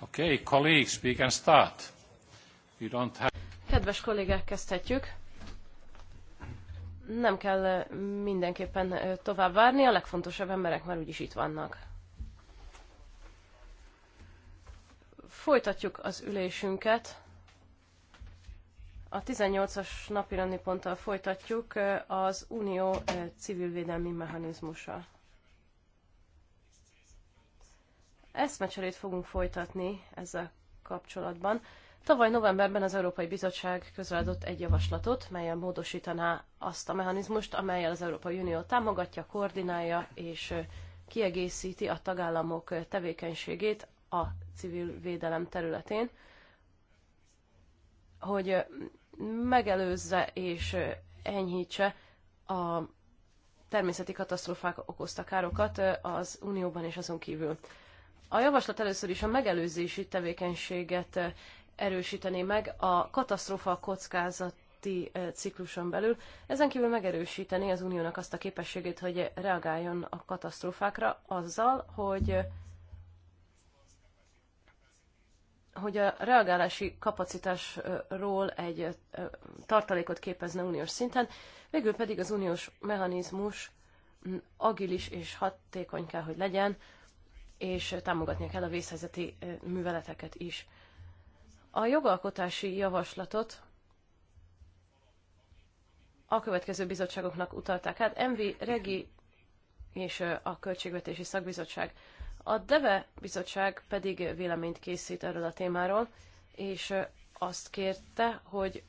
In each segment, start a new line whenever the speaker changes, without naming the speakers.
Okay, colleagues, we can start. We don't have...
Kedves kollégák, kezdhetjük. Nem kell eh, mindenképpen eh, tovább várni, a legfontosabb emberek már úgyis itt vannak. Folytatjuk az ülésünket. A 18-as napirendi ponttal folytatjuk eh, az Unió civilvédelmi mechanizmusa. eszmecserét fogunk folytatni ezzel kapcsolatban. Tavaly novemberben az Európai Bizottság közreadott egy javaslatot, melyen módosítaná azt a mechanizmust, amelyel az Európai Unió támogatja, koordinálja és kiegészíti a tagállamok tevékenységét a civil védelem területén, hogy megelőzze és enyhítse a természeti katasztrófák okozta károkat az Unióban és azon kívül. A javaslat először is a megelőzési tevékenységet eh, erősíteni meg a katasztrófa kockázati eh, cikluson belül. Ezen kívül megerősíteni az uniónak azt a képességét, hogy reagáljon a katasztrófákra azzal, hogy eh, hogy a reagálási kapacitásról egy tartalékot képezne uniós szinten, végül pedig az uniós mechanizmus mm, agilis és hatékony kell, hogy legyen, és támogatnia kell a vészhelyzeti műveleteket is. A jogalkotási javaslatot a következő bizottságoknak utalták át. MV Regi és a Költségvetési Szakbizottság. A DEVE bizottság pedig véleményt készít erről a témáról, és azt kérte, hogy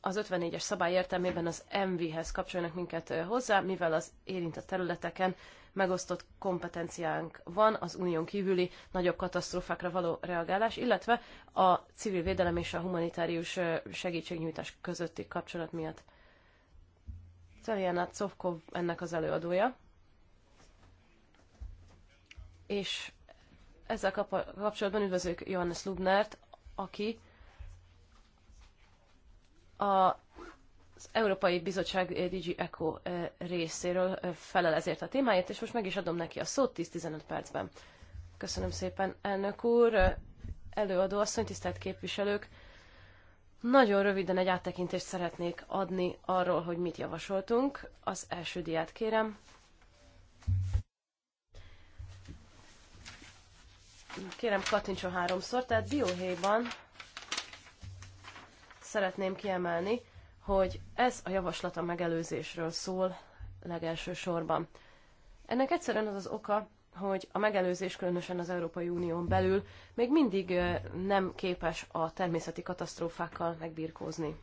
az 54-es szabály értelmében az MV-hez kapcsoljanak minket hozzá, mivel az érintett területeken megosztott kompetenciánk van az unión kívüli nagyobb katasztrófákra való reagálás, illetve a civil védelem és a humanitárius segítségnyújtás közötti kapcsolat miatt. Celjana Covkov ennek az előadója, és ezzel kapcsolatban üdvözlök Johannes Lubnert, aki a az Európai Bizottság eh, DG ECO eh, részéről eh, felel ezért a témáért, és most meg is adom neki a szót 10-15 percben. Köszönöm szépen, elnök úr, előadó asszony, tisztelt képviselők! Nagyon röviden egy áttekintést szeretnék adni arról, hogy mit javasoltunk. Az első diát kérem. Kérem, kattintson háromszor, tehát dióhéjban szeretném kiemelni, hogy ez a javaslat a megelőzésről szól legelső sorban. Ennek egyszerűen az az oka, hogy a megelőzés különösen az Európai Unión belül még mindig nem képes a természeti katasztrófákkal megbirkózni.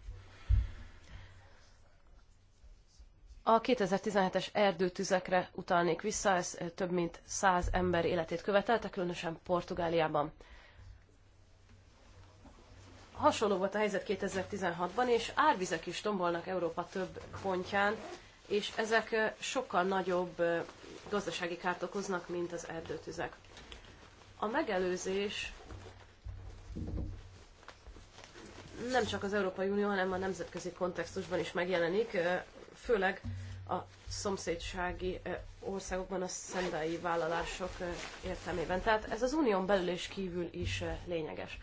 A 2017-es erdőtüzekre utalnék vissza, ez több mint 100 ember életét követelte, különösen Portugáliában. Hasonló volt a helyzet 2016-ban, és árvizek is tombolnak Európa több pontján, és ezek sokkal nagyobb gazdasági kárt okoznak, mint az erdőtüzek. A megelőzés nem csak az Európai Unió, hanem a nemzetközi kontextusban is megjelenik, főleg a szomszédsági országokban a szendai vállalások értelmében. Tehát ez az unión belül és kívül is lényeges.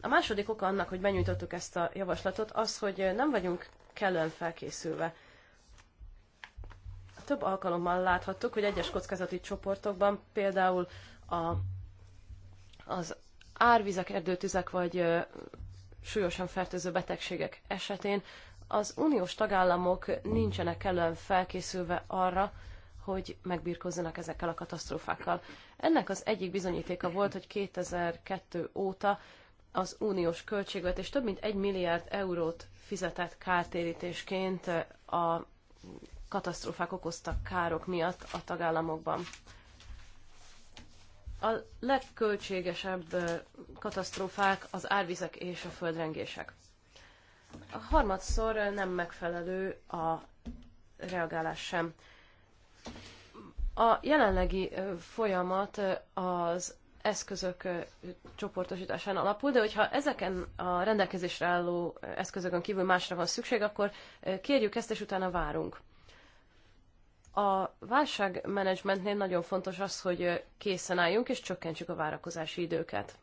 A második oka annak, hogy benyújtottuk ezt a javaslatot, az, hogy nem vagyunk kellően felkészülve. Több alkalommal láthattuk, hogy egyes kockázati csoportokban, például a, az árvizek, erdőtüzek vagy ö, súlyosan fertőző betegségek esetén az uniós tagállamok nincsenek kellően felkészülve arra, hogy megbírkozzanak ezekkel a katasztrófákkal. Ennek az egyik bizonyítéka volt, hogy 2002 óta az uniós költségvetés több mint egy milliárd eurót fizetett kártérítésként a katasztrófák okoztak károk miatt a tagállamokban. A legköltségesebb katasztrófák az árvizek és a földrengések. A harmadszor nem megfelelő a reagálás sem. A jelenlegi folyamat az eszközök csoportosításán alapul, de hogyha ezeken a rendelkezésre álló eszközökön kívül másra van szükség, akkor kérjük ezt, és utána várunk. A válságmenedzsmentnél nagyon fontos az, hogy készen álljunk, és csökkentsük a várakozási időket.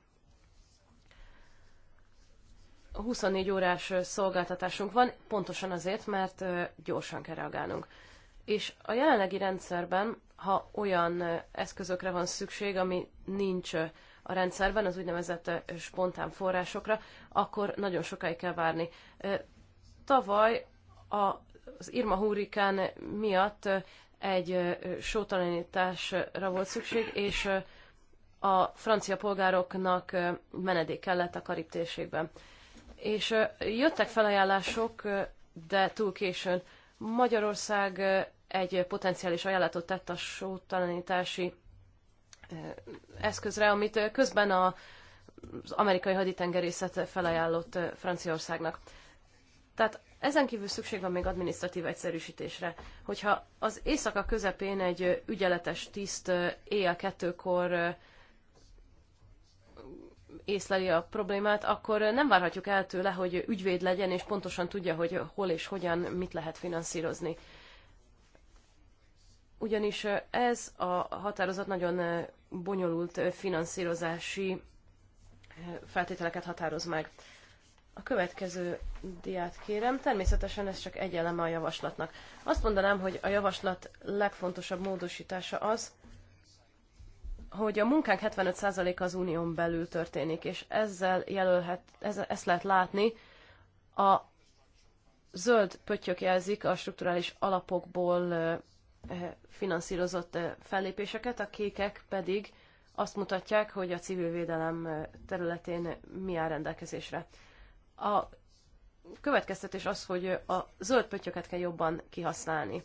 A 24 órás szolgáltatásunk van, pontosan azért, mert gyorsan kell reagálnunk. És a jelenlegi rendszerben ha olyan eszközökre van szükség, ami nincs a rendszerben, az úgynevezett spontán forrásokra, akkor nagyon sokáig kell várni. Tavaly az Irma hurrikán miatt egy sótalanításra volt szükség, és a francia polgároknak menedék kellett a Karib térségben. És jöttek felajánlások, de túl későn. Magyarország egy potenciális ajánlatot tett a sótalanítási eszközre, amit közben a, az amerikai haditengerészet felajánlott Franciaországnak. Tehát ezen kívül szükség van még adminisztratív egyszerűsítésre. Hogyha az éjszaka közepén egy ügyeletes tiszt éjjel kettőkor észleli a problémát, akkor nem várhatjuk el tőle, hogy ügyvéd legyen, és pontosan tudja, hogy hol és hogyan mit lehet finanszírozni ugyanis ez a határozat nagyon bonyolult finanszírozási feltételeket határoz meg. A következő diát kérem, természetesen ez csak egy eleme a javaslatnak. Azt mondanám, hogy a javaslat legfontosabb módosítása az, hogy a munkánk 75%-a az unión belül történik, és ezzel jelölhet, ez, ezt lehet látni, a zöld pöttyök jelzik a strukturális alapokból Eh, finanszírozott eh, fellépéseket, a kékek pedig azt mutatják, hogy a civil védelem eh, területén mi áll rendelkezésre. A következtetés az, hogy a zöld pöttyöket kell jobban kihasználni.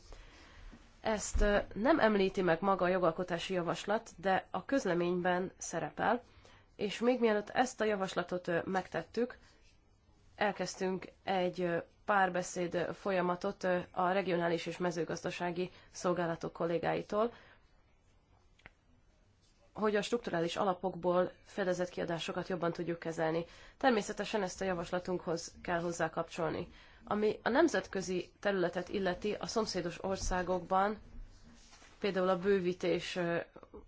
Ezt nem említi meg maga a jogalkotási javaslat, de a közleményben szerepel, és még mielőtt ezt a javaslatot megtettük, elkezdtünk egy párbeszéd folyamatot a regionális és mezőgazdasági szolgálatok kollégáitól, hogy a strukturális alapokból fedezett kiadásokat jobban tudjuk kezelni. Természetesen ezt a javaslatunkhoz kell hozzá kapcsolni. Ami a nemzetközi területet illeti, a szomszédos országokban, például a bővítés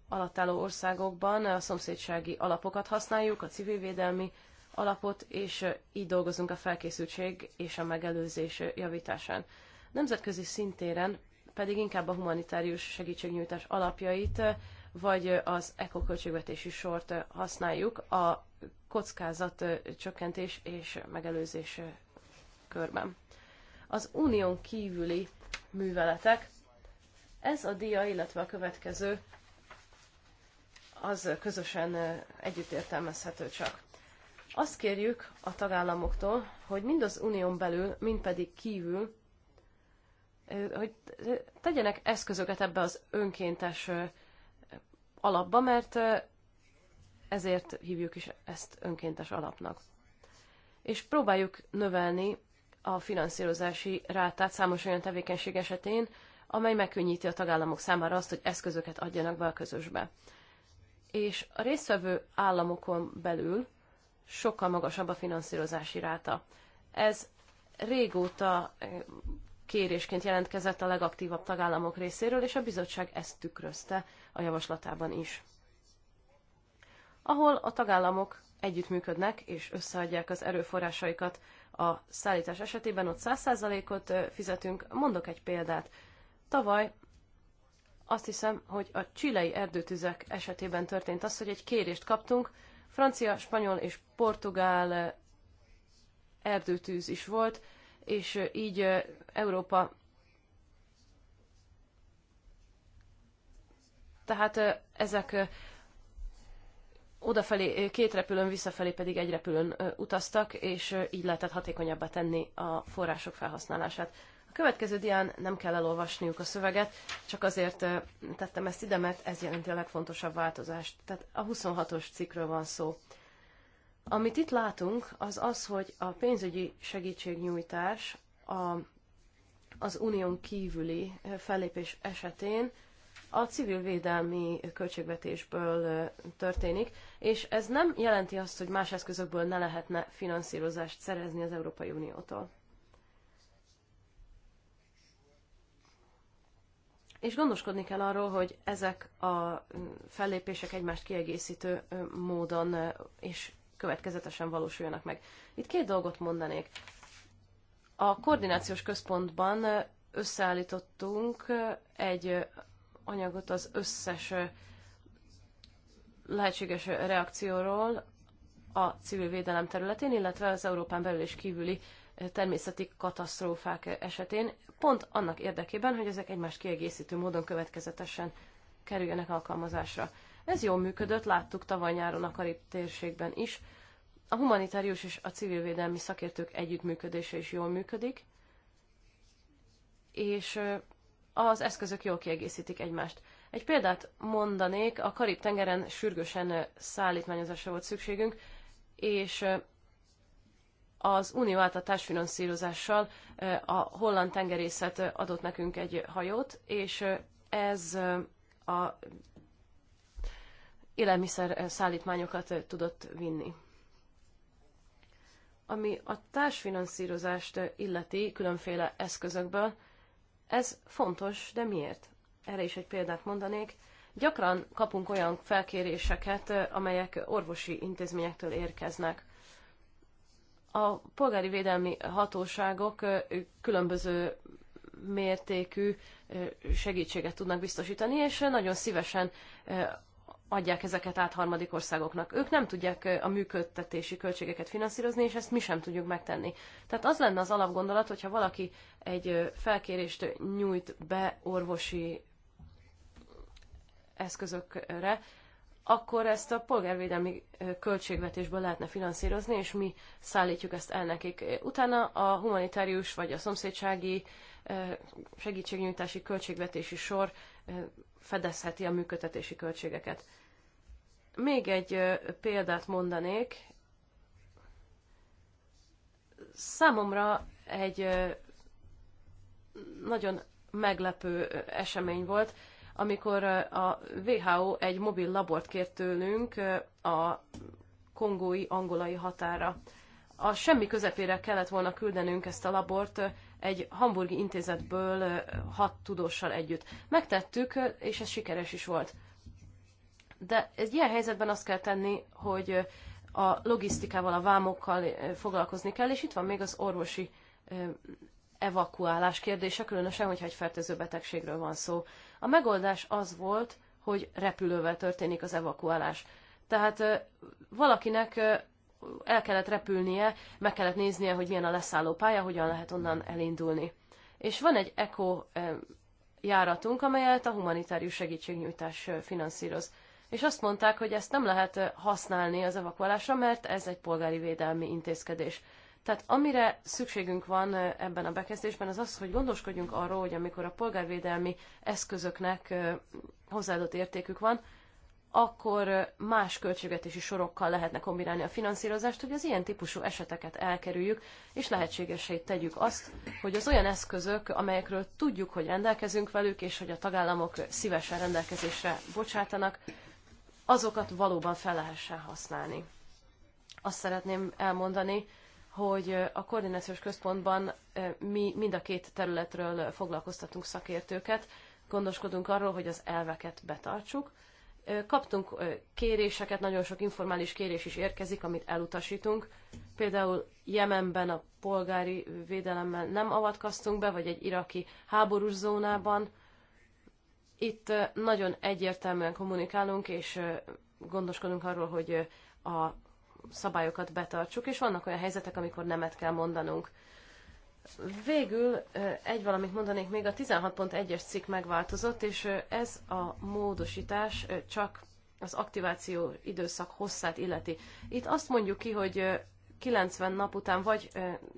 alatt álló országokban a szomszédsági alapokat használjuk, a civilvédelmi alapot, és így dolgozunk a felkészültség és a megelőzés javításán. Nemzetközi szintéren pedig inkább a humanitárius segítségnyújtás alapjait, vagy az ekoköltségvetési sort használjuk a kockázat csökkentés és megelőzés körben. Az unión kívüli műveletek, ez a dia, illetve a következő, az közösen együtt értelmezhető csak. Azt kérjük a tagállamoktól, hogy mind az unión belül, mind pedig kívül, hogy tegyenek eszközöket ebbe az önkéntes alapba, mert ezért hívjuk is ezt önkéntes alapnak. És próbáljuk növelni a finanszírozási rátát számos olyan tevékenység esetén, amely megkönnyíti a tagállamok számára azt, hogy eszközöket adjanak be a közösbe. És a résztvevő államokon belül sokkal magasabb a finanszírozási ráta. Ez régóta eh, kérésként jelentkezett a legaktívabb tagállamok részéről, és a bizottság ezt tükrözte a javaslatában is. Ahol a tagállamok együttműködnek és összeadják az erőforrásaikat a szállítás esetében, ott 100%-ot eh, fizetünk. Mondok egy példát. Tavaly azt hiszem, hogy a csilei erdőtüzek esetében történt az, hogy egy kérést kaptunk, Francia, spanyol és portugál eh, erdőtűz is volt, és eh, így eh, Európa tehát ezek odafelé két repülőn, visszafelé pedig egy repülőn utaztak, és így lehetett hatékonyabbá tenni a források felhasználását. A következő dián nem kell elolvasniuk a szöveget, csak azért tettem ezt ide, mert ez jelenti a legfontosabb változást. Tehát a 26-os cikkről van szó. Amit itt látunk, az az, hogy a pénzügyi segítségnyújtás a, az unión kívüli fellépés esetén a civil védelmi költségvetésből történik, és ez nem jelenti azt, hogy más eszközökből ne lehetne finanszírozást szerezni az Európai Uniótól. és gondoskodni kell arról, hogy ezek a fellépések egymást kiegészítő módon és következetesen valósuljanak meg. Itt két dolgot mondanék. A koordinációs központban összeállítottunk egy anyagot az összes lehetséges reakcióról a civil védelem területén, illetve az Európán belül és kívüli természeti katasztrófák esetén pont annak érdekében, hogy ezek egymás kiegészítő módon következetesen kerüljenek alkalmazásra. Ez jól működött, láttuk tavaly nyáron a Karib térségben is. A humanitárius és a civil védelmi szakértők együttműködése is jól működik, és az eszközök jól kiegészítik egymást. Egy példát mondanék, a Karib-tengeren sürgősen szállítmányozásra volt szükségünk, és az unió által társfinanszírozással eh, a holland tengerészet eh, adott nekünk egy hajót, és eh, ez a élelmiszer szállítmányokat tudott vinni. Ami a társfinanszírozást illeti különféle eszközökből, ez fontos, de miért? Erre is egy példát mondanék. Gyakran kapunk olyan felkéréseket, amelyek orvosi intézményektől érkeznek. A polgári védelmi hatóságok különböző mértékű segítséget tudnak biztosítani, és nagyon szívesen adják ezeket át harmadik országoknak. Ők nem tudják a működtetési költségeket finanszírozni, és ezt mi sem tudjuk megtenni. Tehát az lenne az alapgondolat, hogyha valaki egy felkérést nyújt be orvosi eszközökre, akkor ezt a polgárvédelmi költségvetésből lehetne finanszírozni, és mi szállítjuk ezt el nekik. Utána a humanitárius vagy a szomszédsági segítségnyújtási költségvetési sor fedezheti a működtetési költségeket. Még egy példát mondanék. Számomra egy nagyon meglepő esemény volt amikor eh, a WHO egy mobil labort kért tőlünk eh, a kongói, angolai határa. A semmi közepére kellett volna küldenünk ezt a labort eh, egy hamburgi intézetből hat tudóssal együtt. Megtettük, és ez sikeres is volt. De egy ilyen helyzetben azt kell tenni, hogy a logisztikával, a vámokkal foglalkozni kell, és itt van még az orvosi evakuálás kérdése, különösen, hogyha egy fertőző betegségről van szó. A megoldás az volt, hogy repülővel történik az evakuálás. Tehát valakinek el kellett repülnie, meg kellett néznie, hogy milyen a leszálló pálya, hogyan lehet onnan elindulni. És van egy eko járatunk, amelyet a humanitárius segítségnyújtás finanszíroz. És azt mondták, hogy ezt nem lehet használni az evakuálásra, mert ez egy polgári védelmi intézkedés. Tehát amire szükségünk van ebben a bekezdésben, az az, hogy gondoskodjunk arról, hogy amikor a polgárvédelmi eszközöknek hozzáadott értékük van, akkor más költségvetési sorokkal lehetne kombinálni a finanszírozást, hogy az ilyen típusú eseteket elkerüljük, és lehetségesé tegyük azt, hogy az olyan eszközök, amelyekről tudjuk, hogy rendelkezünk velük, és hogy a tagállamok szívesen rendelkezésre bocsátanak, azokat valóban fel lehessen használni. Azt szeretném elmondani, hogy a koordinációs központban mi mind a két területről foglalkoztatunk szakértőket, gondoskodunk arról, hogy az elveket betartsuk. Kaptunk kéréseket, nagyon sok informális kérés is érkezik, amit elutasítunk. Például Jemenben a polgári védelemmel nem avatkoztunk be, vagy egy iraki háborús zónában. Itt nagyon egyértelműen kommunikálunk, és gondoskodunk arról, hogy a szabályokat betartsuk, és vannak olyan helyzetek, amikor nemet kell mondanunk. Végül egy valamit mondanék még, a 16.1-es cikk megváltozott, és ez a módosítás csak az aktiváció időszak hosszát illeti. Itt azt mondjuk ki, hogy 90 nap után vagy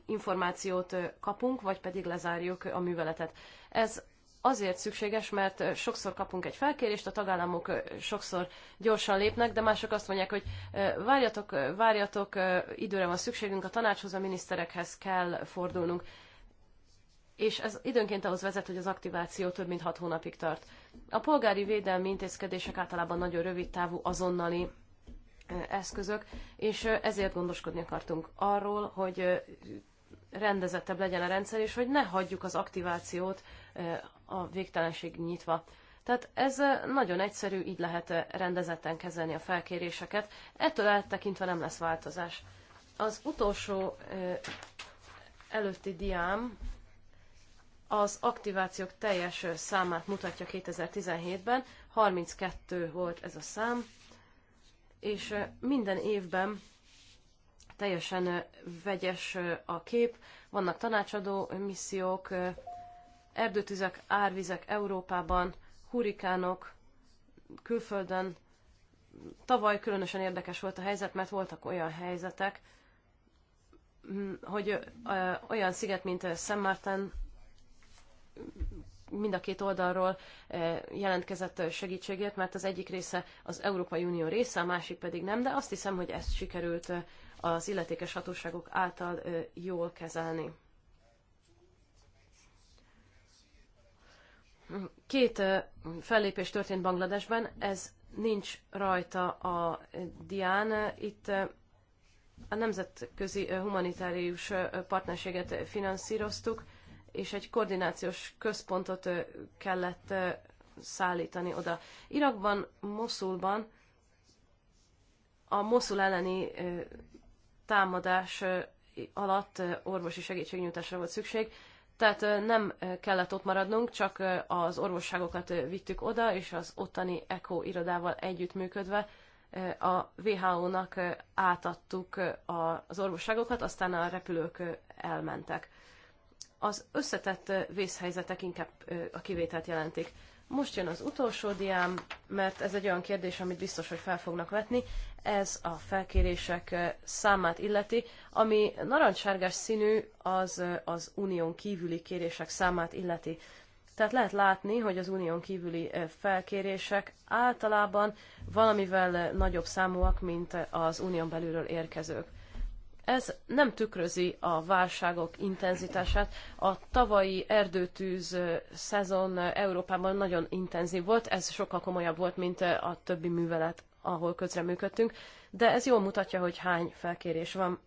információt kapunk, vagy pedig lezárjuk a műveletet. Ez azért szükséges, mert sokszor kapunk egy felkérést, a tagállamok sokszor gyorsan lépnek, de mások azt mondják, hogy várjatok, várjatok, időre van szükségünk, a tanácshoz, a miniszterekhez kell fordulnunk. És ez időnként ahhoz vezet, hogy az aktiváció több mint hat hónapig tart. A polgári védelmi intézkedések általában nagyon rövid távú, azonnali eszközök, és ezért gondoskodni akartunk arról, hogy rendezettebb legyen a rendszer, és hogy ne hagyjuk az aktivációt a végtelenség nyitva. Tehát ez nagyon egyszerű, így lehet rendezetten kezelni a felkéréseket. Ettől eltekintve nem lesz változás. Az utolsó előtti diám az aktivációk teljes számát mutatja 2017-ben, 32 volt ez a szám, és minden évben teljesen vegyes a kép. Vannak tanácsadó missziók, erdőtüzek, árvizek Európában, hurikánok, külföldön. Tavaly különösen érdekes volt a helyzet, mert voltak olyan helyzetek, hogy olyan sziget, mint Szent Márten, mind a két oldalról jelentkezett segítségért, mert az egyik része az Európai Unió része, a másik pedig nem, de azt hiszem, hogy ezt sikerült az illetékes hatóságok által jól kezelni. Két fellépés történt Bangladesben, ez nincs rajta a dián. Itt a nemzetközi humanitárius partnerséget finanszíroztuk, és egy koordinációs központot kellett szállítani oda. Irakban, Moszulban a Moszul elleni támadás alatt orvosi segítségnyújtásra volt szükség, tehát nem kellett ott maradnunk, csak az orvosságokat vittük oda, és az ottani ECHO irodával együttműködve a WHO-nak átadtuk az orvosságokat, aztán a repülők elmentek. Az összetett vészhelyzetek inkább a kivételt jelentik. Most jön az utolsó diám, mert ez egy olyan kérdés, amit biztos, hogy fel fognak vetni ez a felkérések számát illeti, ami narancssárgás színű, az az unión kívüli kérések számát illeti. Tehát lehet látni, hogy az unión kívüli felkérések általában valamivel nagyobb számúak, mint az unión belülről érkezők. Ez nem tükrözi a válságok intenzitását. A tavalyi erdőtűz szezon Európában nagyon intenzív volt, ez sokkal komolyabb volt, mint a többi művelet ahol közreműködtünk, de ez jól mutatja, hogy hány felkérés van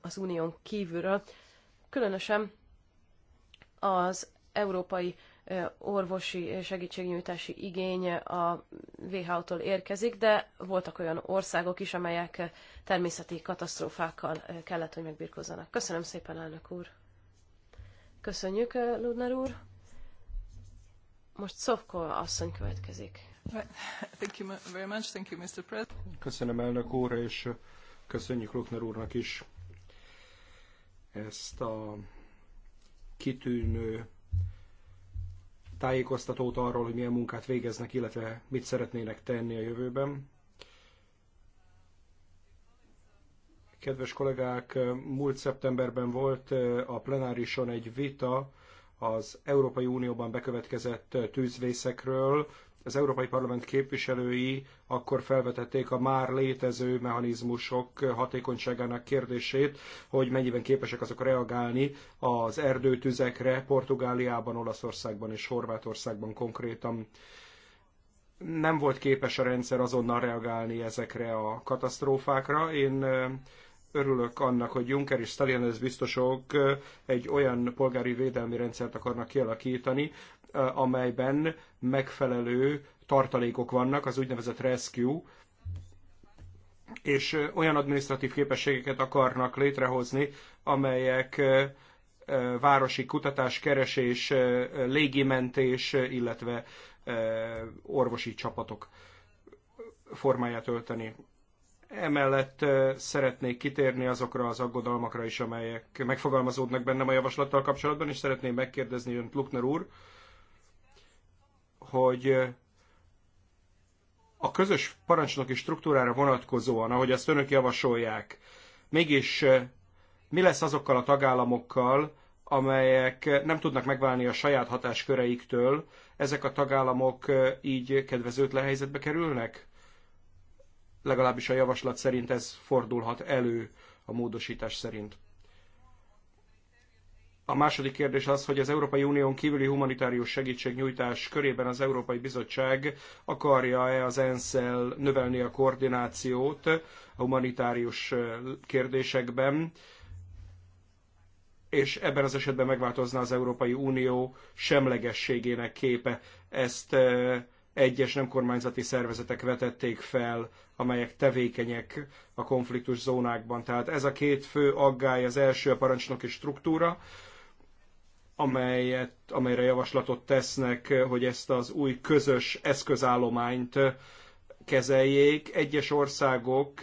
az unión kívülről, különösen az európai orvosi segítségnyújtási igény a WHO-tól érkezik, de voltak olyan országok is, amelyek természeti katasztrófákkal kellett, hogy megbirkózzanak. Köszönöm szépen, elnök úr! Köszönjük, Ludner úr! Most Szovko asszony következik.
Köszönöm elnök úr, és köszönjük Lukner úrnak is ezt a kitűnő tájékoztatót arról, hogy milyen munkát végeznek, illetve mit szeretnének tenni a jövőben. Kedves kollégák, múlt szeptemberben volt a plenárison egy vita az Európai Unióban bekövetkezett tűzvészekről, az Európai Parlament képviselői akkor felvetették a már létező mechanizmusok hatékonyságának kérdését, hogy mennyiben képesek azok reagálni az erdőtüzekre Portugáliában, Olaszországban és Horvátországban konkrétan nem volt képes a rendszer azonnal reagálni ezekre a katasztrófákra. Én örülök annak, hogy Juncker és ez biztosok egy olyan polgári védelmi rendszert akarnak kialakítani, amelyben megfelelő tartalékok vannak, az úgynevezett rescue, és olyan administratív képességeket akarnak létrehozni, amelyek városi kutatás, keresés, légimentés, illetve orvosi csapatok formáját ölteni. Emellett szeretnék kitérni azokra az aggodalmakra is, amelyek megfogalmazódnak bennem a javaslattal kapcsolatban, és szeretném megkérdezni önt, Lukner úr, hogy a közös parancsnoki struktúrára vonatkozóan, ahogy ezt önök javasolják, mégis mi lesz azokkal a tagállamokkal, amelyek nem tudnak megválni a saját hatásköreiktől, ezek a tagállamok így kedvezőtlen helyzetbe kerülnek? Legalábbis a javaslat szerint ez fordulhat elő a módosítás szerint. A második kérdés az, hogy az Európai Unión kívüli humanitárius segítségnyújtás körében az Európai Bizottság akarja-e az ensz növelni a koordinációt a humanitárius kérdésekben, és ebben az esetben megváltozna az Európai Unió semlegességének képe. Ezt egyes nem kormányzati szervezetek vetették fel, amelyek tevékenyek a konfliktus zónákban. Tehát ez a két fő aggály, az első a parancsnoki struktúra, amelyet, amelyre javaslatot tesznek, hogy ezt az új közös eszközállományt kezeljék. Egyes országok,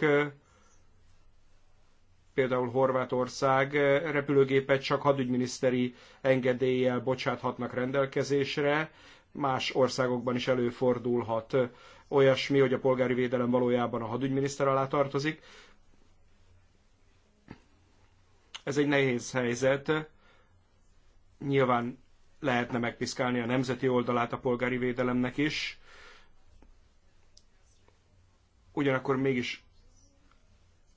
például Horvátország repülőgépet csak hadügyminiszteri engedéllyel bocsáthatnak rendelkezésre, más országokban is előfordulhat olyasmi, hogy a polgári védelem valójában a hadügyminiszter alá tartozik. Ez egy nehéz helyzet Nyilván lehetne megpiszkálni a nemzeti oldalát a polgári védelemnek is, ugyanakkor mégis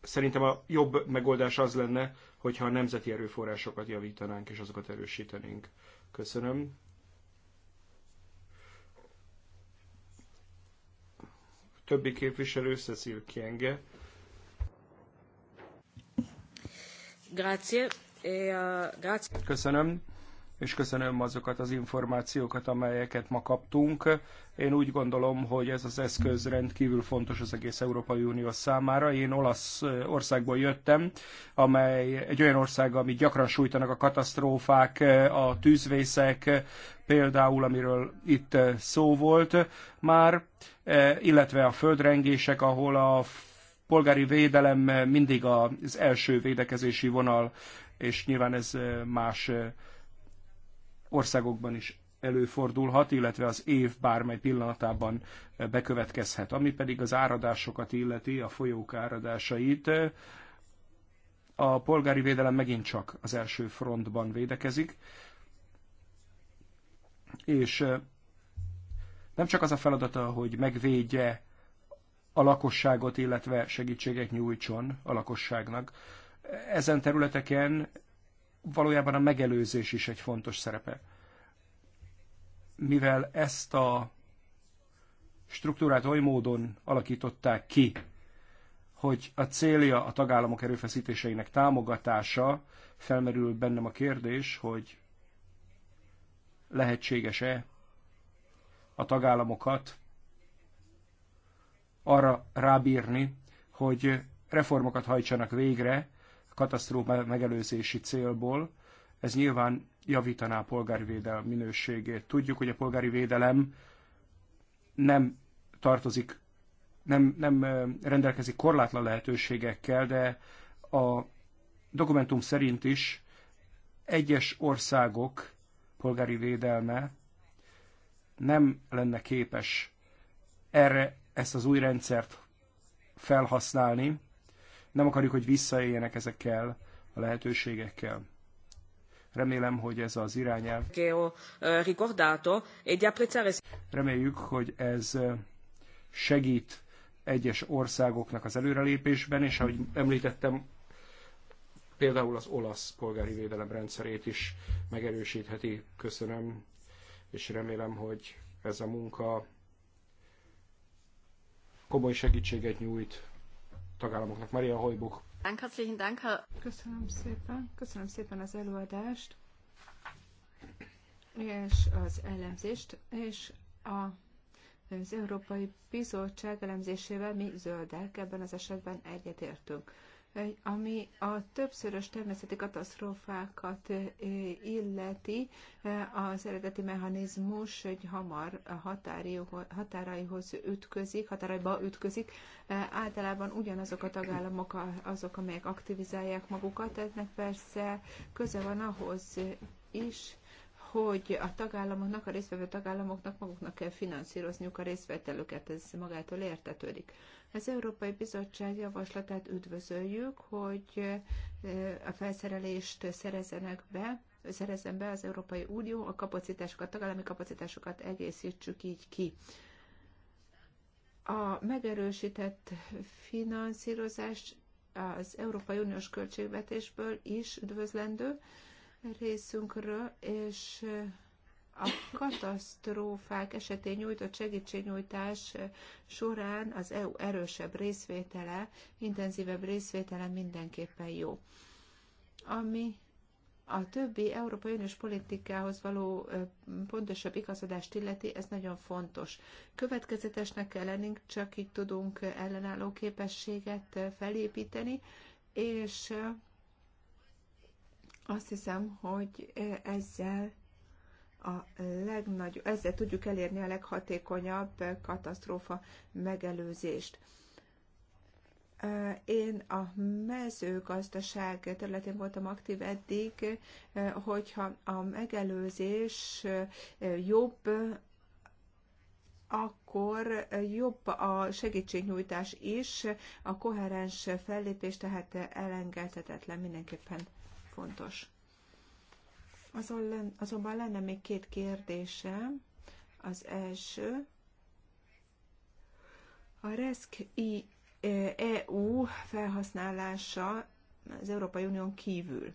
szerintem a jobb megoldás az lenne, hogyha a nemzeti erőforrásokat javítanánk és azokat erősítenénk. Köszönöm. Többi képviselő, Cecil Kienge.
Grazie. E, uh, grazie.
Köszönöm és köszönöm azokat az információkat, amelyeket ma kaptunk. Én úgy gondolom, hogy ez az eszköz rendkívül fontos az egész Európai Unió számára. Én olasz országból jöttem, amely egy olyan ország, ami gyakran sújtanak a katasztrófák, a tűzvészek, például, amiről itt szó volt már, illetve a földrengések, ahol a polgári védelem mindig az első védekezési vonal, és nyilván ez más országokban is előfordulhat, illetve az év bármely pillanatában bekövetkezhet. Ami pedig az áradásokat illeti, a folyók áradásait, a polgári védelem megint csak az első frontban védekezik, és nem csak az a feladata, hogy megvédje a lakosságot, illetve segítséget nyújtson a lakosságnak. Ezen területeken valójában a megelőzés is egy fontos szerepe. Mivel ezt a struktúrát oly módon alakították ki, hogy a célja a tagállamok erőfeszítéseinek támogatása, felmerül bennem a kérdés, hogy lehetséges-e a tagállamokat arra rábírni, hogy reformokat hajtsanak végre, katasztrófa megelőzési célból. Ez nyilván javítaná a polgári védelem minőségét. Tudjuk, hogy a polgári védelem nem tartozik, nem, nem rendelkezik korlátlan lehetőségekkel, de a dokumentum szerint is egyes országok polgári védelme nem lenne képes erre ezt az új rendszert felhasználni, nem akarjuk, hogy visszaéljenek ezekkel a lehetőségekkel. Remélem, hogy ez az irányelv.
Eh, e
Reméljük, hogy ez eh, segít egyes országoknak az előrelépésben, és ahogy említettem, például az olasz polgári védelem rendszerét is megerősítheti. Köszönöm, és remélem, hogy ez a munka komoly segítséget nyújt tagállamoknak. Maria Hojbuk.
Köszönöm szépen. Köszönöm szépen az előadást és az elemzést, és a, az Európai Bizottság elemzésével mi zöldek ebben az esetben egyetértünk ami a többszörös természeti katasztrófákat illeti, az eredeti mechanizmus egy hamar határaihoz ütközik, határaiba ütközik. Általában ugyanazok a tagállamok azok, amelyek aktivizálják magukat, ennek persze köze van ahhoz is, hogy a tagállamoknak, a résztvevő tagállamoknak maguknak kell finanszírozniuk a részvételüket, ez magától értetődik. Az Európai Bizottság javaslatát üdvözöljük, hogy a felszerelést szerezenek be, szerezzen be az Európai Unió, a kapacitásokat, tagállami kapacitásokat egészítsük így ki. A megerősített finanszírozás az Európai Uniós költségvetésből is üdvözlendő, részünkről, és eh, a katasztrófák esetén nyújtott segítségnyújtás eh, során az EU erősebb részvétele, intenzívebb részvétele mindenképpen jó. Ami a többi Európai Uniós politikához való eh, pontosabb igazodást illeti, ez nagyon fontos. Következetesnek kell lennünk, csak így tudunk ellenálló képességet felépíteni, és azt hiszem, hogy ezzel a legnagyobb, ezzel tudjuk elérni a leghatékonyabb katasztrófa megelőzést. Én a mezőgazdaság területén voltam aktív eddig, hogyha a megelőzés jobb, akkor jobb a segítségnyújtás is, a koherens fellépés tehát elengedhetetlen mindenképpen fontos. Azon, azonban lenne még két kérdésem. Az első, a RESC-EU e felhasználása az Európai Unión kívül.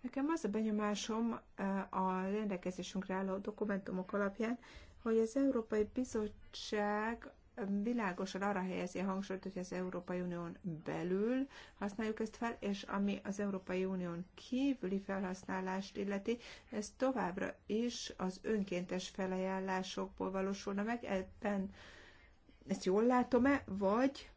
Nekem az a benyomásom e, a rendelkezésünkre álló dokumentumok alapján, hogy az Európai Bizottság világosan arra helyezi a hangsúlyt, hogy az Európai Unión belül használjuk ezt fel, és ami az Európai Unión kívüli felhasználást illeti, ez továbbra is az önkéntes felajánlásokból valósulna meg. Ebben ezt jól látom-e, vagy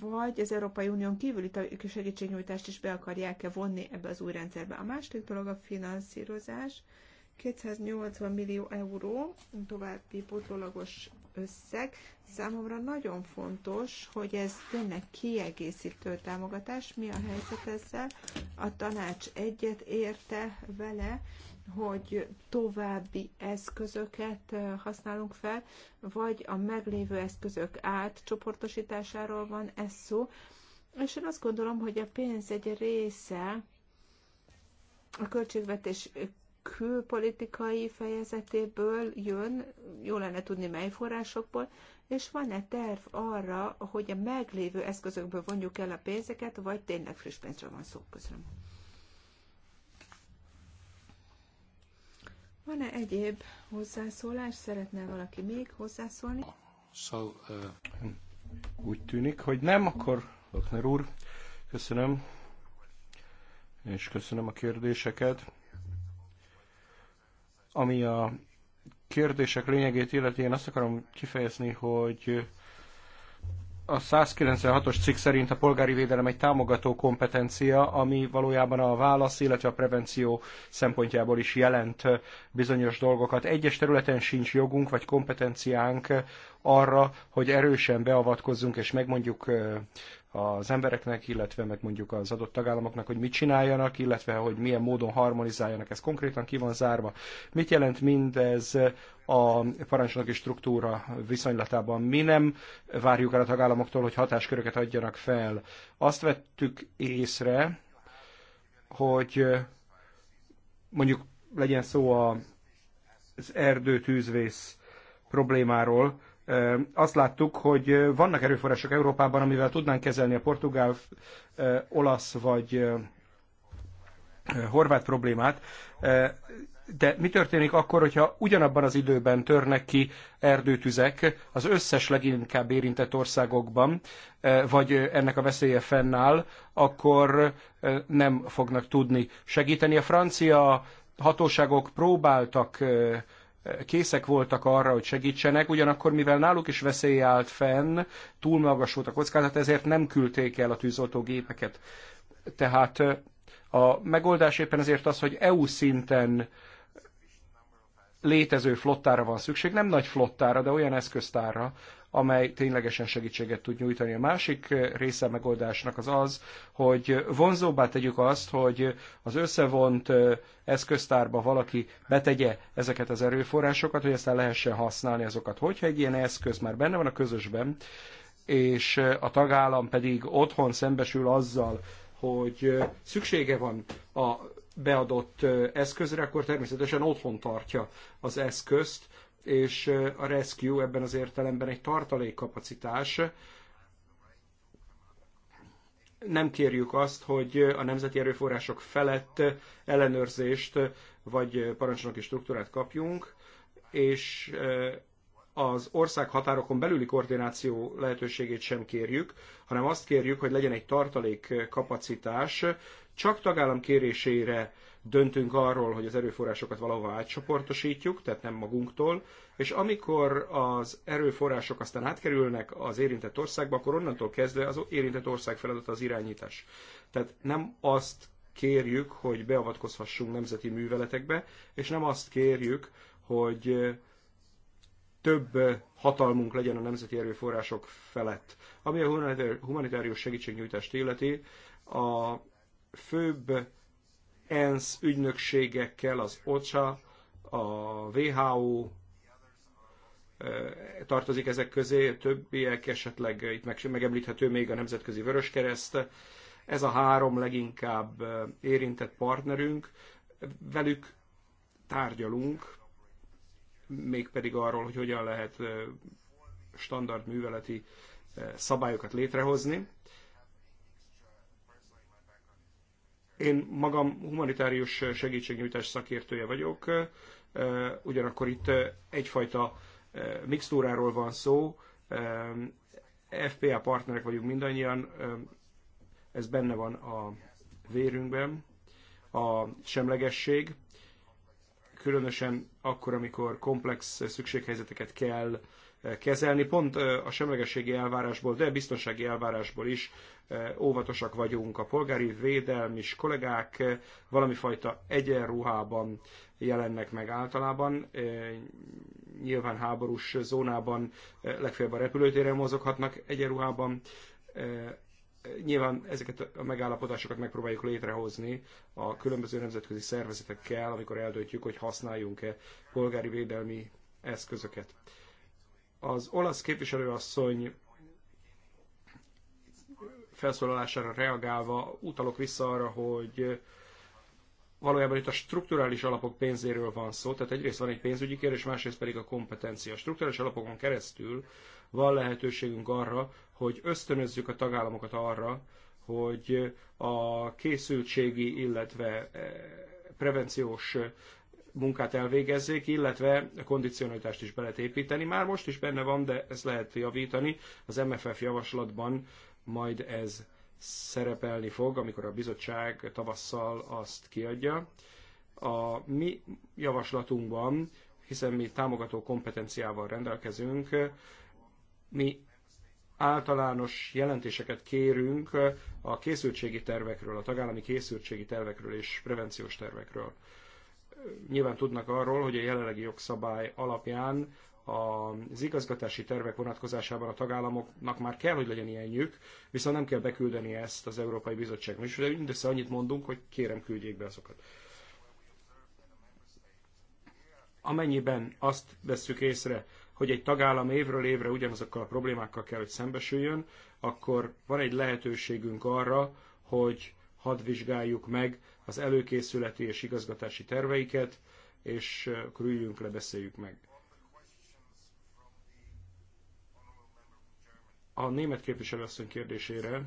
vagy az Európai Unión kívüli segítségnyújtást is be akarják-e vonni ebbe az új rendszerbe. A második dolog a finanszírozás. 280 millió euró további potolagos összeg. Számomra nagyon fontos, hogy ez tényleg kiegészítő támogatás. Mi a helyzet ezzel? A tanács egyet érte vele, hogy további eszközöket használunk fel, vagy a meglévő eszközök átcsoportosításáról van ez szó. És én azt gondolom, hogy a pénz egy része a költségvetés külpolitikai fejezetéből jön, jó lenne tudni mely forrásokból, és van-e terv arra, hogy a meglévő eszközökből vonjuk el a pénzeket, vagy tényleg friss pénzről van szó? Köszönöm. Van-e egyéb hozzászólás? Szeretne valaki még hozzászólni?
So, uh... Úgy tűnik, hogy nem, akkor Lokner úr, köszönöm, és köszönöm a kérdéseket. Ami a kérdések lényegét illeti, én azt akarom kifejezni, hogy a 196-os cikk szerint a polgári védelem egy támogató kompetencia, ami valójában a válasz, illetve a prevenció szempontjából is jelent bizonyos dolgokat. Egyes területen sincs jogunk vagy kompetenciánk arra, hogy erősen beavatkozzunk és megmondjuk az embereknek, illetve meg mondjuk az adott tagállamoknak, hogy mit csináljanak, illetve hogy milyen módon harmonizáljanak. Ez konkrétan ki van zárva. Mit jelent mindez a parancsnoki struktúra viszonylatában? Mi nem várjuk el a tagállamoktól, hogy hatásköröket adjanak fel. Azt vettük észre, hogy eh, mondjuk legyen szó a, az erdőtűzvész problémáról, azt láttuk, hogy vannak erőforrások Európában, amivel tudnánk kezelni a portugál, olasz vagy horvát problémát, de mi történik akkor, hogyha ugyanabban az időben törnek ki erdőtüzek az összes leginkább érintett országokban, vagy ennek a veszélye fennáll, akkor nem fognak tudni segíteni. A francia hatóságok próbáltak készek voltak arra, hogy segítsenek, ugyanakkor mivel náluk is veszély állt fenn, túl magas volt a kockázat, ezért nem küldték el a tűzoltógépeket. Tehát a megoldás éppen ezért az, hogy EU szinten létező flottára van szükség, nem nagy flottára, de olyan eszköztárra, amely ténylegesen segítséget tud nyújtani. A másik eh, része a megoldásnak az az, hogy vonzóbbá tegyük azt, hogy az összevont eh, eszköztárba valaki betegye ezeket az erőforrásokat, hogy aztán lehessen használni azokat. Hogyha egy ilyen eszköz már benne van a közösben, és eh, a tagállam pedig otthon szembesül azzal, hogy szüksége van a beadott eszközre, akkor természetesen otthon tartja az eszközt, és a Rescue ebben az értelemben egy tartalékkapacitás. Nem kérjük azt, hogy a nemzeti erőforrások felett ellenőrzést vagy parancsnoki struktúrát kapjunk, és az ország határokon belüli koordináció lehetőségét sem kérjük, hanem azt kérjük, hogy legyen egy tartalék kapacitás, csak tagállam kérésére döntünk arról, hogy az erőforrásokat valahova átcsoportosítjuk, tehát nem magunktól, és amikor az erőforrások aztán átkerülnek az érintett országba, akkor onnantól kezdve az érintett ország feladata az irányítás. Tehát nem azt kérjük, hogy beavatkozhassunk nemzeti műveletekbe, és nem azt kérjük, hogy több hatalmunk legyen a nemzeti erőforrások felett. Ami a humanitárius segítségnyújtást illeti, a főbb ENSZ ügynökségekkel, az OCSA, a WHO tartozik ezek közé, többiek esetleg itt meg, megemlíthető még a Nemzetközi Vöröskereszt. Ez a három leginkább érintett partnerünk. Velük tárgyalunk, mégpedig arról, hogy hogyan lehet standard műveleti szabályokat létrehozni. Én magam humanitárius segítségnyújtás szakértője vagyok, ugyanakkor itt egyfajta mixtúráról van szó, FPA partnerek vagyunk mindannyian, ez benne van a vérünkben, a semlegesség, különösen akkor, amikor komplex szükséghelyzeteket kell kezelni, pont a semlegességi elvárásból, de biztonsági elvárásból is óvatosak vagyunk. A polgári védelmi kollégák valami fajta egyenruhában jelennek meg általában. Nyilván háborús zónában legfeljebb a repülőtéren mozoghatnak egyenruhában. Nyilván ezeket a megállapodásokat megpróbáljuk létrehozni a különböző nemzetközi szervezetekkel, amikor eldöntjük, hogy használjunk-e polgári védelmi eszközöket. Az olasz képviselőasszony felszólalására reagálva utalok vissza arra, hogy valójában itt a strukturális alapok pénzéről van szó, tehát egyrészt van egy pénzügyi kérdés, másrészt pedig a kompetencia. A strukturális alapokon keresztül van lehetőségünk arra, hogy ösztönözzük a tagállamokat arra, hogy a készültségi, illetve eh, prevenciós munkát elvégezzék, illetve a kondicionalitást is be építeni. Már most is benne van, de ezt lehet javítani. Az MFF javaslatban majd ez szerepelni fog, amikor a bizottság tavasszal azt kiadja. A mi javaslatunkban, hiszen mi támogató kompetenciával rendelkezünk, mi általános jelentéseket kérünk a készültségi tervekről, a tagállami készültségi tervekről és prevenciós tervekről nyilván tudnak arról, hogy a jelenlegi jogszabály alapján az igazgatási tervek vonatkozásában a tagállamoknak már kell, hogy legyen ilyenjük, viszont nem kell beküldeni ezt az Európai Bizottságnak. És mindössze annyit mondunk, hogy kérem küldjék be azokat. Amennyiben azt vesszük észre, hogy egy tagállam évről évre ugyanazokkal a problémákkal kell, hogy szembesüljön, akkor van egy lehetőségünk arra, hogy hadd vizsgáljuk meg az előkészületi és igazgatási terveiket, és akkor üljünk le, beszéljük meg. A német képviselőasszony kérdésére,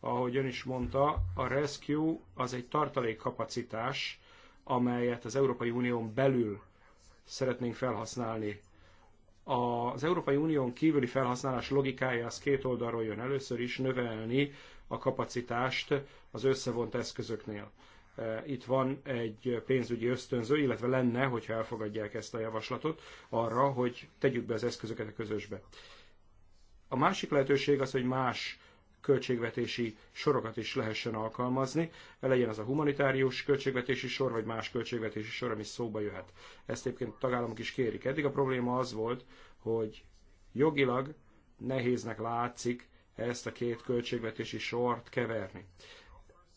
ahogy ön is mondta, a Rescue az egy tartalékkapacitás, amelyet az Európai Unión belül szeretnénk felhasználni. Az Európai Unión kívüli felhasználás logikája az két oldalról jön először is növelni a kapacitást az összevont eszközöknél. E, itt van egy pénzügyi ösztönző, illetve lenne, hogyha elfogadják ezt a javaslatot, arra, hogy tegyük be az eszközöket a közösbe. A másik lehetőség az, hogy más költségvetési sorokat is lehessen alkalmazni, e, legyen az a humanitárius költségvetési sor, vagy más költségvetési sor, ami szóba jöhet. Ezt egyébként a tagállamok is kérik. Eddig a probléma az volt, hogy jogilag nehéznek látszik ezt a két költségvetési sort keverni.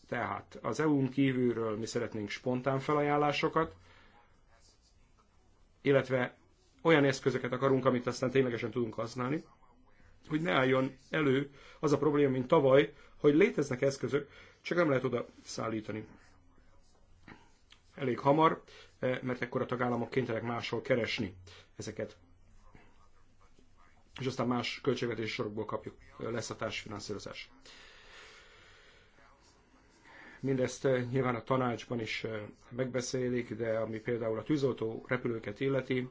Tehát az EU-n kívülről mi szeretnénk spontán felajánlásokat, illetve olyan eszközöket akarunk, amit aztán ténylegesen tudunk használni, hogy ne álljon elő az a probléma, mint tavaly, hogy léteznek eszközök, csak nem lehet oda szállítani. Elég hamar, eh, mert ekkor a tagállamok kénytelenek máshol keresni ezeket és aztán más költségvetési sorokból kapjuk, lesz a társfinanszírozás. Mindezt nyilván a tanácsban is megbeszélik, de ami például a tűzoltó repülőket illeti,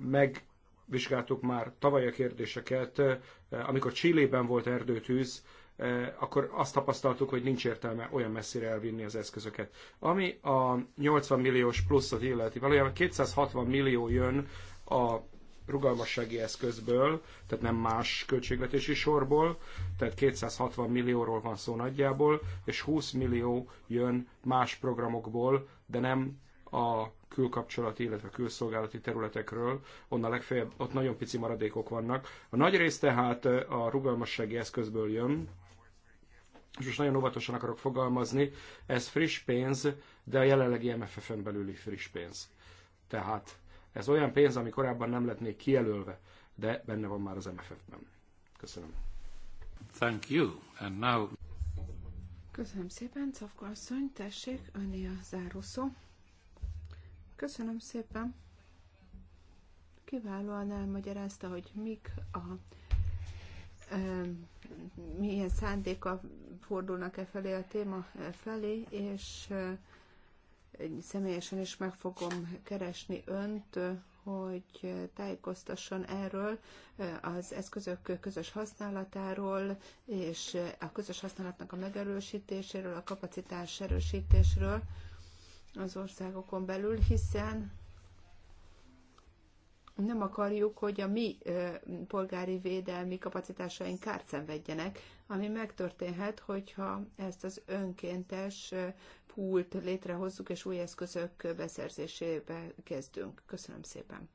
megvizsgáltuk már tavaly a kérdéseket, amikor Csillében volt erdőtűz, akkor azt tapasztaltuk, hogy nincs értelme olyan messzire elvinni az eszközöket. Ami a 80 milliós pluszot illeti, valójában 260 millió jön a rugalmassági eszközből, tehát nem más költségvetési sorból, tehát 260 millióról van szó nagyjából, és 20 millió jön más programokból, de nem a külkapcsolati, illetve külszolgálati területekről, onnan legfeljebb, ott nagyon pici maradékok vannak. A nagy rész tehát a rugalmassági eszközből jön, és most nagyon óvatosan akarok fogalmazni, ez friss pénz, de a jelenlegi MFF-en belüli friss pénz. Tehát ez olyan pénz, ami korábban nem lett még kijelölve, de benne van már az MFF-ben. Köszönöm. Thank you. And now...
Köszönöm szépen, Cavka asszony, tessék, öné a zárószó. Köszönöm szépen. Kiválóan elmagyarázta, hogy mik a milyen szándéka fordulnak e felé a téma eh, felé, és eh, személyesen is meg fogom keresni önt, hogy tájékoztasson erről az eszközök közös használatáról, és a közös használatnak a megerősítéséről, a kapacitás erősítésről az országokon belül, hiszen nem akarjuk, hogy a mi polgári védelmi kapacitásaink kárt szenvedjenek, ami megtörténhet, hogyha ezt az önkéntes pult létrehozzuk, és új eszközök beszerzésébe kezdünk. Köszönöm szépen.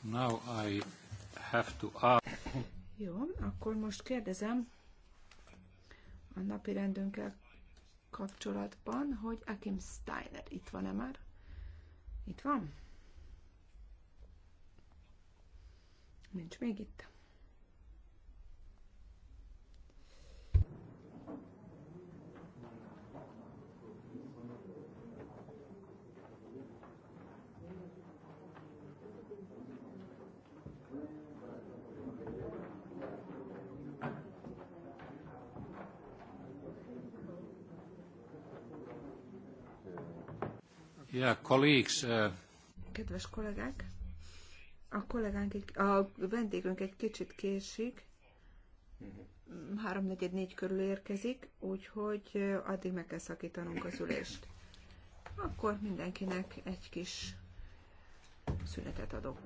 Now I have to ask.
Jó, akkor most kérdezem a napi rendünkkel kapcsolatban, hogy Akim Steiner itt van-e már? Itt van? Nincs még itt.
Yeah, colleagues, uh...
Kedves kollégák, a kollégánk, a vendégünk egy kicsit késik, háromnegyed négy körül érkezik, úgyhogy uh, addig meg kell szakítanunk az ülést. Akkor mindenkinek egy kis szünetet adok.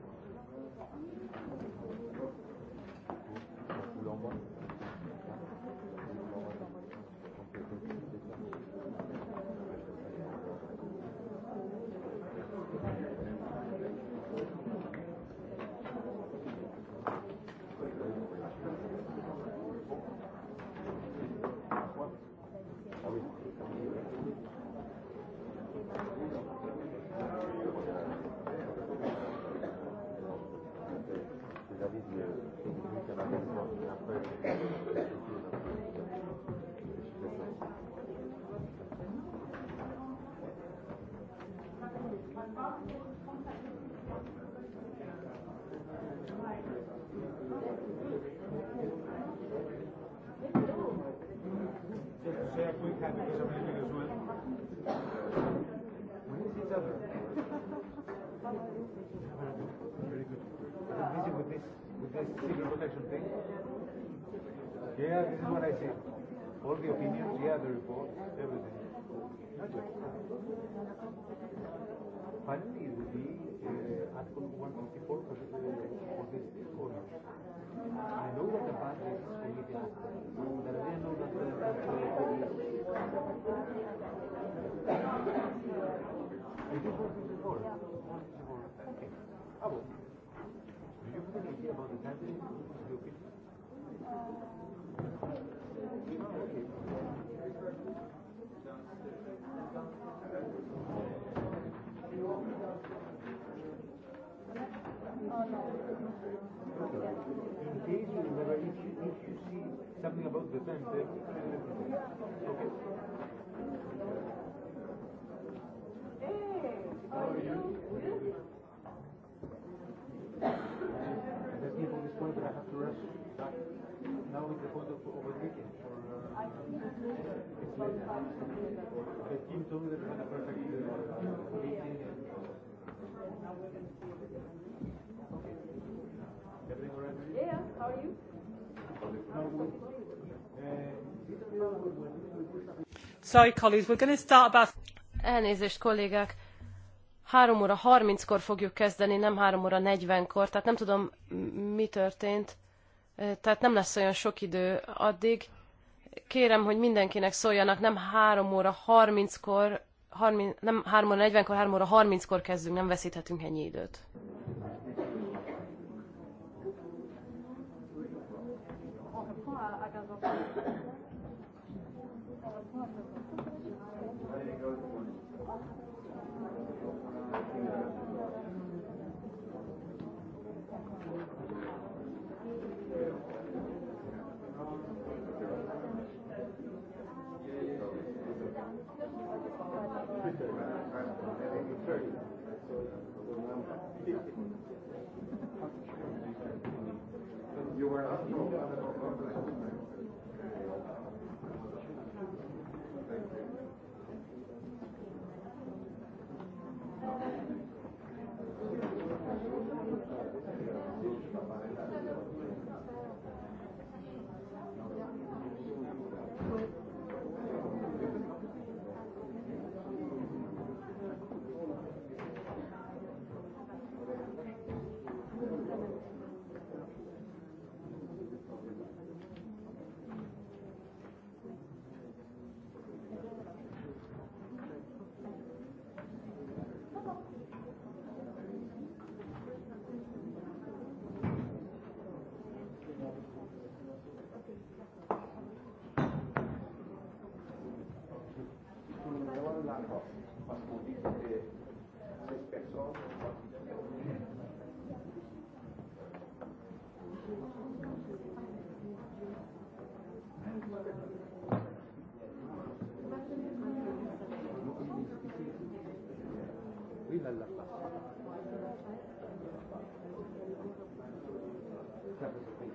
Különben.
this civil protection thing? Yeah, this is what I see. All the opinions, yeah, the reports, everything. Finally, the will be uh, Article 154 for, this or not. I know that the ban is for media, but I didn't know that the ban is for about You something about the now we can hold over the for uh, it's later. The team told me that had a perfect uh, meeting. okay. Everything all right? Yeah, how are you?
Uh, Sorry, colleagues, we're going to start about... Elnézést, kollégák! 3 óra 30-kor fogjuk kezdeni, nem 3 óra 40-kor, tehát nem tudom, mi történt tehát nem lesz olyan sok idő addig. Kérem, hogy mindenkinek szóljanak, nem 3 óra 30-kor, 30, nem 3 óra 40-kor, 3 óra 30-kor kezdünk, nem veszíthetünk ennyi időt.
Thank you.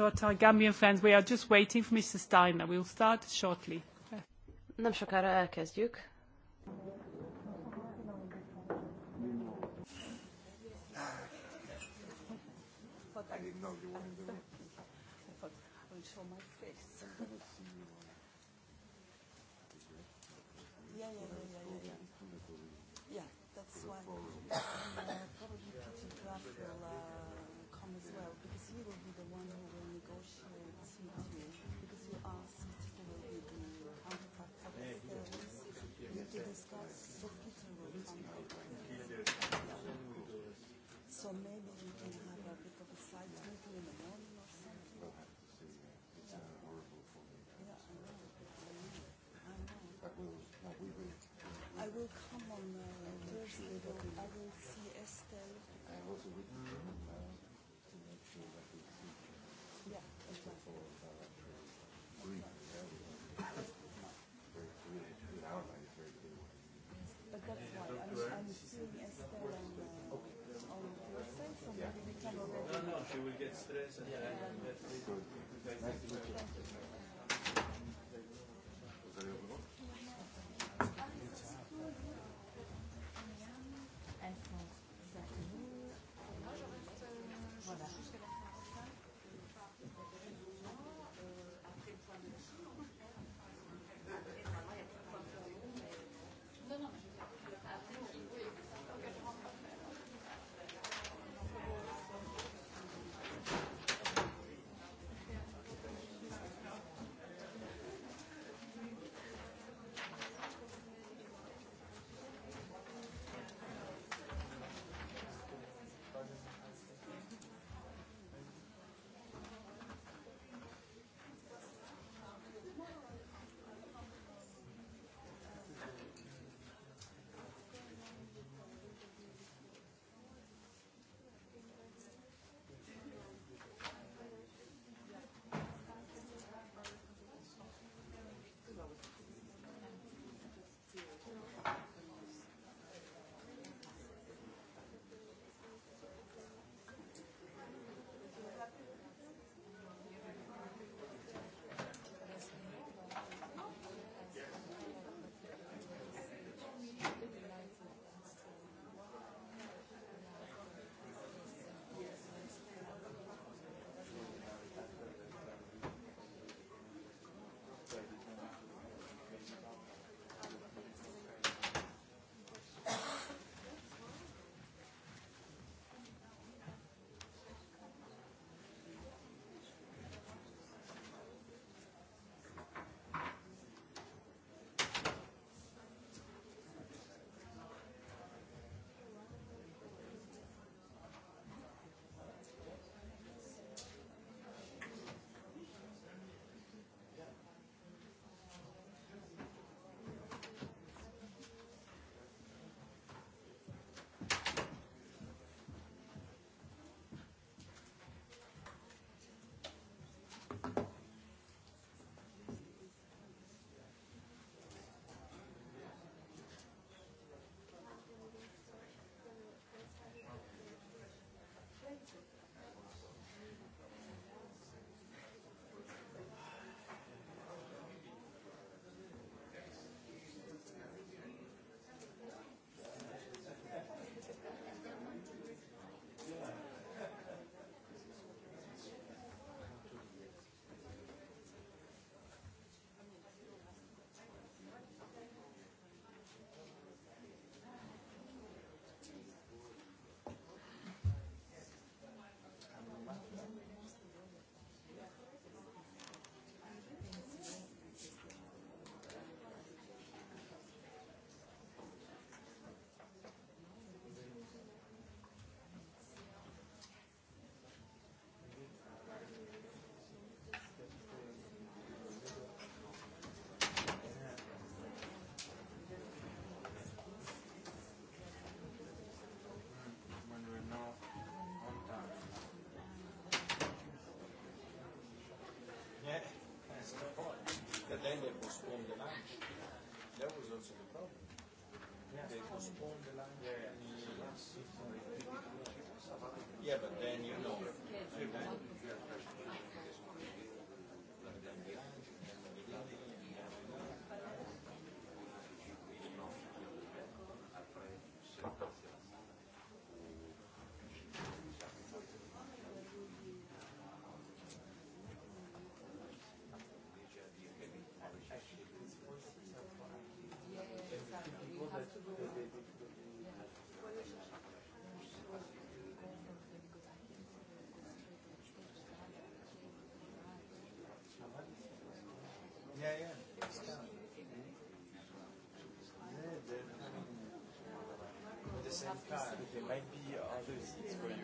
Uh, Gambian Mr. Nem sokára elkezdjük.
Yeah, but then you know. It might be other seats for you.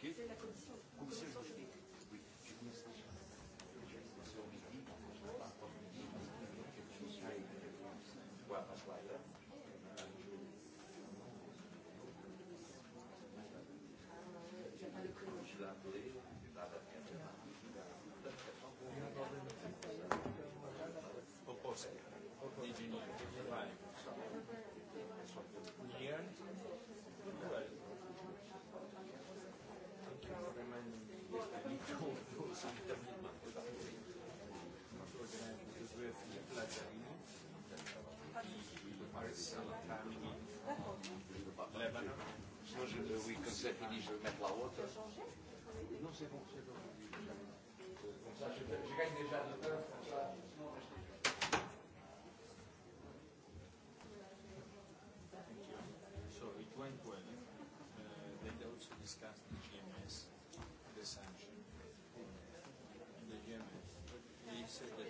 Qui C'est la commission. commission. qui dit je vais mettre la haute. Non, c'est bon, c'est bon. Comme ça, je, je gagne déjà deux heures, comme ça, sinon reste So it went well. Uh, they also discussed the GMS, the sanction, uh, and the GMS. They said that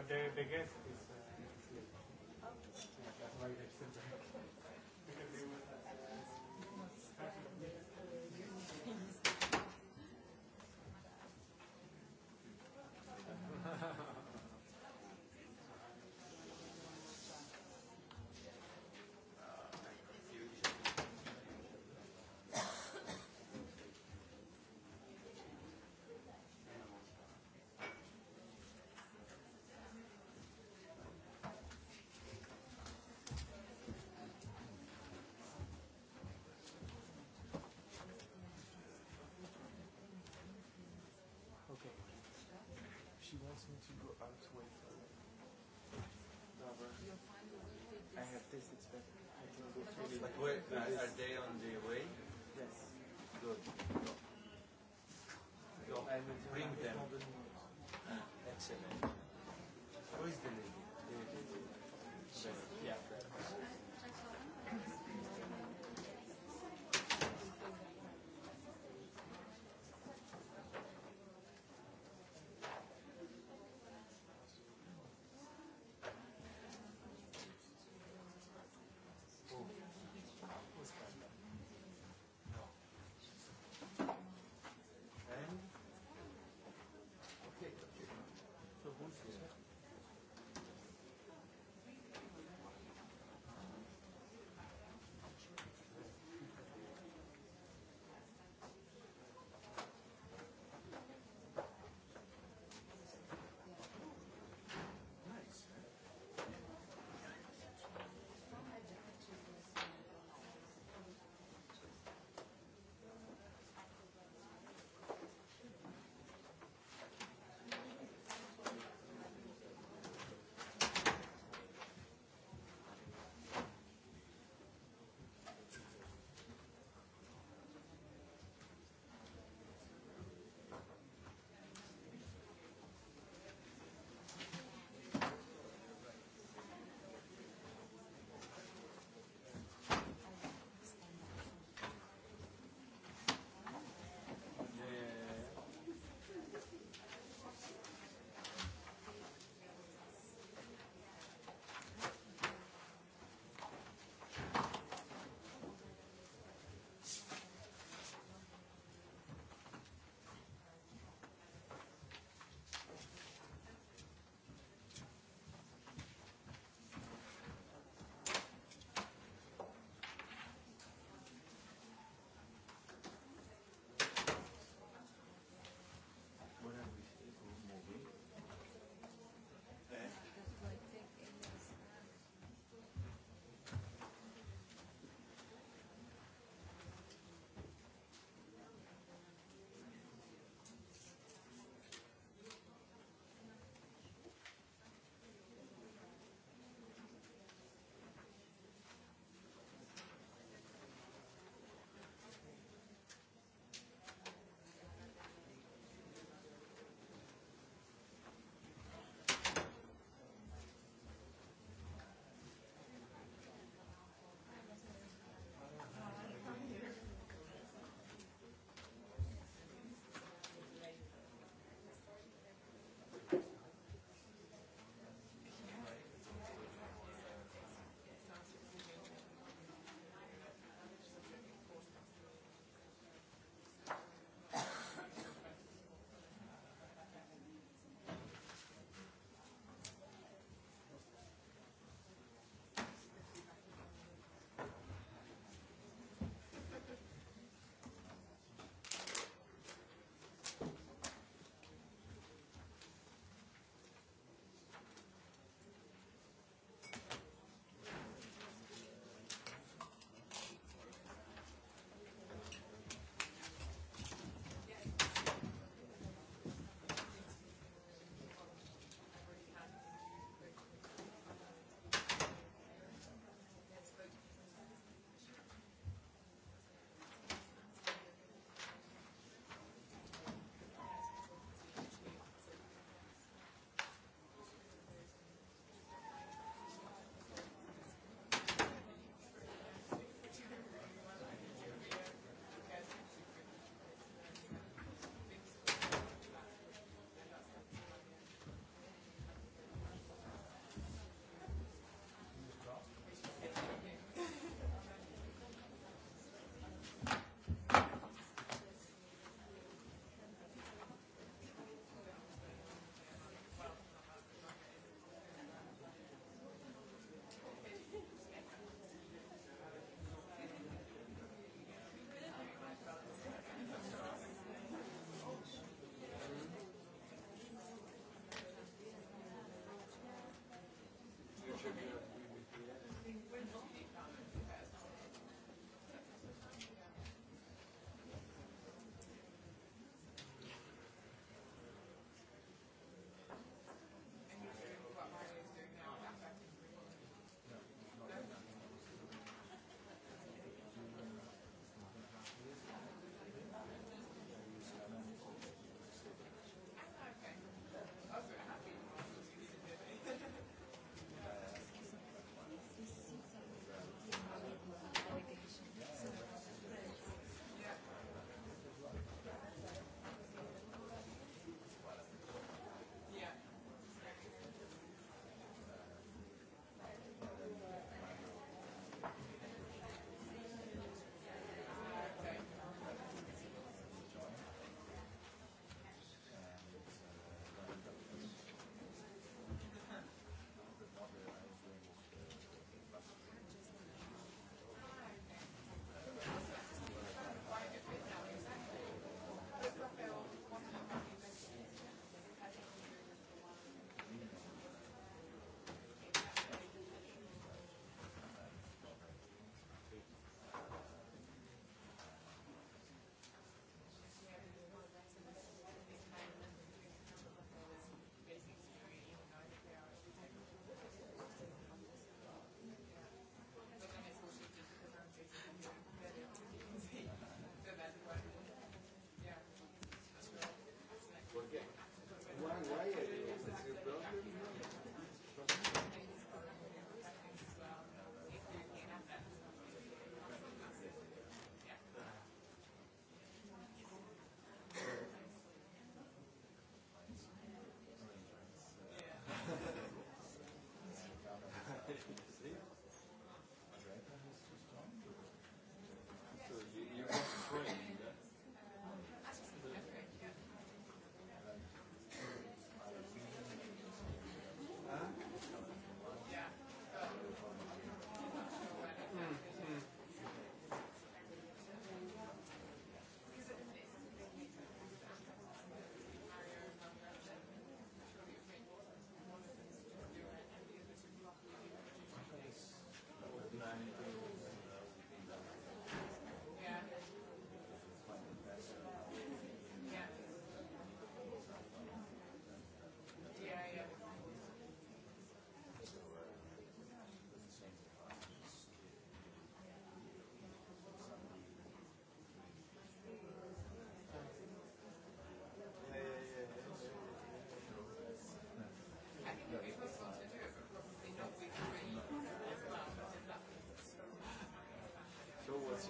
But the, the guess
I have this, it's I can go through But are, are they on the way? Yes. Good. Go. Go. Bring them. Excellent. Who is the leader?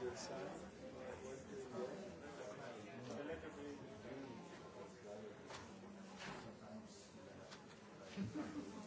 Thank you.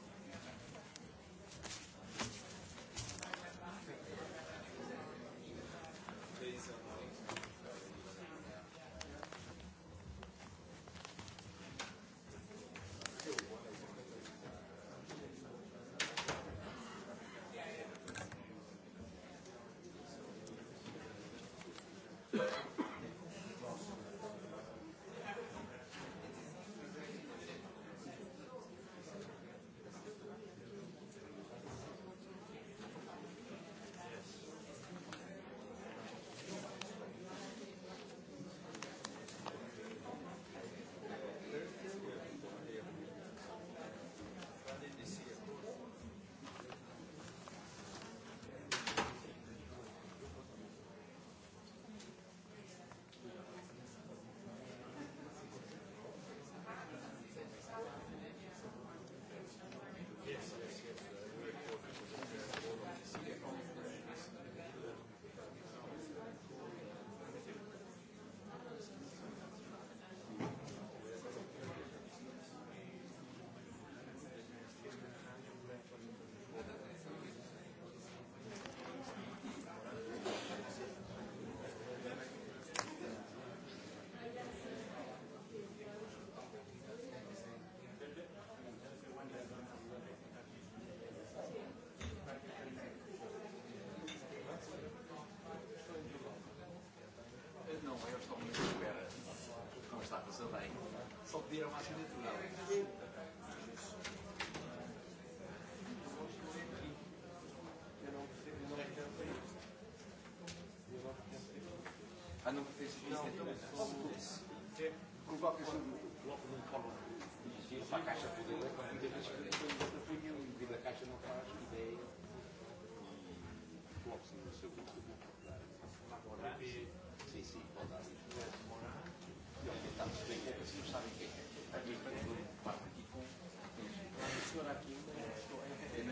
sok díjra más időt Hanno preso il Prova che sono blocco non parlo. La caccia poteva fare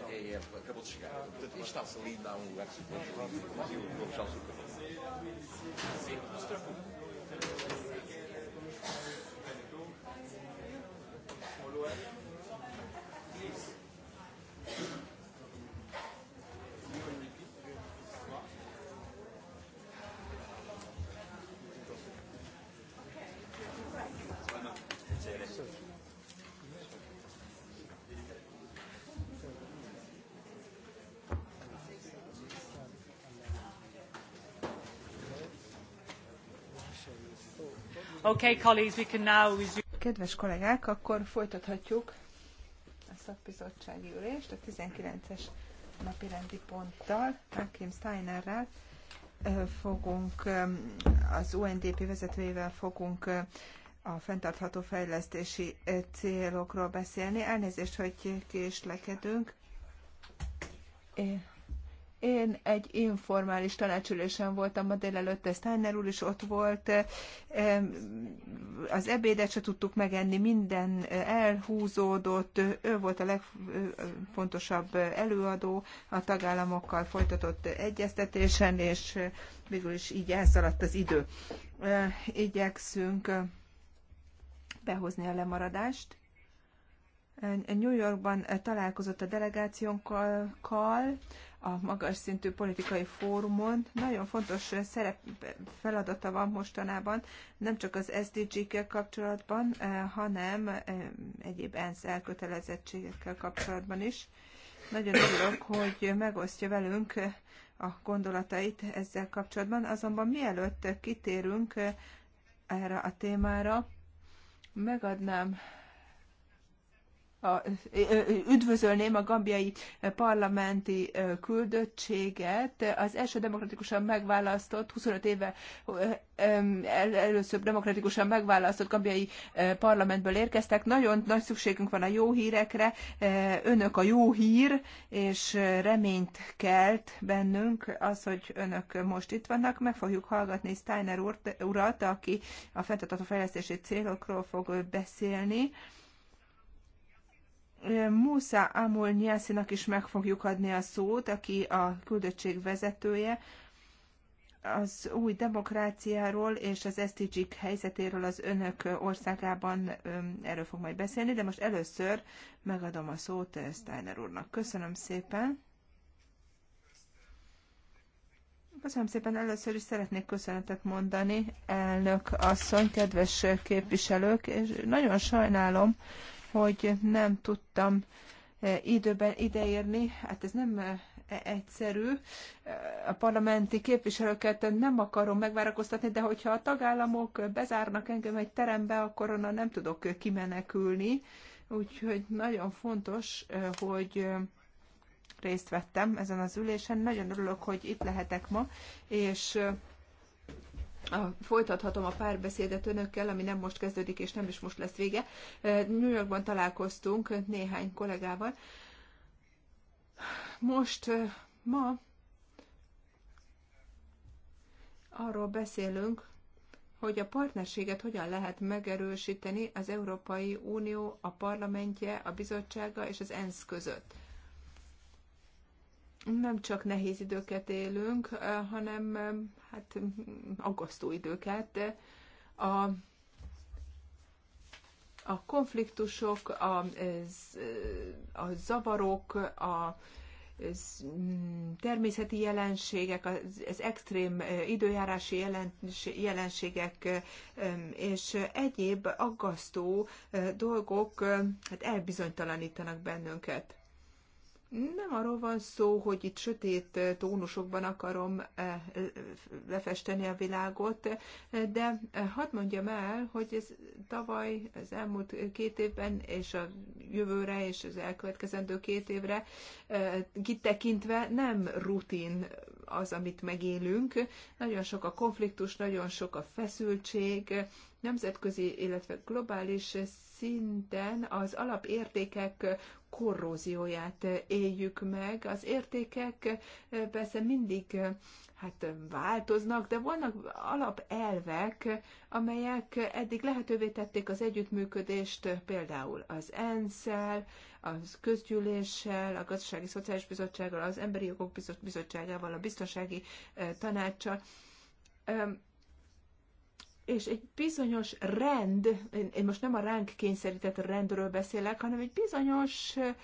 É, é, acabou de chegar. Portanto, isto está-se ali, dá um lugar Sim, não se preocupe.
Kedves kollégák, akkor folytathatjuk a szakbizottsági ülést a 19-es napi rendi ponttal. Hakim Steinerrel fogunk, az UNDP vezetőjével fogunk a fenntartható fejlesztési célokról beszélni. Elnézést, hogy késlekedünk. Én én egy informális tanácsülésen voltam ma délelőtt, Steiner úr is ott volt, az ebédet se tudtuk megenni, minden elhúzódott, ő volt a legfontosabb előadó a tagállamokkal folytatott egyeztetésen, és végül is így elszaladt az idő. Igyekszünk behozni a lemaradást. New Yorkban találkozott a delegációnkkal, a magas szintű politikai fórumon. Nagyon fontos szerep feladata van mostanában, nem csak az SDG-kkel kapcsolatban, eh, hanem eh, egyéb ENSZ elkötelezettségekkel kapcsolatban is. Nagyon örülök, hogy megosztja velünk eh, a gondolatait ezzel kapcsolatban, azonban mielőtt kitérünk erre a témára, megadnám a, üdvözölném a gambiai parlamenti küldöttséget. Az első demokratikusan megválasztott, 25 éve először demokratikusan megválasztott gambiai parlamentből érkeztek. Nagyon nagy szükségünk van a jó hírekre. Önök a jó hír, és reményt kelt bennünk az, hogy önök most itt vannak. Meg fogjuk hallgatni Steiner urat, aki a fenntartató fejlesztési célokról fog beszélni Musa Amul Nyászinak is meg fogjuk adni a szót, aki a küldöttség vezetője, az új demokráciáról és az sdg helyzetéről az önök országában erről fog majd beszélni, de most először megadom a szót Steiner úrnak. Köszönöm szépen! Köszönöm szépen, először is szeretnék köszönetet mondani, elnök asszony, kedves képviselők, és nagyon sajnálom, hogy nem tudtam e, időben ideérni. Hát ez nem e, e, egyszerű. A parlamenti képviselőket nem akarom megvárakoztatni, de hogyha a tagállamok bezárnak engem egy terembe, akkor onnan nem tudok kimenekülni. Úgyhogy nagyon fontos, hogy részt vettem ezen az ülésen. Nagyon örülök, hogy itt lehetek ma, és a, folytathatom a párbeszédet önökkel, ami nem most kezdődik, és nem is most lesz vége. New Yorkban találkoztunk néhány kollégával. Most ma arról beszélünk, hogy a partnerséget hogyan lehet megerősíteni az Európai Unió, a parlamentje, a bizottsága és az ENSZ között nem csak nehéz időket élünk, hanem hát aggasztó időket. A, a konfliktusok, a, a zavarok, a mm, természeti jelenségek, az extrém időjárási jelenségek és egyéb aggasztó dolgok hát elbizonytalanítanak bennünket. Nem arról van szó, hogy itt sötét tónusokban akarom eh, lefesteni a világot, de eh, hadd mondjam el, hogy ez tavaly, az elmúlt két évben, és a jövőre, és az elkövetkezendő két évre kitekintve eh, nem rutin az, amit megélünk. Nagyon sok a konfliktus, nagyon sok a feszültség, nemzetközi, illetve globális szinten az alapértékek korrózióját éljük meg. Az értékek eh, persze mindig eh, hát eh, változnak, de vannak alapelvek, amelyek eddig lehetővé tették az együttműködést, például az ensz a közgyűléssel, a Gazdasági Szociális Bizottsággal, az Emberi Jogok Bizottságával, a Biztonsági Tanácssal és egy bizonyos rend, én most nem a ránk kényszerített rendről beszélek, hanem egy bizonyos eh,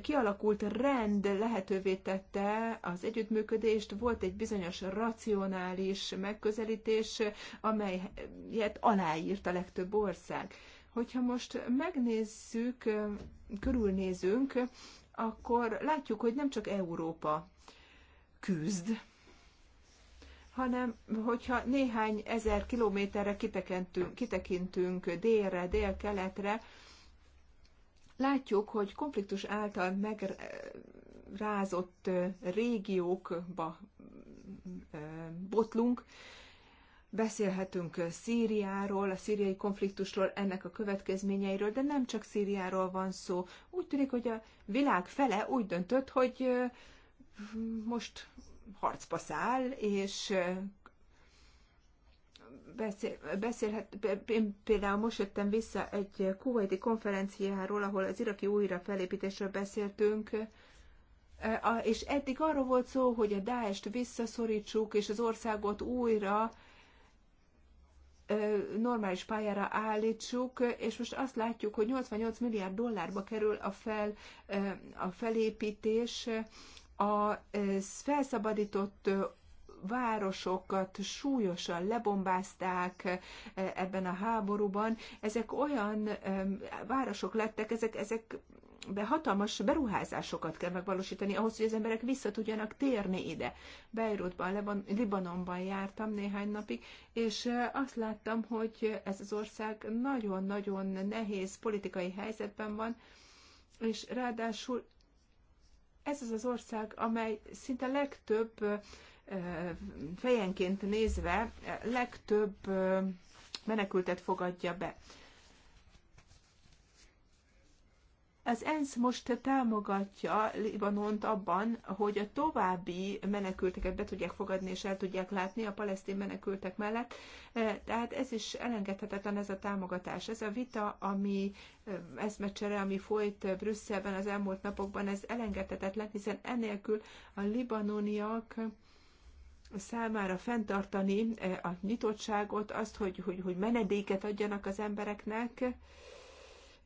kialakult rend lehetővé tette az együttműködést, volt egy bizonyos racionális megközelítés, amelyet eh, aláírt a legtöbb ország. Hogyha most megnézzük, eh, körülnézünk, akkor látjuk, hogy nem csak Európa küzd, hanem hogyha néhány ezer kilométerre kitekintünk, kitekintünk délre, délkeletre, látjuk, hogy konfliktus által megrázott régiókba botlunk, Beszélhetünk Szíriáról, a szíriai konfliktusról, ennek a következményeiről, de nem csak Szíriáról van szó. Úgy tűnik, hogy a világ fele úgy döntött, hogy most harcba száll, és beszél, beszélhet, én például most jöttem vissza egy kuwaiti konferenciáról, ahol az iraki újra felépítésről beszéltünk, és eddig arról volt szó, hogy a Daest visszaszorítsuk, és az országot újra normális pályára állítsuk, és most azt látjuk, hogy 88 milliárd dollárba kerül a, fel, a felépítés a felszabadított városokat súlyosan lebombázták ebben a háborúban. Ezek olyan városok lettek, ezek, ezek be hatalmas beruházásokat kell megvalósítani ahhoz, hogy az emberek vissza tudjanak térni ide. Beirutban, Leban, Libanonban jártam néhány napig, és azt láttam, hogy ez az ország nagyon-nagyon nehéz politikai helyzetben van, és ráadásul ez az az ország, amely szinte legtöbb fejenként nézve legtöbb menekültet fogadja be. Az ENSZ most támogatja Libanont abban, hogy a további menekülteket be tudják fogadni és el tudják látni a palesztin menekültek mellett. E, tehát ez is elengedhetetlen ez a támogatás. Ez a vita, ami e, eszmecsere, ami folyt Brüsszelben az elmúlt napokban, ez elengedhetetlen, hiszen enélkül a libanoniak számára fenntartani e, a nyitottságot, azt, hogy, hogy, hogy menedéket adjanak az embereknek,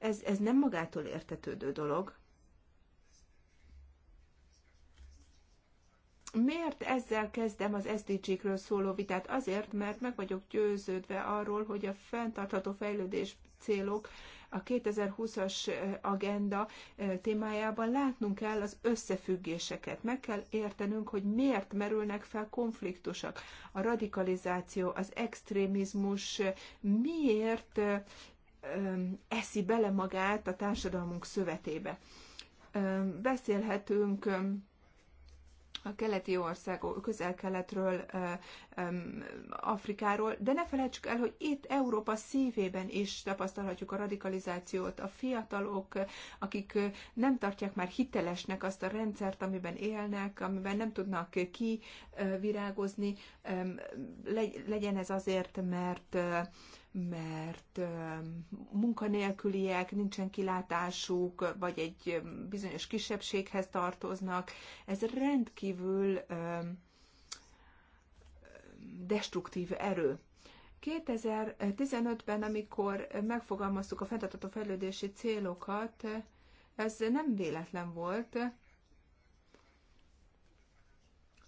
ez, ez nem magától értetődő dolog. Miért ezzel kezdem az SDG-kről szóló vitát? Azért, mert meg vagyok győződve arról, hogy a fenntartható fejlődés célok a 2020-as agenda témájában látnunk kell az összefüggéseket. Meg kell értenünk, hogy miért merülnek fel konfliktusok. A radikalizáció, az extrémizmus miért eszi bele magát a társadalmunk szövetébe. Beszélhetünk a keleti országok, közel-keletről, Afrikáról, de ne felejtsük el, hogy itt Európa szívében is tapasztalhatjuk a radikalizációt, a fiatalok, akik nem tartják már hitelesnek azt a rendszert, amiben élnek, amiben nem tudnak kivirágozni, legyen ez azért, mert mert munkanélküliek, nincsen kilátásuk, vagy egy bizonyos kisebbséghez tartoznak. Ez rendkívül destruktív erő. 2015-ben, amikor megfogalmaztuk a fenntartható fejlődési célokat, ez nem véletlen volt.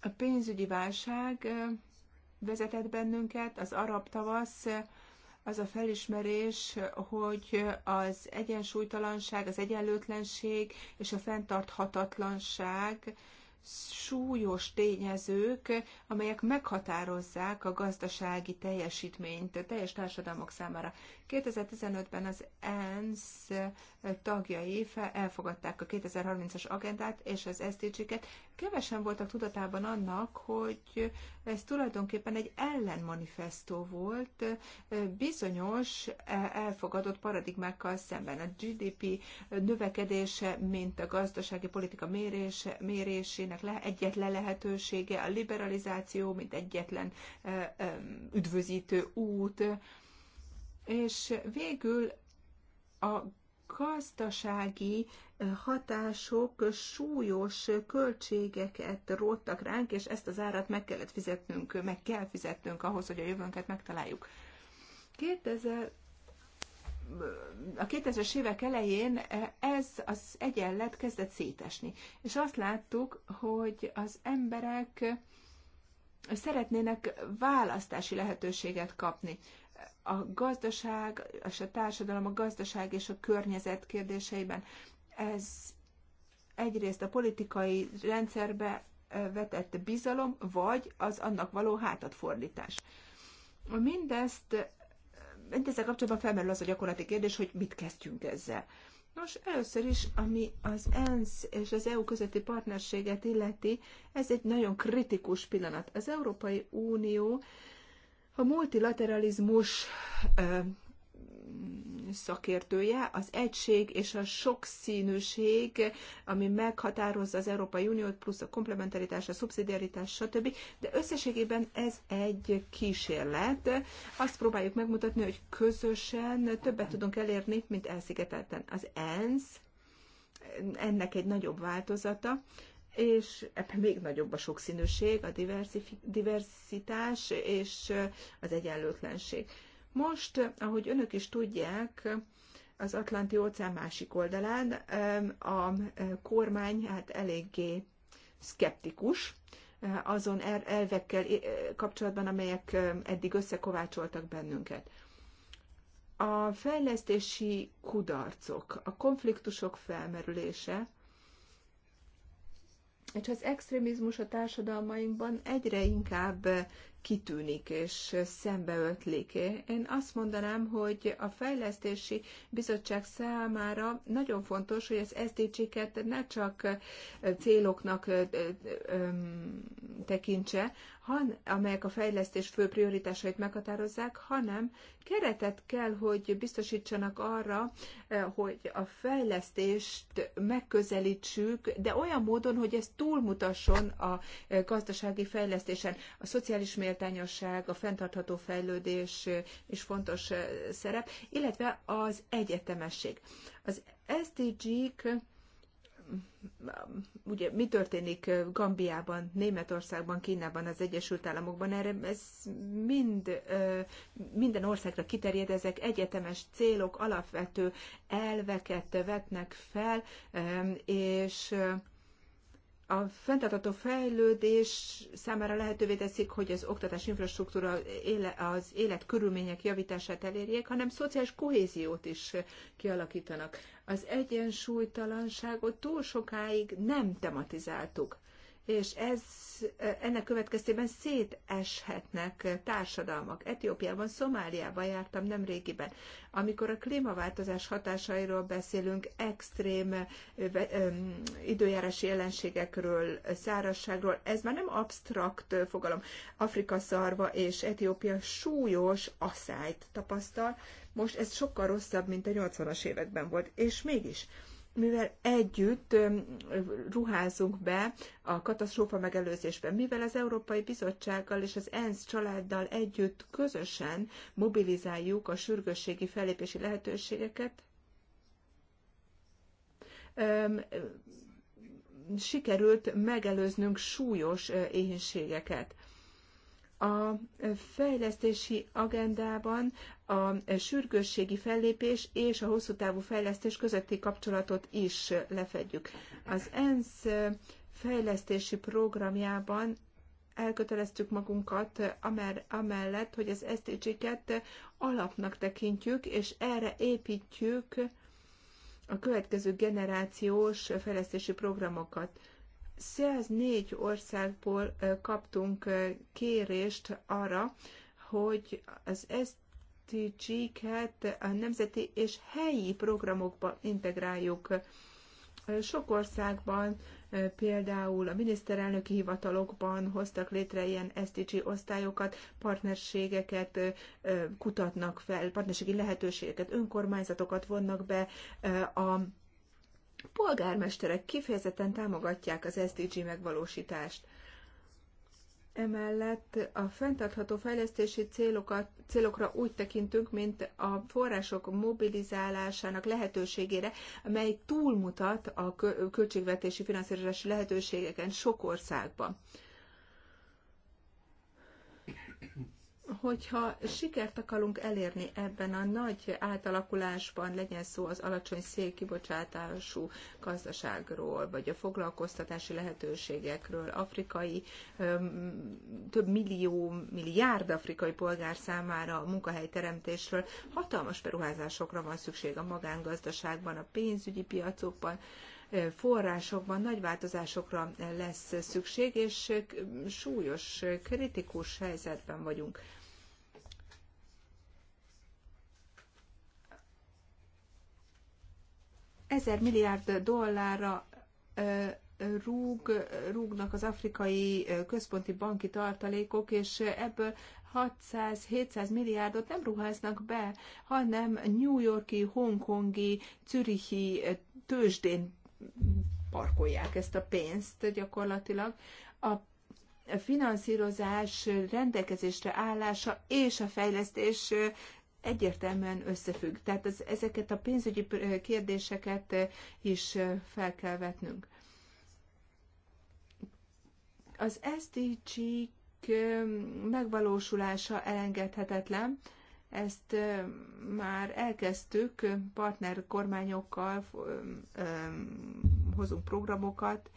A pénzügyi válság vezetett bennünket, az arab tavasz az a felismerés, hogy az egyensúlytalanság, az egyenlőtlenség és a fenntarthatatlanság súlyos tényezők, amelyek meghatározzák a gazdasági teljesítményt a teljes társadalmak számára. 2015-ben az ENSZ tagjai elfogadták a 2030-as agendát és az SDG-ket, kevesen voltak tudatában annak, hogy ez tulajdonképpen egy ellenmanifestó volt bizonyos e, elfogadott paradigmákkal szemben. A GDP növekedése, mint a gazdasági politika mérés, mérésének le, egyetlen lehetősége, a liberalizáció, mint egyetlen üdvözítő út, és végül a gazdasági hatások súlyos költségeket róttak ránk, és ezt az árat meg kellett fizetnünk, meg kell fizetnünk ahhoz, hogy a jövőnket megtaláljuk. 2000 a 2000-es évek elején ez az egyenlet kezdett szétesni. És azt láttuk, hogy az emberek szeretnének választási lehetőséget kapni a gazdaság és a társadalom, a gazdaság és a környezet kérdéseiben. Ez egyrészt a politikai rendszerbe vetett bizalom, vagy az annak való hátatfordítás. Mindezt, mindezzel kapcsolatban felmerül az a gyakorlati kérdés, hogy mit kezdjünk ezzel. Nos, először is, ami az ENSZ és az EU közötti partnerséget illeti, ez egy nagyon kritikus pillanat. Az Európai Unió a multilateralizmus szakértője, az egység és a sokszínűség, ami meghatározza az Európai Uniót, plusz a komplementaritás, a szubszidiaritás, stb. De összességében ez egy kísérlet. Azt próbáljuk megmutatni, hogy közösen többet tudunk elérni, mint elszigetelten. Az ENSZ ennek egy nagyobb változata, és ebben még nagyobb a sokszínűség, a diversitás és az egyenlőtlenség. Most, ahogy önök is tudják, az Atlanti óceán másik oldalán a kormány hát eléggé szkeptikus azon elvekkel kapcsolatban, amelyek eddig összekovácsoltak bennünket. A fejlesztési kudarcok, a konfliktusok felmerülése, és az extrémizmus a társadalmainkban egyre inkább kitűnik és szembeötlik. Én azt mondanám, hogy a fejlesztési bizottság számára nagyon fontos, hogy az SDG-ket ne csak céloknak tekintse, han, amelyek a fejlesztés fő prioritásait meghatározzák, hanem keretet kell, hogy biztosítsanak arra, eh, hogy a fejlesztést megközelítsük, de olyan módon, hogy ez túlmutasson a eh, gazdasági fejlesztésen. A szociális méltányosság, a fenntartható fejlődés eh, is fontos szerep, illetve az egyetemesség. Az SDG-k ugye mi történik Gambiában, Németországban, Kínában, az Egyesült Államokban, erre ez mind, minden országra kiterjed, ezek egyetemes célok, alapvető elveket vetnek fel, és a fenntartató fejlődés számára lehetővé teszik, hogy az oktatás infrastruktúra az élet körülmények javítását elérjék, hanem szociális kohéziót is kialakítanak. Az egyensúlytalanságot túl sokáig nem tematizáltuk és ez, ennek következtében széteshetnek társadalmak. Etiópiában, Szomáliában jártam nem régiben. Amikor a klímaváltozás hatásairól beszélünk, extrém időjárási jelenségekről, szárazságról, ez már nem absztrakt fogalom. Afrika szarva és Etiópia súlyos asszályt tapasztal. Most ez sokkal rosszabb, mint a 80-as években volt, és mégis mivel együtt ruházunk be a katasztrófa megelőzésben, mivel az Európai Bizottsággal és az ENSZ családdal együtt közösen mobilizáljuk a sürgősségi fellépési lehetőségeket, sikerült megelőznünk súlyos éhénységeket a fejlesztési agendában a sürgősségi fellépés és a hosszú távú fejlesztés közötti kapcsolatot is lefedjük. Az ENSZ fejlesztési programjában elköteleztük magunkat amellett, hogy az SDG-ket alapnak tekintjük, és erre építjük a következő generációs fejlesztési programokat. 104 országból kaptunk kérést arra, hogy az SDG-ket a nemzeti és helyi programokba integráljuk. Sok országban, például a miniszterelnöki hivatalokban hoztak létre ilyen SDG osztályokat, partnerségeket kutatnak fel, partnerségi lehetőségeket, önkormányzatokat vonnak be a polgármesterek kifejezetten támogatják az SDG megvalósítást. Emellett a fenntartható fejlesztési célokat, célokra úgy tekintünk, mint a források mobilizálásának lehetőségére, amely túlmutat a költségvetési finanszírozási lehetőségeken sok országban. hogyha sikert akarunk elérni ebben a nagy átalakulásban, legyen szó az alacsony szélkibocsátású gazdaságról, vagy a foglalkoztatási lehetőségekről, afrikai, több millió, milliárd afrikai polgár számára a munkahelyteremtésről, hatalmas beruházásokra van szükség a magángazdaságban, a pénzügyi piacokban, forrásokban nagy változásokra lesz szükség, és súlyos, kritikus helyzetben vagyunk. ezer milliárd dollárra rúg, rúgnak az afrikai központi banki tartalékok, és ebből 600-700 milliárdot nem ruháznak be, hanem New Yorki, Hongkongi, Zürichi tőzsdén parkolják ezt a pénzt gyakorlatilag. A finanszírozás rendelkezésre állása és a fejlesztés egyértelműen összefügg. Tehát az, ezeket a pénzügyi kérdéseket is fel kell vetnünk. Az sdg megvalósulása elengedhetetlen, ezt már elkezdtük, partner kormányokkal hozunk programokat,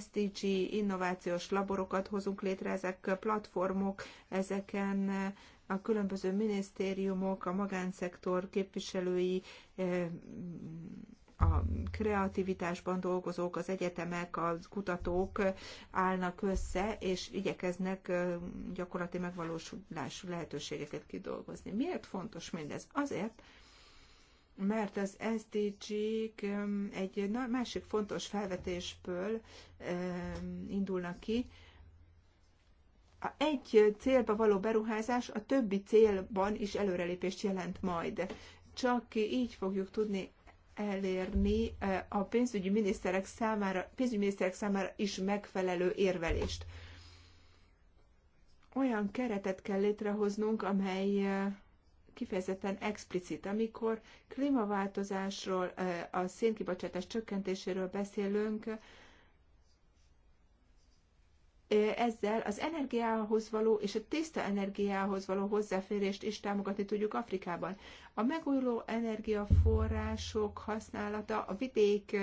SDG innovációs laborokat hozunk létre, ezek platformok, ezeken a különböző minisztériumok, a magánszektor képviselői, eh, a kreativitásban dolgozók, az egyetemek, a kutatók eh, állnak össze, és igyekeznek eh, gyakorlati megvalósulású lehetőségeket kidolgozni. Miért fontos mindez? Azért, mert az sdg egy másik fontos felvetésből indulnak ki, a egy célba való beruházás a többi célban is előrelépést jelent majd. Csak így fogjuk tudni elérni eh, a pénzügyi miniszterek számára, pénzügyi miniszterek számára is megfelelő érvelést. Olyan keretet kell létrehoznunk, amely eh, kifejezetten explicit. Amikor klímaváltozásról, eh, a szénkibocsátás csökkentéséről beszélünk, ezzel az energiához való és a tiszta energiához való hozzáférést is támogatni tudjuk Afrikában. A megújuló energiaforrások használata a vidék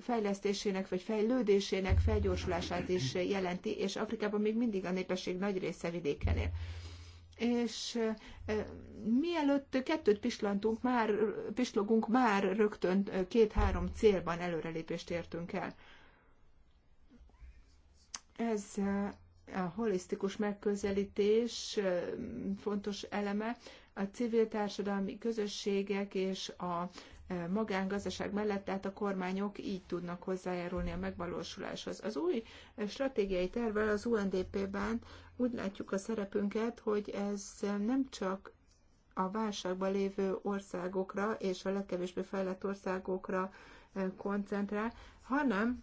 fejlesztésének vagy fejlődésének felgyorsulását is jelenti, és Afrikában még mindig a népesség nagy része vidéken él és mielőtt kettőt pislantunk, már, pislogunk, már rögtön két-három célban előrelépést értünk el. Ez a holisztikus megközelítés fontos eleme a civil társadalmi közösségek és a magángazdaság mellett, tehát a kormányok így tudnak hozzájárulni a megvalósuláshoz. Az új stratégiai tervvel az UNDP-ben úgy látjuk a szerepünket, hogy ez nem csak a válságban lévő országokra és a legkevésbé fejlett országokra koncentrál, hanem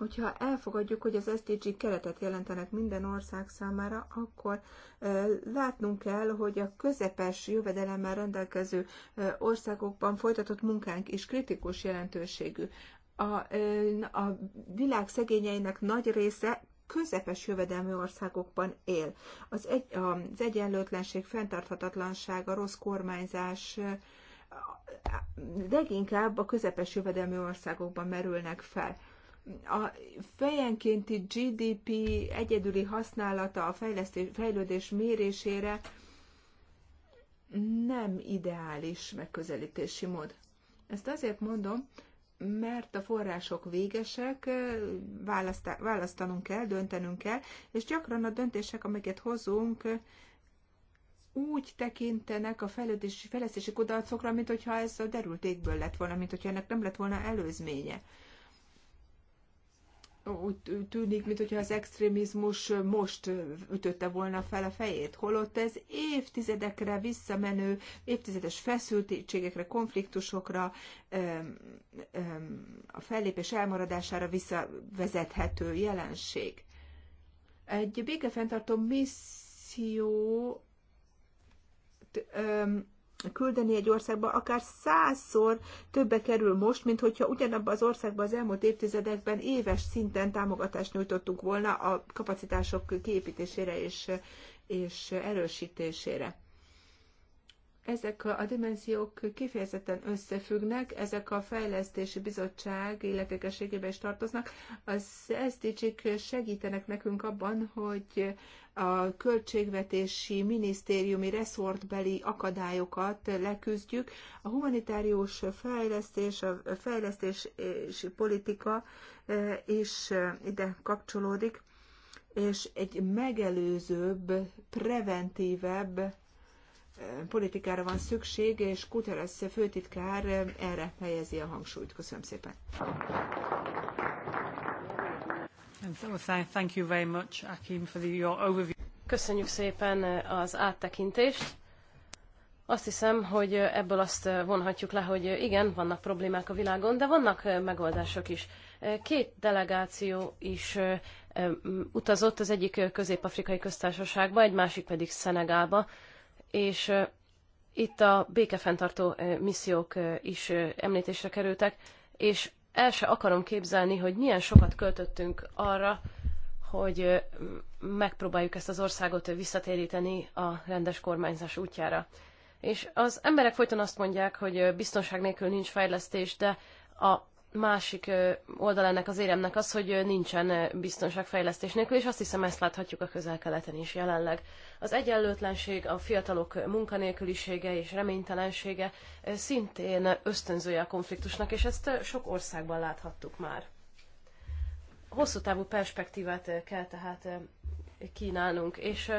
Hogyha elfogadjuk, hogy az SDG keretet jelentenek minden ország számára, akkor látnunk kell, hogy a közepes jövedelemmel rendelkező országokban folytatott munkánk is kritikus jelentőségű. A, a világ szegényeinek nagy része közepes jövedelmi országokban él. Az, egy, az egyenlőtlenség, fenntarthatatlanság, a rossz kormányzás leginkább a közepes jövedelmi országokban merülnek fel a fejenkénti GDP egyedüli használata a fejlesztés, fejlődés mérésére nem ideális megközelítési mód. Ezt azért mondom, mert a források végesek, választanunk kell, döntenünk kell, és gyakran a döntések, amiket hozunk, úgy tekintenek a fejlődési, fejlesztési kudarcokra, mint hogyha ez a derült égből lett volna, mint hogyha ennek nem lett volna előzménye úgy tűnik, mintha az extrémizmus most ütötte volna fel a fejét, holott ez évtizedekre visszamenő, évtizedes feszültségekre, konfliktusokra, a fellépés elmaradására visszavezethető jelenség. Egy békefenntartó misszió küldeni egy országba, akár százszor többe kerül most, mint hogyha ugyanabban az országban az elmúlt évtizedekben éves szinten támogatást nyújtottunk volna a kapacitások kiépítésére és, és erősítésére. Ezek a dimenziók kifejezetten összefüggnek, ezek a fejlesztési bizottság illetékességébe is tartoznak. Az sdg segítenek nekünk abban, hogy a költségvetési minisztériumi reszortbeli akadályokat leküzdjük. A humanitárius fejlesztés, a fejlesztési politika e, is e, ide kapcsolódik, és egy megelőzőbb, preventívebb politikára van szükség, és Kuteres főtitkár erre helyezi a hangsúlyt. Köszönöm szépen.
Köszönjük szépen az áttekintést. Azt hiszem, hogy ebből azt vonhatjuk le, hogy igen, vannak problémák a világon, de vannak megoldások is. Két delegáció is utazott, az egyik közép-afrikai köztársaságba, egy másik pedig Szenegálba és itt a békefenntartó missziók is említésre kerültek, és el se akarom képzelni, hogy milyen sokat költöttünk arra, hogy megpróbáljuk ezt az országot visszatéríteni a rendes kormányzás útjára. És az emberek folyton azt mondják, hogy biztonság nélkül nincs fejlesztés, de a másik ennek az éremnek az, hogy nincsen biztonságfejlesztés nélkül, és azt hiszem ezt láthatjuk a közel-keleten is jelenleg. Az egyenlőtlenség, a fiatalok munkanélkülisége és reménytelensége szintén ösztönzője a konfliktusnak, és ezt sok országban láthattuk már. Hosszú távú perspektívát kell tehát kínálnunk, és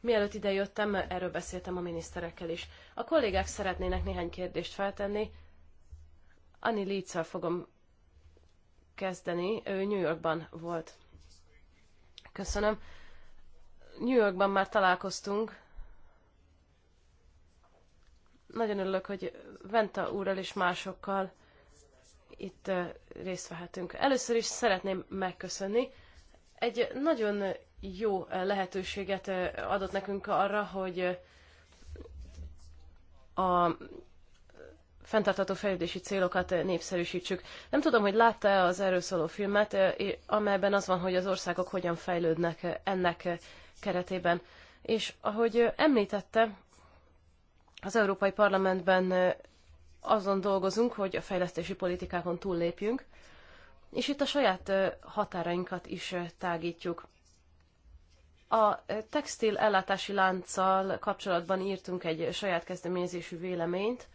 mielőtt idejöttem, erről beszéltem a miniszterekkel is. A kollégák szeretnének néhány kérdést feltenni, Anni Lícsel fogom kezdeni. Ő New Yorkban volt. Köszönöm. New Yorkban már találkoztunk. Nagyon örülök, hogy Venta úrral és másokkal itt részt vehetünk. Először is szeretném megköszönni. Egy nagyon jó lehetőséget adott nekünk arra, hogy a fenntartható fejlődési célokat eh, népszerűsítsük. Nem tudom, hogy látta-e az erről szóló filmet, eh, amelyben az van, hogy az országok hogyan fejlődnek eh, ennek keretében. És ahogy említette, az Európai Parlamentben azon dolgozunk, hogy a fejlesztési politikákon túllépjünk, és itt a saját határainkat is tágítjuk. A textil ellátási lánccal kapcsolatban írtunk egy saját kezdeményezésű véleményt,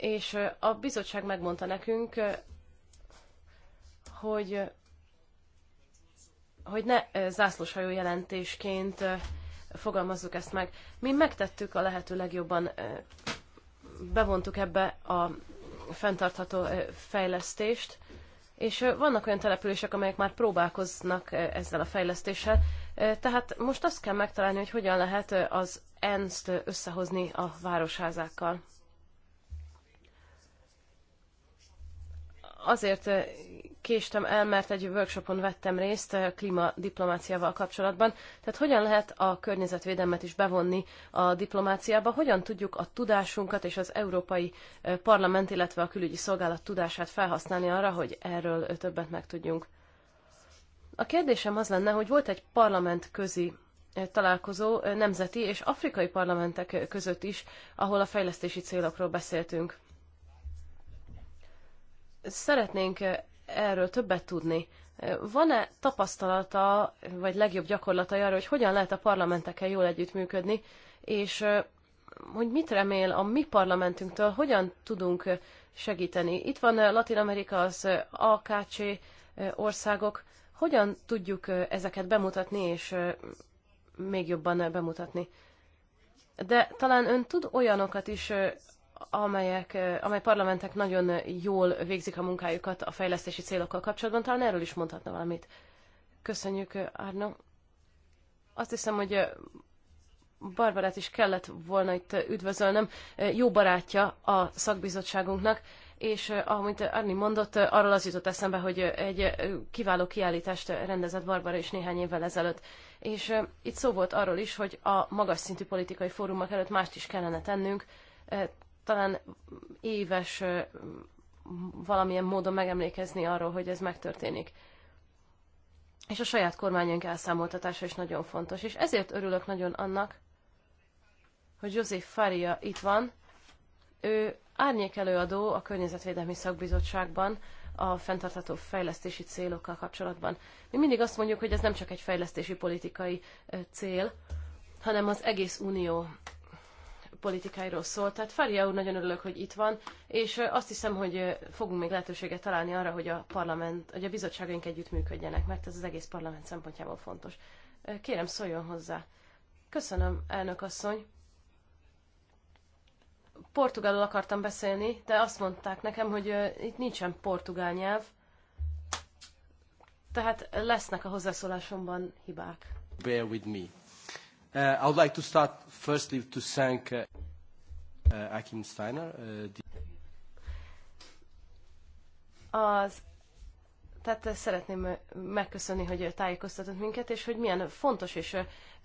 és a bizottság megmondta nekünk, hogy, hogy ne zászlóshajó jelentésként fogalmazzuk ezt meg. Mi megtettük a lehető legjobban, bevontuk ebbe a fenntartható fejlesztést, és vannak olyan települések, amelyek már próbálkoznak ezzel a fejlesztéssel, tehát most azt kell megtalálni, hogy hogyan lehet az ENSZ-t összehozni a városházákkal. azért eh, késtem el, mert egy workshopon vettem részt eh, klímadiplomáciával kapcsolatban. Tehát hogyan lehet a környezetvédelmet is bevonni a diplomáciába? Hogyan tudjuk a tudásunkat és az Európai eh, Parlament, illetve a külügyi szolgálat tudását felhasználni arra, hogy erről többet megtudjunk? A kérdésem az lenne, hogy volt egy parlament közi találkozó nemzeti és afrikai parlamentek között is, ahol a fejlesztési célokról beszéltünk. Szeretnénk eh, erről többet tudni. Eh, van-e tapasztalata, vagy legjobb gyakorlata arra, hogy hogyan lehet a parlamentekkel jól együttműködni, és eh, hogy mit remél a mi parlamentünktől, hogyan tudunk segíteni? Itt van Latin Amerika, az AKC országok. Hogyan tudjuk ezeket bemutatni, és még jobban bemutatni? De talán ön tud olyanokat is, amelyek, amely parlamentek nagyon jól végzik a munkájukat a fejlesztési célokkal kapcsolatban. Talán erről is mondhatna valamit. Köszönjük, Árna. Azt hiszem, hogy Barbarát is kellett volna itt üdvözölnöm. Jó barátja a szakbizottságunknak, és amit Arni mondott, arról az jutott eszembe, hogy egy kiváló kiállítást rendezett Barbara is néhány évvel ezelőtt. És itt szó volt arról is, hogy a magas szintű politikai fórumok előtt mást is kellene tennünk, talán éves valamilyen módon megemlékezni arról, hogy ez megtörténik. És a saját kormányunk elszámoltatása is nagyon fontos. És ezért örülök nagyon annak, hogy József Faria itt van. Ő árnyékelőadó előadó a Környezetvédelmi Szakbizottságban a fenntartható fejlesztési célokkal kapcsolatban. Mi mindig azt mondjuk, hogy ez nem csak egy fejlesztési politikai cél, hanem az egész unió politikáiról szól. Tehát Faria úr, nagyon örülök, hogy itt van, és azt hiszem, hogy fogunk még lehetőséget találni arra, hogy a parlament, hogy a bizottságaink együtt működjenek, mert ez az egész parlament szempontjából fontos. Kérem, szóljon hozzá. Köszönöm, elnök asszony. Portugálul akartam beszélni, de azt mondták nekem, hogy itt nincsen portugál nyelv, tehát lesznek a hozzászólásomban hibák.
Bear with me. Uh, I would like to start firstly to thank uh, uh, Akim Steiner. Uh, the...
Az tehát szeretném uh, megköszönni, hogy uh, tájékoztatott minket, és hogy milyen fontos és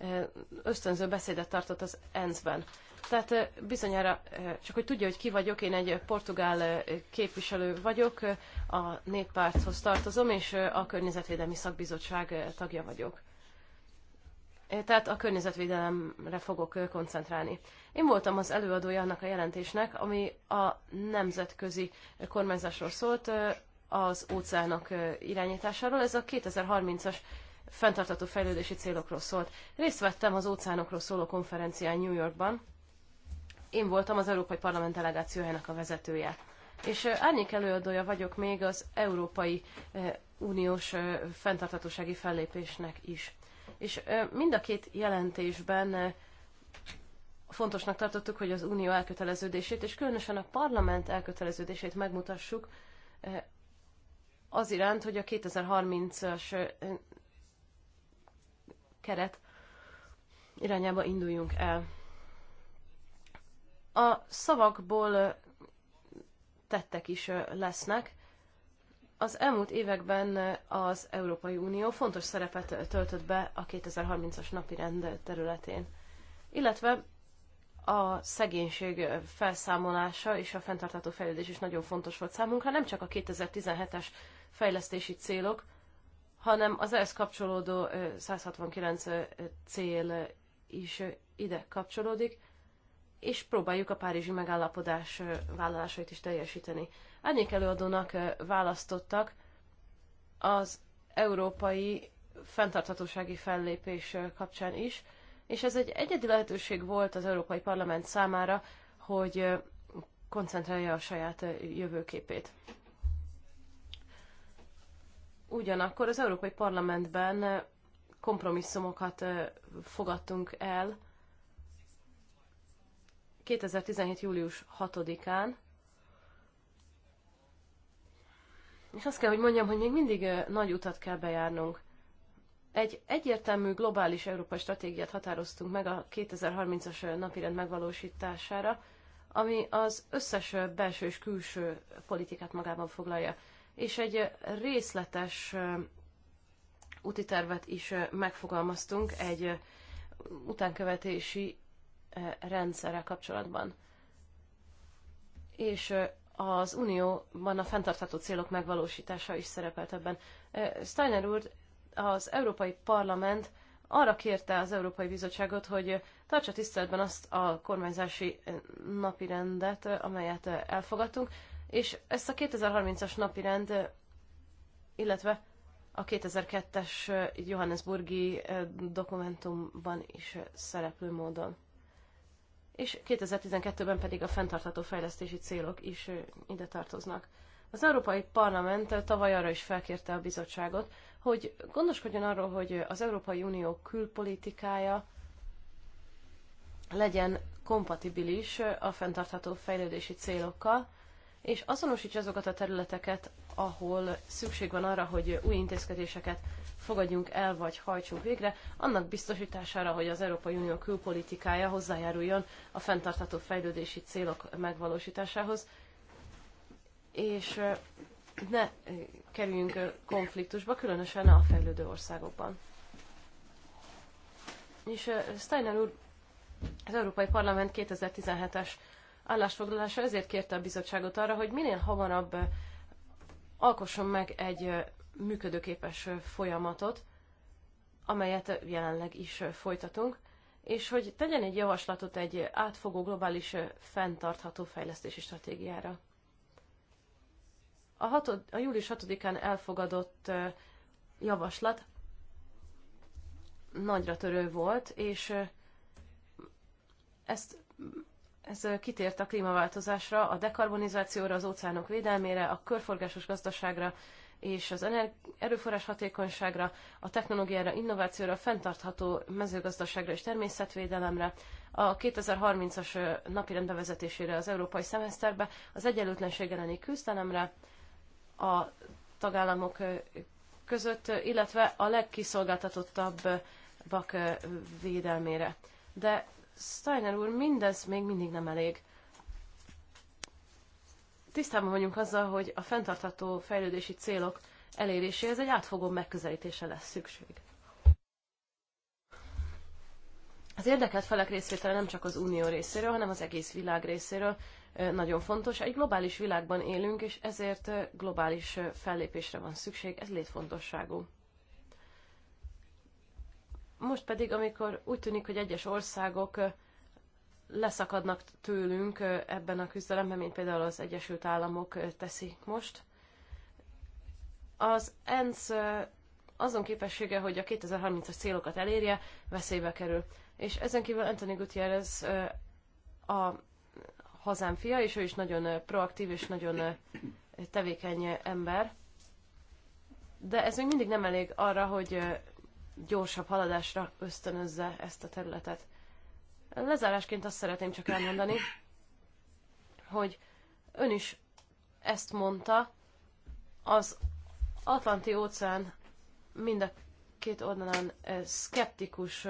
uh, ösztönző beszédet tartott az ENSZ-ben. Tehát bizonyára, csak hogy tudja, hogy ki vagyok, én egy portugál képviselő vagyok, a néppárthoz tartozom, és a Környezetvédelmi Szakbizottság tagja vagyok tehát a környezetvédelemre fogok koncentrálni. Én voltam az előadója annak a jelentésnek, ami a nemzetközi kormányzásról szólt, az óceánok irányításáról. Ez a 2030-as fenntartató fejlődési célokról szólt. Részt vettem az óceánokról szóló konferencián New Yorkban. Én voltam az Európai Parlament delegációjának a vezetője. És árnyék előadója vagyok még az Európai Uniós fenntartatósági fellépésnek is. És mind a két jelentésben fontosnak tartottuk, hogy az unió elköteleződését, és különösen a parlament elköteleződését megmutassuk az iránt, hogy a 2030-as keret irányába induljunk el. A szavakból tettek is lesznek, az elmúlt években az Európai Unió fontos szerepet töltött be a 2030-as napi rend területén, illetve a szegénység felszámolása és a fenntartható fejlődés is nagyon fontos volt számunkra, nem csak a 2017-es fejlesztési célok, hanem az ehhez kapcsolódó 169 cél is ide kapcsolódik, és próbáljuk a párizsi megállapodás vállalásait is teljesíteni. Árnyék előadónak választottak az európai fenntarthatósági fellépés kapcsán is, és ez egy egyedi lehetőség volt az Európai Parlament számára, hogy koncentrálja a saját jövőképét. Ugyanakkor az Európai Parlamentben kompromisszumokat fogadtunk el 2017. július 6-án, És azt kell, hogy mondjam, hogy még mindig nagy utat kell bejárnunk. Egy egyértelmű globális európai stratégiát határoztunk meg a 2030-as napirend megvalósítására, ami az összes belső és külső politikát magában foglalja. És egy részletes úti tervet is megfogalmaztunk egy utánkövetési rendszerrel kapcsolatban. És az Unióban a fenntartható célok megvalósítása is szerepelt ebben. Steiner úr, az Európai Parlament arra kérte az Európai Bizottságot, hogy tartsa tiszteletben azt a kormányzási napirendet, amelyet elfogadtunk, és ezt a 2030-as napirend, illetve a 2002-es Johannesburgi dokumentumban is szereplő módon és 2012-ben pedig a fenntartható fejlesztési célok is ide tartoznak. Az Európai Parlament tavaly arra is felkérte a bizottságot, hogy gondoskodjon arról, hogy az Európai Unió külpolitikája legyen kompatibilis a fenntartható fejlődési célokkal, és azonosítsa azokat a területeket, ahol szükség van arra, hogy új intézkedéseket fogadjunk el vagy hajtsunk végre, annak biztosítására, hogy az Európai Unió külpolitikája hozzájáruljon a fenntartható fejlődési célok megvalósításához, és ne kerüljünk konfliktusba, különösen a fejlődő országokban. És Steiner úr, az Európai Parlament 2017-es állásfoglalása ezért kérte a bizottságot arra, hogy minél hamarabb alkosson meg egy működőképes folyamatot, amelyet jelenleg is folytatunk, és hogy tegyen egy javaslatot egy átfogó globális fenntartható fejlesztési stratégiára. A, hatod, a július 6-án elfogadott javaslat nagyra törő volt, és ezt ez kitért a klímaváltozásra, a dekarbonizációra, az óceánok védelmére, a körforgásos gazdaságra és az erőforrás hatékonyságra, a technológiára, innovációra, a fenntartható mezőgazdaságra és természetvédelemre, a 2030-as napi rendbevezetésére az európai szemeszterbe, az egyenlőtlenség elleni küzdelemre, a tagállamok között, illetve a legkiszolgáltatottabbak védelmére. De Steiner úr, mindez még mindig nem elég. Tisztában vagyunk azzal, hogy a fenntartható fejlődési célok eléréséhez egy átfogó megközelítése lesz szükség. Az érdekelt felek részvétele nem csak az unió részéről, hanem az egész világ részéről nagyon fontos. Egy globális világban élünk, és ezért globális fellépésre van szükség, ez létfontosságú. Most pedig, amikor úgy tűnik, hogy egyes országok leszakadnak tőlünk ebben a küzdelemben, mint például az Egyesült Államok teszik most, az ENSZ azon képessége, hogy a 2030-as célokat elérje, veszélybe kerül. És ezen kívül Anthony Gutierrez a hazám fia, és ő is nagyon proaktív és nagyon tevékeny ember. De ez még mindig nem elég arra, hogy gyorsabb haladásra ösztönözze ezt a területet. Lezárásként azt szeretném csak elmondani, hogy ön is ezt mondta, az Atlanti óceán mind a két oldalán szkeptikus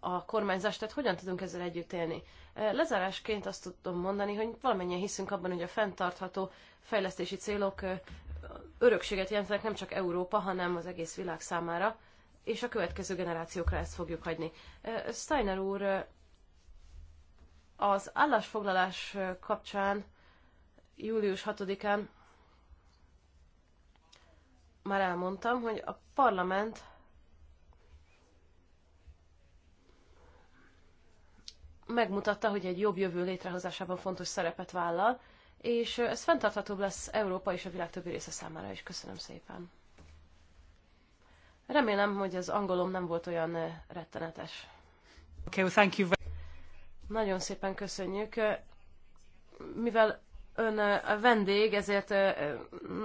a kormányzás, tehát hogyan tudunk ezzel együtt élni. Lezárásként azt tudom mondani, hogy valamennyien hiszünk abban, hogy a fenntartható fejlesztési célok örökséget jelentenek nem csak Európa, hanem az egész világ számára és a következő generációkra ezt fogjuk hagyni. Steiner úr, az állásfoglalás kapcsán július 6-án már elmondtam, hogy a parlament megmutatta, hogy egy jobb jövő létrehozásában fontos szerepet vállal, és ez fenntarthatóbb lesz Európa és a világ többi része számára is. Köszönöm szépen! Remélem, hogy az angolom nem volt olyan eh, rettenetes. Okay, well, thank you. Nagyon szépen köszönjük. Mivel ön eh, a vendég, ezért eh,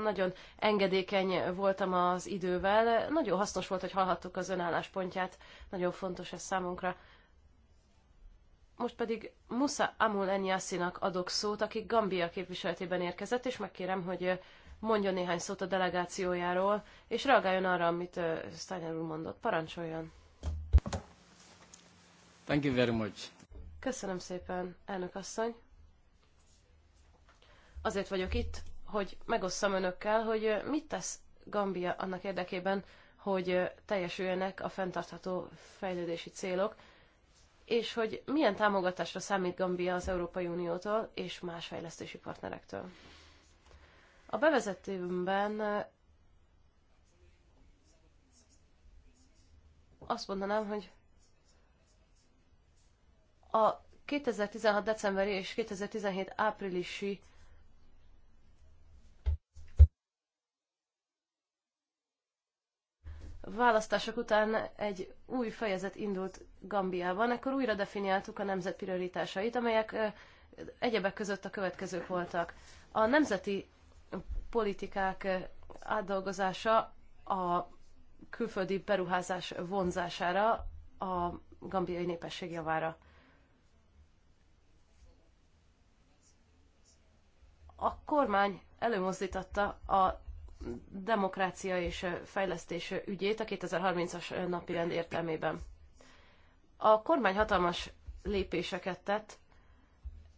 nagyon engedékeny voltam az idővel. Nagyon hasznos volt, hogy hallhattuk az ön álláspontját. Nagyon fontos ez számunkra. Most pedig Musa Amul Enyászinak adok szót, aki Gambia képviseletében érkezett, és megkérem, hogy mondjon néhány szót a delegációjáról, és reagáljon arra, amit Steiner úr mondott. Parancsoljon!
Thank you very much.
Köszönöm szépen, elnök asszony. Azért vagyok itt, hogy megosszam önökkel, hogy mit tesz Gambia annak érdekében, hogy teljesüljenek a fenntartható fejlődési célok, és hogy milyen támogatásra számít Gambia az Európai Uniótól és más fejlesztési partnerektől. A bevezetőmben eh, azt mondanám, hogy a 2016. decemberi és 2017. áprilisi választások után egy új fejezet indult Gambiában, ekkor újra definiáltuk a nemzet prioritásait, amelyek eh, egyebek között a következők voltak. A nemzeti politikák eh, átdolgozása a külföldi beruházás vonzására a gambiai népesség javára. A kormány előmozdította a demokrácia és fejlesztés ügyét a 2030-as rend értelmében. A kormány hatalmas lépéseket tett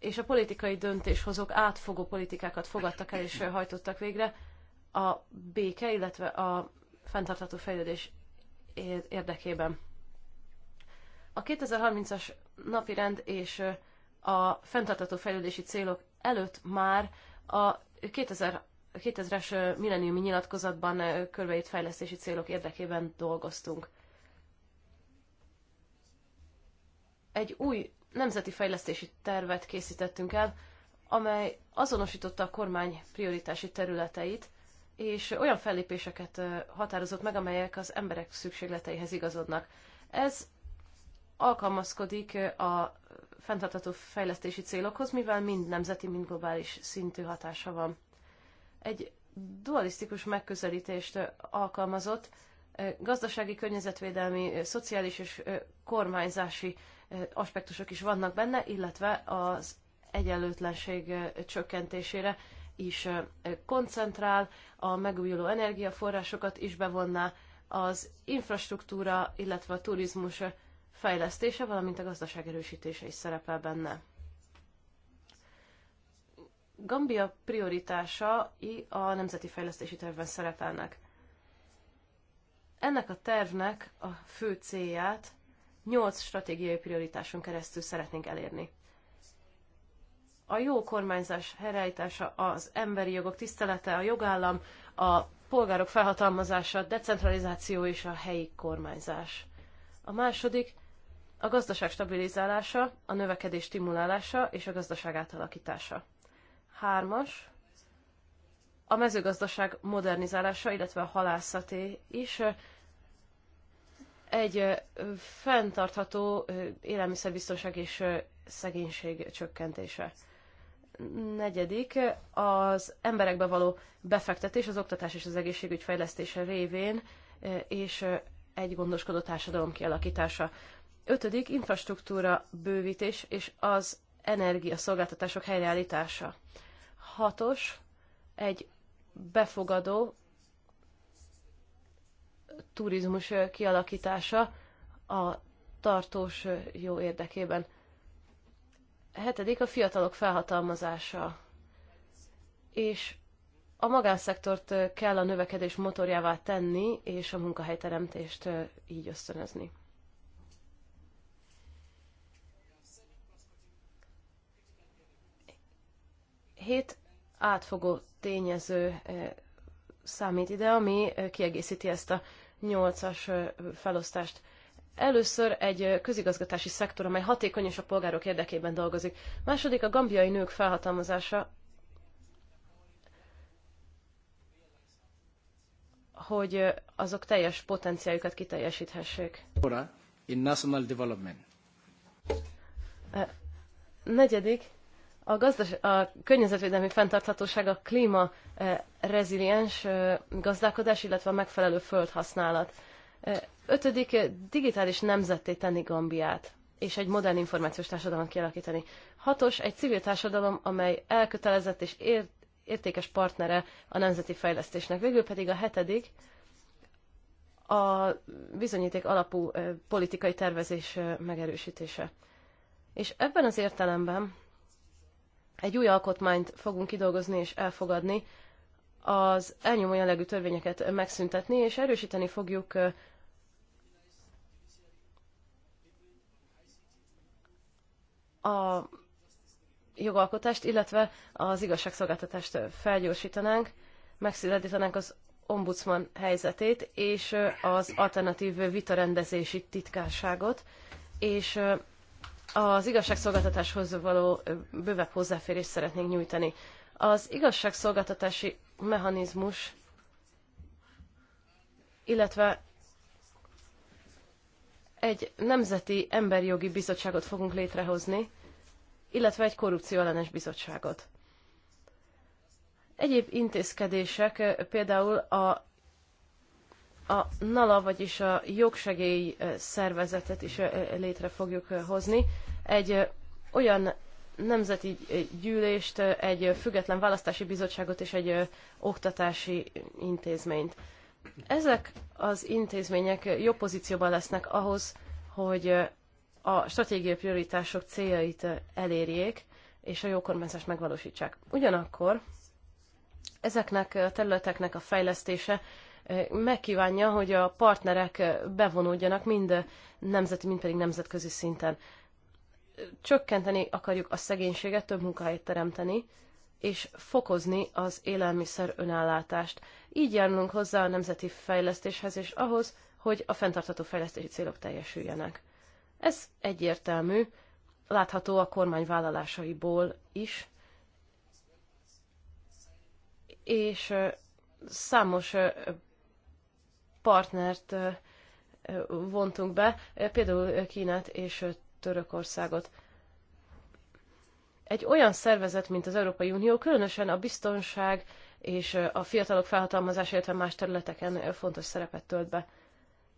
és a politikai döntéshozók átfogó politikákat fogadtak el és hajtottak végre a béke, illetve a fenntartható fejlődés érdekében. A 2030-as napirend és a fenntartható fejlődési célok előtt már a 2000, 2000-es milleniumi nyilatkozatban körbeírt fejlesztési célok érdekében dolgoztunk. Egy új nemzeti fejlesztési tervet készítettünk el, amely azonosította a kormány prioritási területeit, és olyan fellépéseket határozott meg, amelyek az emberek szükségleteihez igazodnak. Ez alkalmazkodik a fenntartható fejlesztési célokhoz, mivel mind nemzeti, mind globális szintű hatása van. Egy dualisztikus megközelítést alkalmazott, gazdasági, környezetvédelmi, szociális és kormányzási aspektusok is vannak benne, illetve az egyenlőtlenség csökkentésére is koncentrál, a megújuló energiaforrásokat is bevonná, az infrastruktúra, illetve a turizmus fejlesztése, valamint a gazdaság erősítése is szerepel benne. Gambia prioritásai a Nemzeti Fejlesztési Tervben szerepelnek. Ennek a tervnek a fő célját nyolc stratégiai prioritáson keresztül szeretnénk elérni. A jó kormányzás helyreállítása, az emberi jogok tisztelete, a jogállam, a polgárok felhatalmazása, a decentralizáció és a helyi kormányzás. A második a gazdaság stabilizálása, a növekedés stimulálása és a gazdaság átalakítása. Hármas a mezőgazdaság modernizálása, illetve a halászaté is, egy fenntartható élelmiszerbiztonság és szegénység csökkentése. Negyedik, az emberekbe való befektetés az oktatás és az egészségügy fejlesztése révén, és egy gondoskodó társadalom kialakítása. Ötödik, infrastruktúra bővítés és az energiaszolgáltatások helyreállítása. Hatos, egy befogadó turizmus kialakítása a tartós jó érdekében. Hetedik a fiatalok felhatalmazása. És a magánszektort kell a növekedés motorjává tenni, és a munkahelyteremtést így ösztönözni. Hét átfogó tényező számít ide, ami kiegészíti ezt a nyolcas felosztást. Először egy közigazgatási szektor, amely hatékony és a polgárok érdekében dolgozik. Második a gambiai nők felhatalmazása, hogy azok teljes potenciáljukat kiteljesíthessék.
In national development.
Negyedik, a, gazdas- a környezetvédelmi fenntarthatóság a klíma eh, reziliens eh, gazdálkodás, illetve a megfelelő földhasználat. Eh, ötödik, digitális nemzetté tenni Gambiát és egy modern információs társadalmat kialakítani. Hatos, egy civil társadalom, amely elkötelezett és ér- értékes partnere a nemzeti fejlesztésnek. Végül pedig a hetedik, a bizonyíték alapú politikai tervezés megerősítése. És ebben az értelemben egy új alkotmányt fogunk kidolgozni és elfogadni, az elnyomó jellegű törvényeket megszüntetni, és erősíteni fogjuk a jogalkotást, illetve az igazságszolgáltatást felgyorsítanánk, megszületítanánk az ombudsman helyzetét és az alternatív vitarendezési titkárságot, és az igazságszolgáltatáshoz való bővebb hozzáférést szeretnénk nyújtani. Az igazságszolgáltatási mechanizmus, illetve egy nemzeti emberi jogi bizottságot fogunk létrehozni, illetve egy korrupcióellenes bizottságot. Egyéb intézkedések például a a NALA, vagyis a jogsegély szervezetet is létre fogjuk hozni. Egy olyan nemzeti gyűlést, egy független választási bizottságot és egy oktatási intézményt. Ezek az intézmények jobb pozícióban lesznek ahhoz, hogy a stratégiai prioritások céljait elérjék, és a jó kormányzást megvalósítsák. Ugyanakkor ezeknek a területeknek a fejlesztése megkívánja, hogy a partnerek bevonódjanak mind nemzeti, mind pedig nemzetközi szinten. Csökkenteni akarjuk a szegénységet, több munkahelyet teremteni, és fokozni az élelmiszer önállátást. Így járulunk hozzá a nemzeti fejlesztéshez és ahhoz, hogy a fenntartható fejlesztési célok teljesüljenek. Ez egyértelmű, látható a kormány vállalásaiból is, és számos partnert vontunk be, például Kínát és Törökországot. Egy olyan szervezet, mint az Európai Unió, különösen a biztonság és a fiatalok felhatalmazása, illetve más területeken fontos szerepet tölt be.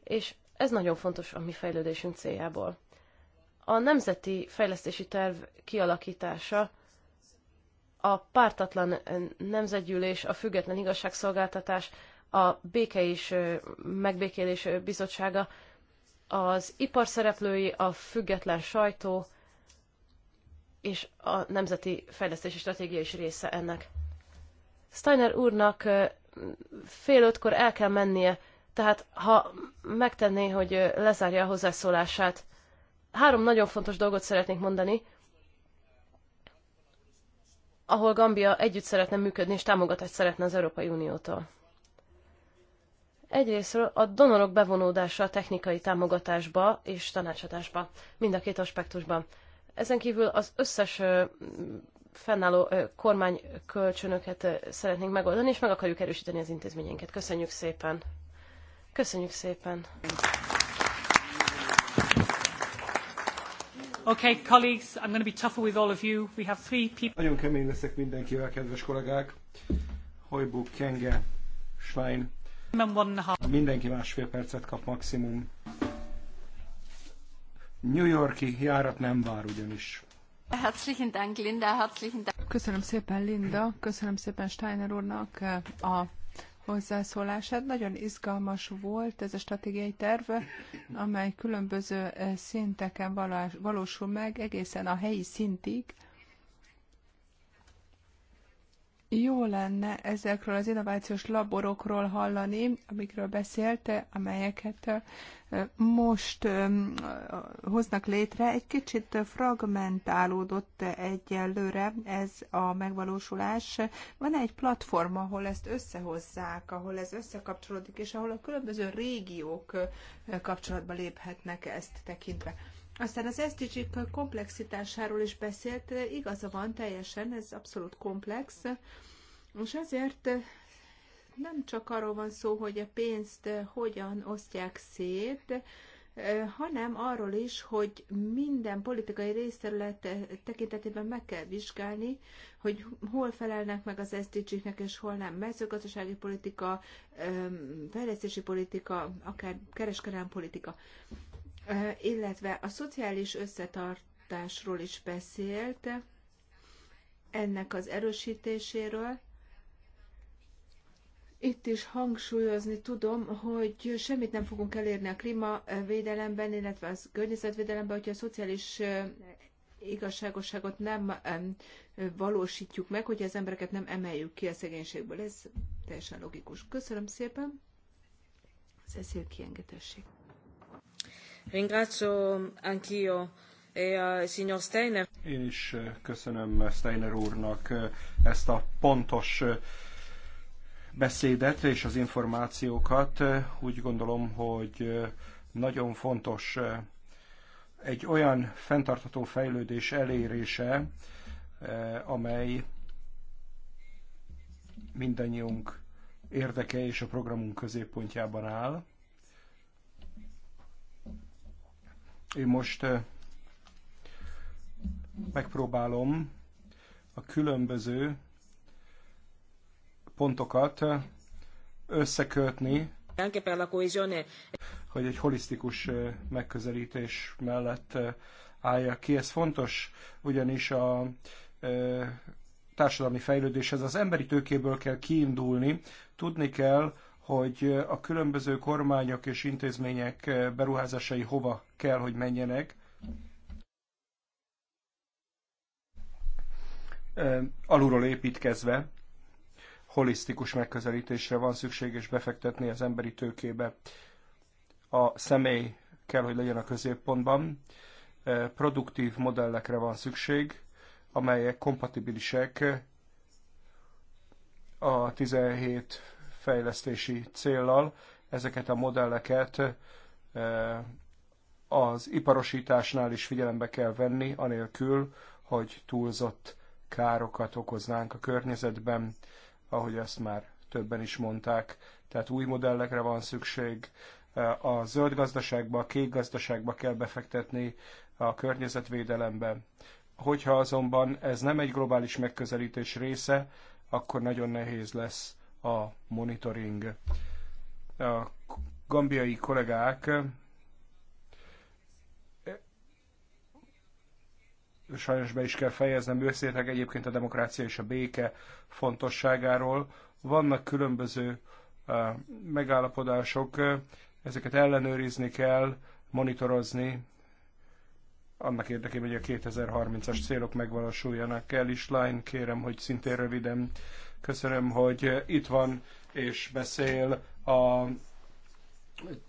És ez nagyon fontos a mi fejlődésünk céljából. A Nemzeti Fejlesztési Terv kialakítása a pártatlan nemzetgyűlés, a független igazságszolgáltatás, a Béke és Megbékélés Bizottsága, az ipar szereplői, a független sajtó és a Nemzeti Fejlesztési Stratégia is része ennek. Steiner úrnak fél ötkor el kell mennie, tehát ha megtenné, hogy lezárja a hozzászólását, három nagyon fontos dolgot szeretnék mondani, ahol Gambia együtt szeretne működni és támogatást szeretne az Európai Uniótól. Egyrésztről a donorok bevonódása a technikai támogatásba és tanácsadásba, mind a két aspektusban. Ezen kívül az összes fennálló kormánykölcsönöket szeretnénk megoldani, és meg akarjuk erősíteni az intézményeinket. Köszönjük szépen! Köszönjük szépen!
Okay, colleagues,
I'm going to be tougher with all of
you. We have three people. Nagyon kemény leszek mindenkivel, kedves kollégák. Hojbuk, Kenge, Schwein, Mindenki másfél percet kap maximum. New Yorki járat nem vár ugyanis.
Herzlichen Dank, Linda,
herzlichen Dank. Köszönöm szépen, Linda, köszönöm szépen Steiner úrnak eh, a hozzászólását. Nagyon izgalmas volt ez a stratégiai terv, amely különböző eh, szinteken valósul meg, egészen a helyi szintig jó lenne ezekről az innovációs laborokról hallani, amikről beszélte, amelyeket most hoznak létre. Egy kicsit fragmentálódott egyelőre ez a megvalósulás. Van -e egy platform, ahol ezt összehozzák, ahol ez összekapcsolódik, és ahol a különböző régiók kapcsolatba léphetnek ezt tekintve. Aztán az SDG komplexitásáról is beszélt, igaza van teljesen, ez abszolút komplex, és ezért nem csak arról van szó, hogy a pénzt hogyan osztják szét, hanem arról is, hogy minden politikai részterület tekintetében meg kell vizsgálni, hogy hol felelnek meg az SDG-knek, és hol nem. Mezőgazdasági politika, fejlesztési politika, akár kereskedelmi politika illetve a szociális összetartásról is beszélt, ennek az erősítéséről. Itt is hangsúlyozni tudom, hogy semmit nem fogunk elérni a klímavédelemben, illetve a környezetvédelemben, hogyha a szociális igazságosságot nem valósítjuk meg, hogy az embereket nem emeljük ki a szegénységből. Ez teljesen
logikus. Köszönöm szépen.
Cecil kiengetessék.
Ringrazio anch'io e signor Steiner.
Én is eh,
köszönöm Steiner úrnak eh, ezt a pontos beszédet és az információkat. Úgy gondolom, hogy nagyon fontos egy olyan fenntartható fejlődés elérése, amely mindannyiunk érdeke és a programunk középpontjában áll. Én most eh, megpróbálom a különböző pontokat eh, összekötni, hogy egy holisztikus eh, megközelítés mellett állja ki. Ez fontos, ugyanis a társadalmi fejlődéshez az emberi tőkéből kell kiindulni, tudni kell, hogy a különböző kormányok és intézmények beruházásai hova kell, hogy menjenek. Alulról építkezve holisztikus megközelítésre van szükség, és befektetni az emberi tőkébe. A személy kell, hogy legyen a középpontban. Produktív modellekre van szükség, amelyek kompatibilisek a 17 fejlesztési céllal ezeket a modelleket eh, az iparosításnál is figyelembe kell venni, anélkül, hogy túlzott károkat okoznánk a környezetben, ahogy ezt már többen is mondták. Tehát új modellekre van szükség, eh, a zöld gazdaságba, a kék gazdaságba kell befektetni, a környezetvédelembe. Hogyha azonban ez nem egy globális megközelítés része, akkor nagyon nehéz lesz a monitoring. A gambiai kollégák sajnos be is kell fejeznem őszétek egyébként a demokrácia és a béke fontosságáról. Vannak különböző megállapodások, ezeket ellenőrizni kell, monitorozni, annak érdekében, hogy a 2030-as célok megvalósuljanak. El is, Line, kérem, hogy szintén röviden Köszönöm, hogy itt van és beszél a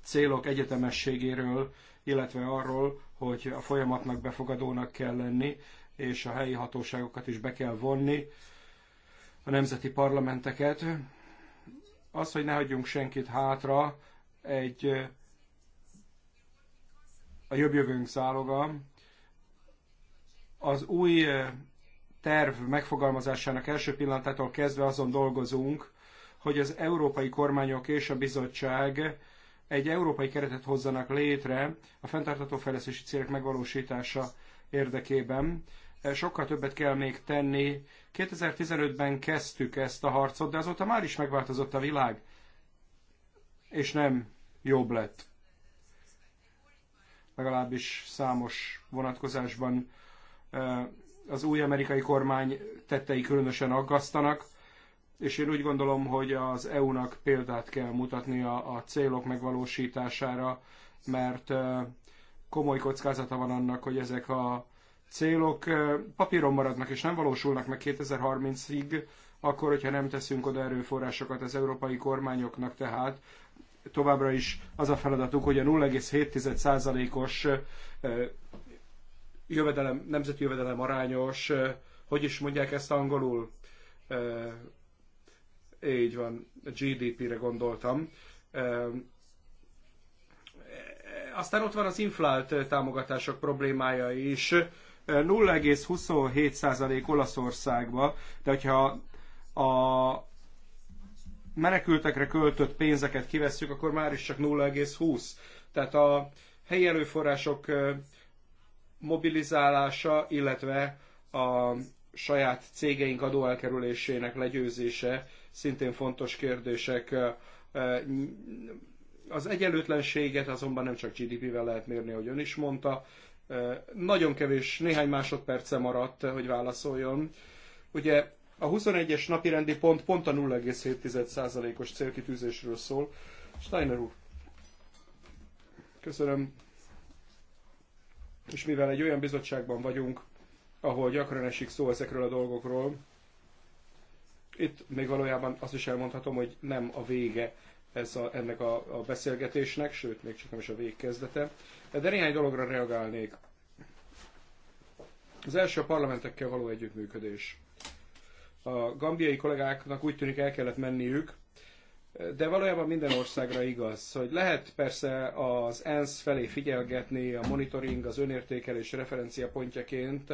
célok egyetemességéről, illetve arról, hogy a folyamatnak befogadónak kell lenni, és a helyi hatóságokat is be kell vonni, a nemzeti parlamenteket. Az, hogy ne hagyjunk senkit hátra, egy a jobb jövőnk záloga. Az új terv megfogalmazásának első pillanatától kezdve azon dolgozunk, hogy az európai kormányok és a bizottság egy európai keretet hozzanak létre a fenntartható fejlesztési célek megvalósítása érdekében. Sokkal többet kell még tenni. 2015-ben kezdtük ezt a harcot, de azóta már is megváltozott a világ, és nem jobb lett. Legalábbis számos vonatkozásban az új amerikai kormány tettei különösen aggasztanak, és én úgy gondolom, hogy az EU-nak példát kell mutatnia a célok megvalósítására, mert komoly kockázata van annak, hogy ezek a célok papíron maradnak és nem valósulnak meg 2030-ig, akkor, hogyha nem teszünk oda erőforrásokat az európai kormányoknak, tehát továbbra is az a feladatuk, hogy a 0,7%-os jövedelem, nemzeti jövedelem arányos, hogy is mondják ezt angolul? Így van, GDP-re gondoltam. Aztán ott van az inflált támogatások problémája is. 0,27% Olaszországba, de hogyha a menekültekre költött pénzeket kivesszük, akkor már is csak 0,20. Tehát a helyi erőforrások mobilizálása, illetve a saját cégeink adóelkerülésének legyőzése szintén fontos kérdések. Az egyenlőtlenséget azonban nem csak GDP-vel lehet mérni, ahogy ön is mondta. Nagyon kevés, néhány másodperce maradt, hogy válaszoljon. Ugye a 21-es napirendi pont pont a 0,7%-os célkitűzésről szól. Steiner úr. Köszönöm, és mivel egy olyan bizottságban vagyunk, ahol gyakran esik szó ezekről a dolgokról, itt még valójában azt is elmondhatom, hogy nem a vége ez a, ennek a, a beszélgetésnek, sőt, még csak nem is a végkezdete. De néhány dologra reagálnék. Az első a parlamentekkel való együttműködés. A gambiai kollégáknak úgy tűnik el kellett menniük, de valójában minden országra igaz, hogy lehet persze az ENSZ felé figyelgetni, a monitoring, az önértékelés referencia pontjaként,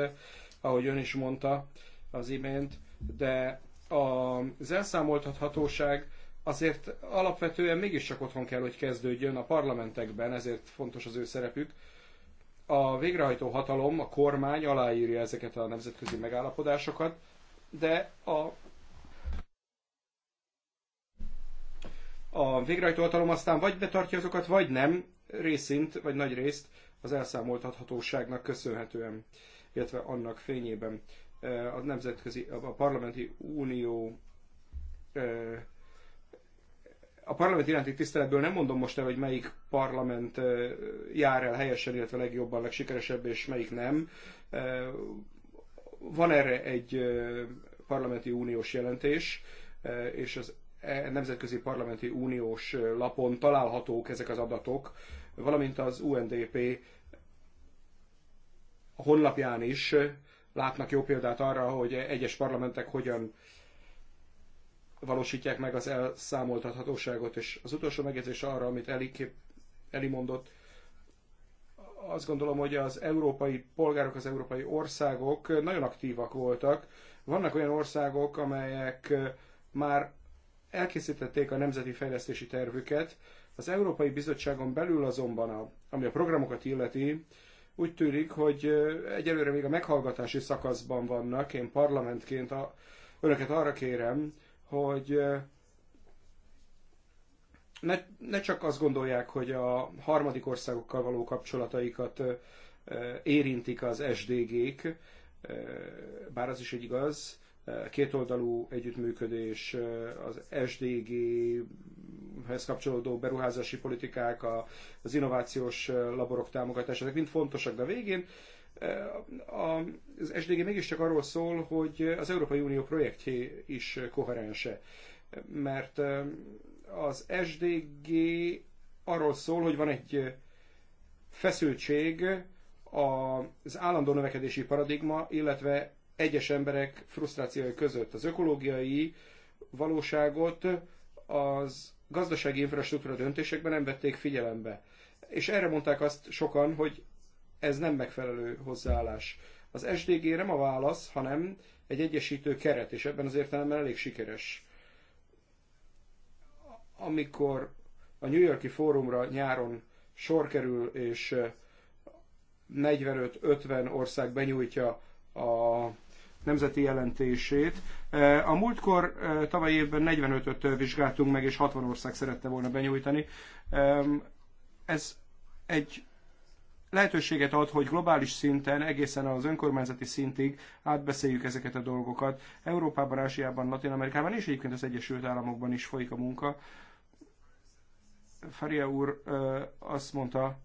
ahogy ön is mondta az imént, de az elszámoltathatóság azért alapvetően mégiscsak otthon kell, hogy kezdődjön a parlamentekben, ezért fontos az ő szerepük. A végrehajtó hatalom, a kormány aláírja ezeket a nemzetközi megállapodásokat, de a a végrehajtó hatalom aztán vagy betartja azokat, vagy nem, részint, vagy nagy részt az elszámoltathatóságnak köszönhetően, illetve annak fényében a nemzetközi, a parlamenti unió a parlament iránti tiszteletből nem mondom most el, hogy melyik parlament jár el helyesen, illetve legjobban, legsikeresebb, és melyik nem. Van erre egy parlamenti uniós jelentés, és az E, Nemzetközi Parlamenti Uniós lapon találhatók ezek az adatok, valamint az UNDP honlapján is látnak jó példát arra, hogy egyes parlamentek hogyan valósítják meg az elszámoltathatóságot. És az utolsó megjegyzés arra, amit Eli, kép, Eli mondott, azt gondolom, hogy az európai polgárok, az európai országok nagyon aktívak voltak. Vannak olyan országok, amelyek már elkészítették a nemzeti fejlesztési tervüket. Az Európai Bizottságon belül azonban, a, ami a programokat illeti, úgy tűnik, hogy egyelőre még a meghallgatási szakaszban vannak. Én parlamentként a, önöket arra kérem, hogy ne, ne csak azt gondolják, hogy a harmadik országokkal való kapcsolataikat érintik az SDG-k, bár az is egy igaz, kétoldalú együttműködés, az SDG-hez kapcsolódó beruházási politikák, az innovációs laborok támogatása, ezek mind fontosak, de a végén az SDG mégiscsak arról szól, hogy az Európai Unió projektjé is koherense. Mert az SDG arról szól, hogy van egy feszültség az állandó növekedési paradigma, illetve egyes emberek frusztrációi között. Az ökológiai valóságot az gazdasági infrastruktúra döntésekben nem vették figyelembe. És erre mondták azt sokan, hogy ez nem megfelelő hozzáállás. Az SDG nem a válasz, hanem egy egyesítő keret, és ebben az értelemben elég sikeres. Amikor a New Yorki fórumra nyáron sor kerül, és 45-50 ország benyújtja a nemzeti jelentését. E, a múltkor, e, tavaly évben 45-öt vizsgáltunk meg, és 60 ország szerette volna benyújtani. E, ez egy lehetőséget ad, hogy globális szinten, egészen az önkormányzati szintig átbeszéljük ezeket a dolgokat. Európában, Ázsiában, Latin Amerikában és egyébként az Egyesült Államokban is folyik a munka. Faria úr azt mondta,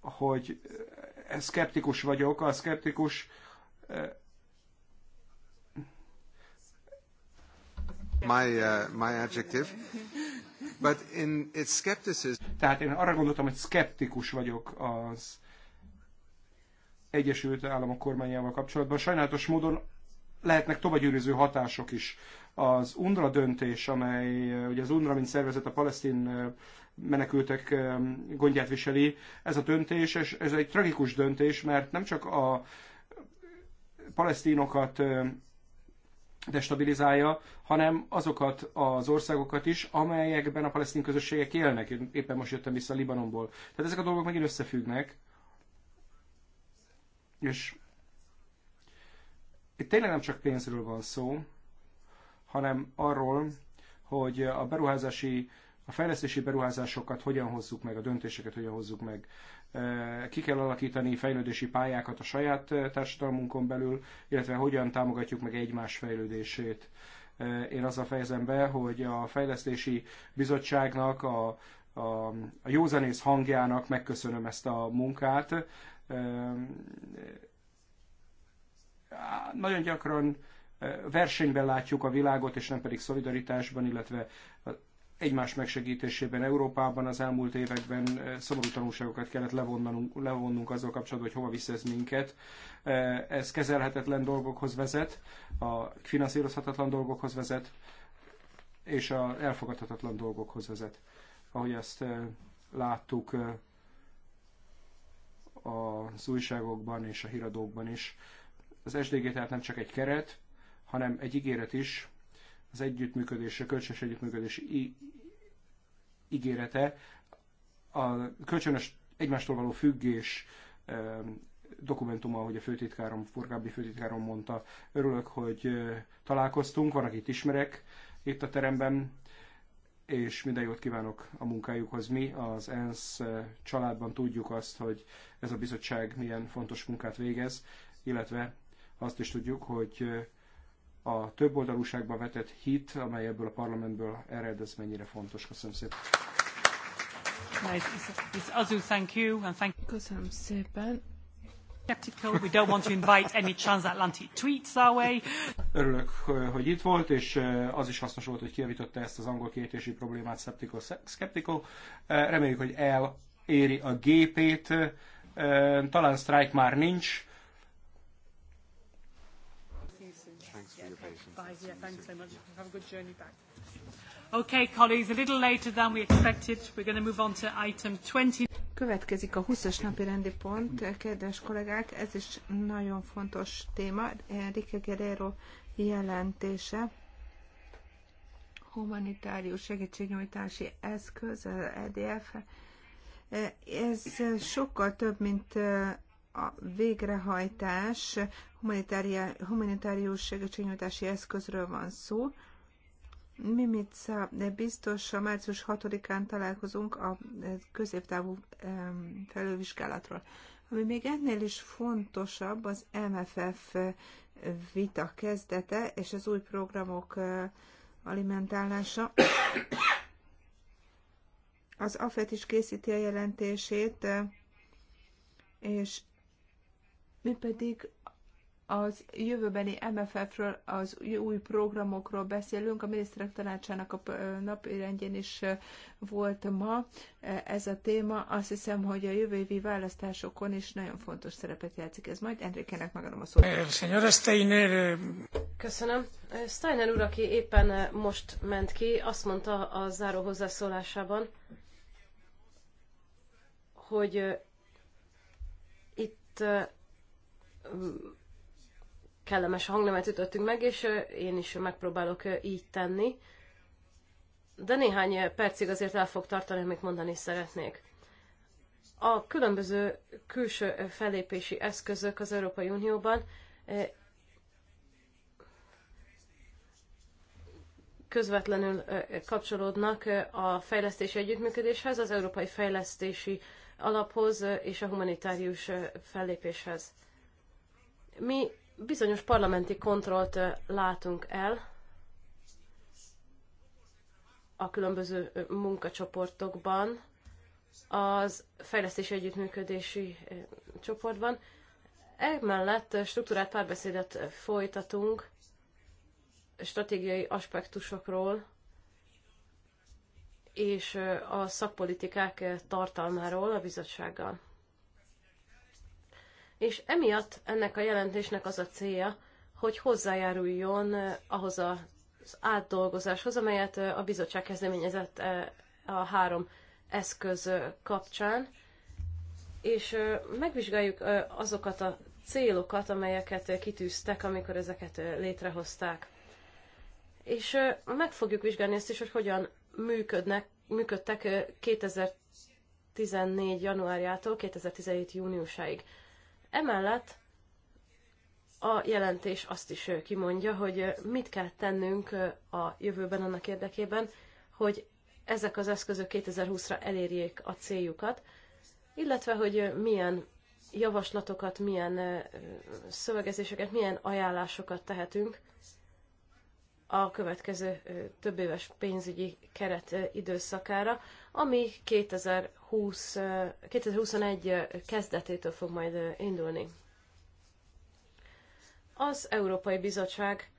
hogy szkeptikus vagyok. A szkeptikus My, uh, my adjective. But in its skepticism... Tehát én arra gondoltam, hogy skeptikus vagyok az Egyesült Államok kormányával kapcsolatban. Sajnálatos módon lehetnek tovagyűrűző hatások is. Az Undra döntés, amely uh, ugye az Undra, mint szervezet a palesztin uh, menekültek um, gondját viseli, ez a döntés, és ez egy tragikus döntés, mert nem csak a palesztinokat um, destabilizálja, hanem azokat az országokat is, amelyekben a palesztin közösségek élnek. Én éppen most jöttem vissza Libanonból. Tehát ezek a dolgok megint összefüggnek. És itt tényleg nem csak pénzről van szó, hanem arról, hogy a beruházási, a fejlesztési beruházásokat hogyan hozzuk meg, a döntéseket hogyan hozzuk meg ki kell alakítani fejlődési pályákat a saját társadalmunkon belül, illetve hogyan támogatjuk meg egymás fejlődését. Én azzal fejezem be, hogy a fejlesztési bizottságnak, a, a, a józanész hangjának megköszönöm ezt a munkát. Nagyon gyakran versenyben látjuk a világot, és nem pedig szolidaritásban, illetve egymás megsegítésében Európában az elmúlt években eh, szomorú tanulságokat kellett levonnunk, levonnunk azzal kapcsolatban, hogy hova visz ez minket. Eh, ez kezelhetetlen dolgokhoz vezet, a finanszírozhatatlan dolgokhoz vezet, és a elfogadhatatlan dolgokhoz vezet. Ahogy ezt eh, láttuk az újságokban és a híradókban is. Az SDG tehát nem csak egy keret, hanem egy ígéret is, az együttműködés, a kölcsönös együttműködés ígérete, a kölcsönös egymástól való függés dokumentuma, ahogy a főtitkárom, forgábbi főtitkárom mondta. Örülök, hogy találkoztunk, van, akit ismerek itt a teremben, és minden jót kívánok a munkájukhoz. Mi az ENSZ családban tudjuk azt, hogy ez a bizottság milyen fontos munkát végez, illetve azt is tudjuk, hogy a többoldalúságba vetett hit, amely ebből a parlamentből ered, ez mennyire fontos. Köszönöm szépen.
Köszönöm szépen. We don't want to invite any transatlantic tweets our way.
Örülök, hogy itt volt, és eh, az is hasznos volt, hogy kijavította ezt az angol kiejtési problémát Skeptical. Skeptical. Eh, reméljük, hogy eléri a gépét. Eh, talán strike már nincs,
Bye. you. thanks so much. Have a good journey back.
Okay,
colleagues, a little later than we expected. We're going to move on to
item 20.
Következik a 20-as napi rendi pont, kedves kollégák, ez is nagyon fontos téma, Enrique Guerrero jelentése, humanitárius segítségnyújtási eszköz, az EDF. Ez sokkal több, mint a végrehajtás humanitárius segítségnyújtási eszközről van szó. Mimica, de biztos a március 6-án találkozunk a eh, középtávú felővizsgálatról. Ami még ennél is fontosabb, az MFF eh, vita kezdete és az új programok eh, alimentálása. Az AFET is készíti a jelentését, és mi pedig az jövőbeni MFF-ről, az új programokról beszélünk. A miniszterek tanácsának a napirendjén is volt ma ez a téma. Azt hiszem, hogy a jövő évi választásokon is nagyon fontos szerepet játszik ez. Majd Enrikének megadom a szót. Eh, Steiner. Eh,
Köszönöm. Eh, Steiner úr, aki éppen most ment ki, azt mondta a záró hozzászólásában, hogy itt kellemes hangnemet ütöttünk meg, és én is megpróbálok így tenni. De néhány percig azért el fog tartani, amit mondani szeretnék. A különböző külső felépési eszközök az Európai Unióban közvetlenül kapcsolódnak a fejlesztési együttműködéshez, az Európai Fejlesztési Alaphoz és a humanitárius fellépéshez. Mi bizonyos parlamenti kontrollt látunk el a különböző munkacsoportokban, az fejlesztési együttműködési csoportban. Emellett struktúrált párbeszédet folytatunk stratégiai aspektusokról és a szakpolitikák tartalmáról a bizottsággal és emiatt ennek a jelentésnek az a célja, hogy hozzájáruljon eh, ahhoz az átdolgozáshoz, amelyet eh, a bizottság kezdeményezett eh, a három eszköz kapcsán, és megvizsgáljuk azokat a célokat, amelyeket kitűztek, amikor ezeket létrehozták. És meg fogjuk vizsgálni ezt is, hogy hogyan működnek, működtek 2014. januárjától 2017. júniusáig. Emellett a jelentés azt is kimondja, hogy mit kell tennünk a jövőben annak érdekében, hogy ezek az eszközök 2020-ra elérjék a céljukat, illetve hogy milyen javaslatokat, milyen szövegezéseket, milyen ajánlásokat tehetünk a következő több éves pénzügyi keret időszakára, ami 2020, 2021 kezdetétől fog majd indulni. Az Európai Bizottság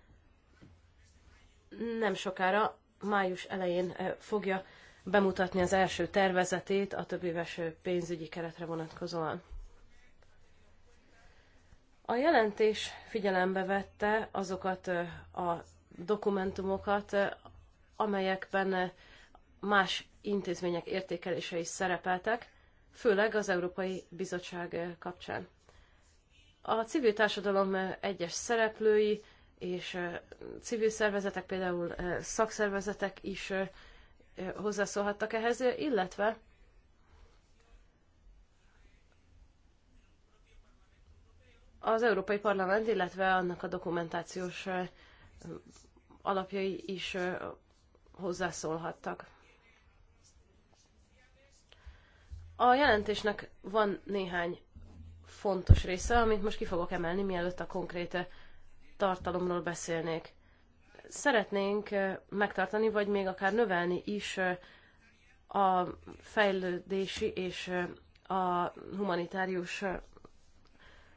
nem sokára, május elején fogja bemutatni az első tervezetét a több éves pénzügyi keretre vonatkozóan. A jelentés figyelembe vette azokat a dokumentumokat, amelyekben más intézmények értékelése is szerepeltek, főleg az Európai Bizottság kapcsán. A civil társadalom egyes szereplői és civil szervezetek, például szakszervezetek is hozzászólhattak ehhez, illetve az Európai Parlament, illetve annak a dokumentációs alapjai is hozzászólhattak. A jelentésnek van néhány fontos része, amit most ki fogok emelni, mielőtt a konkrét tartalomról beszélnék. Szeretnénk megtartani, vagy még akár növelni is a fejlődési és a humanitárius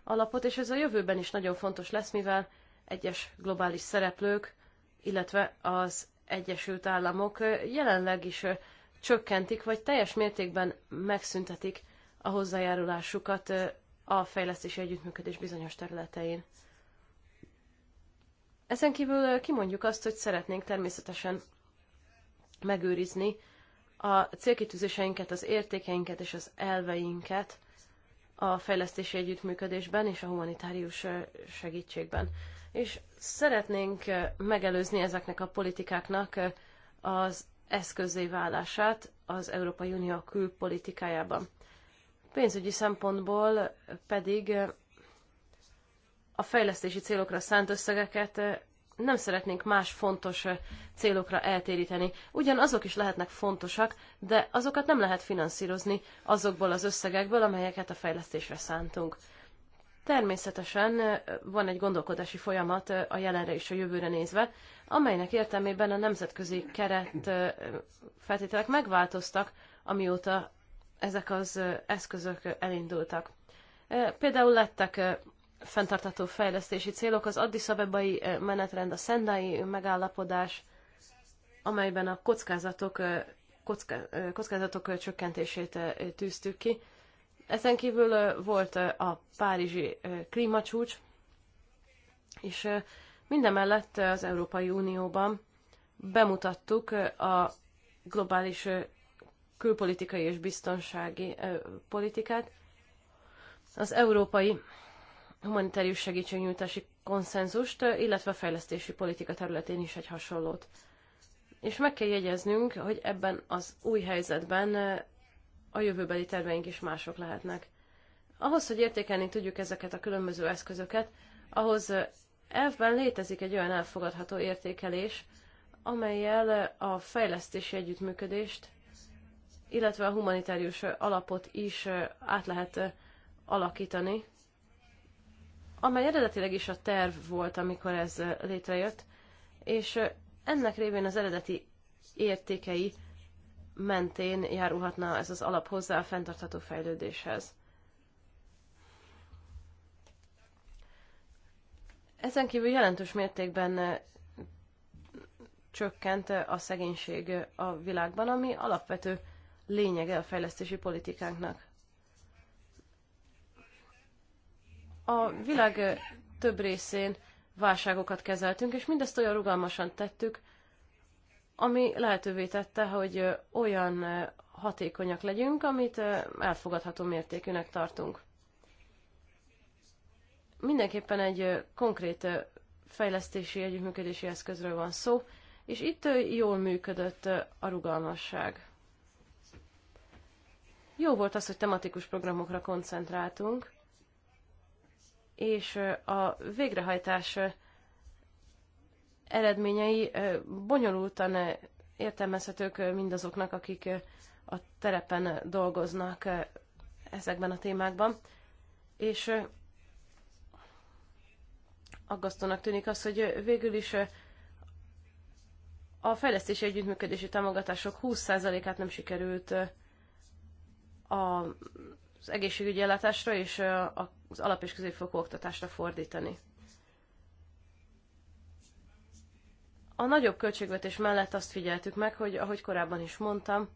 alapot, és ez a jövőben is nagyon fontos lesz, mivel egyes globális szereplők illetve az Egyesült Államok jelenleg is csökkentik, vagy teljes mértékben megszüntetik a hozzájárulásukat a fejlesztési együttműködés bizonyos területein. Ezen kívül kimondjuk azt, hogy szeretnénk természetesen megőrizni a célkitűzéseinket, az értékeinket és az elveinket a fejlesztési együttműködésben és a humanitárius segítségben és szeretnénk eh, megelőzni ezeknek a politikáknak eh, az eszközé válását az Európai Unió külpolitikájában. Pénzügyi szempontból pedig eh, a fejlesztési célokra szánt összegeket nem szeretnénk más fontos célokra eltéríteni. Ugyan azok is lehetnek fontosak, de azokat nem lehet finanszírozni azokból az összegekből, amelyeket a fejlesztésre szántunk. Természetesen van egy gondolkodási folyamat a jelenre és a jövőre nézve, amelynek értelmében a nemzetközi keret feltételek megváltoztak, amióta ezek az eszközök elindultak. Például lettek fenntartató fejlesztési célok, az Addis Abebai menetrend, a Szendai megállapodás, amelyben a kockázatok, kockázatok csökkentését tűztük ki, ezen kívül volt a Párizsi klímacsúcs, és mindemellett az Európai Unióban bemutattuk a globális külpolitikai és biztonsági politikát, az európai humanitárius segítségnyújtási konszenzust, illetve a fejlesztési politika területén is egy hasonlót. És meg kell jegyeznünk, hogy ebben az új helyzetben a jövőbeli terveink is mások lehetnek. Ahhoz, hogy értékelni tudjuk ezeket a különböző eszközöket, ahhoz elfben létezik egy olyan elfogadható értékelés, amelyel a fejlesztési együttműködést, illetve a humanitárius alapot is át lehet alakítani, amely eredetileg is a terv volt, amikor ez létrejött, és ennek révén az eredeti értékei mentén járulhatna ez az alap hozzá a fenntartható fejlődéshez. Ezen kívül jelentős mértékben eh, csökkent eh, a szegénység eh, a világban, ami alapvető lényege a fejlesztési politikánknak. A világ több részén válságokat kezeltünk, és mindezt olyan rugalmasan tettük, ami lehetővé tette, hogy olyan hatékonyak legyünk, amit elfogadható mértékűnek tartunk. Mindenképpen egy konkrét fejlesztési együttműködési eszközről van szó, és itt jól működött a rugalmasság. Jó volt az, hogy tematikus programokra koncentráltunk, és a végrehajtás eredményei bonyolultan értelmezhetők mindazoknak, akik a terepen dolgoznak ezekben a témákban. És aggasztónak tűnik az, hogy végül is a fejlesztési együttműködési támogatások 20%-át nem sikerült az egészségügyi ellátásra és az alap- és középfokú oktatásra fordítani. A nagyobb költségvetés mellett azt figyeltük meg, hogy ahogy korábban is mondtam,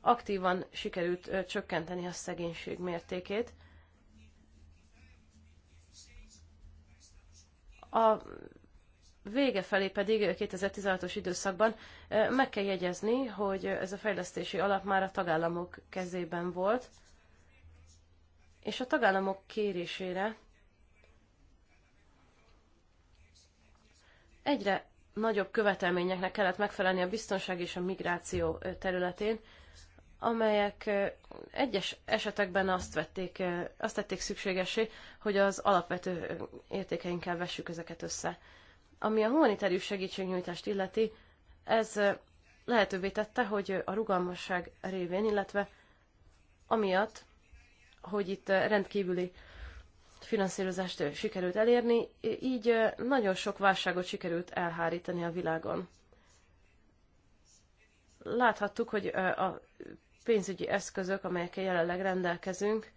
aktívan sikerült csökkenteni a szegénység mértékét. A vége felé pedig 2016-os időszakban meg kell jegyezni, hogy ez a fejlesztési alap már a tagállamok kezében volt, és a tagállamok kérésére egyre nagyobb követelményeknek kellett megfelelni a biztonság és a migráció területén, amelyek egyes esetekben azt, vették, azt tették szükségesé, hogy az alapvető értékeinkkel vessük ezeket össze. Ami a humanitárius segítségnyújtást illeti, ez lehetővé tette, hogy a rugalmasság révén, illetve amiatt, hogy itt rendkívüli finanszírozást sikerült elérni, így nagyon sok válságot sikerült elhárítani a világon. Láthattuk, hogy a pénzügyi eszközök, amelyekkel jelenleg rendelkezünk,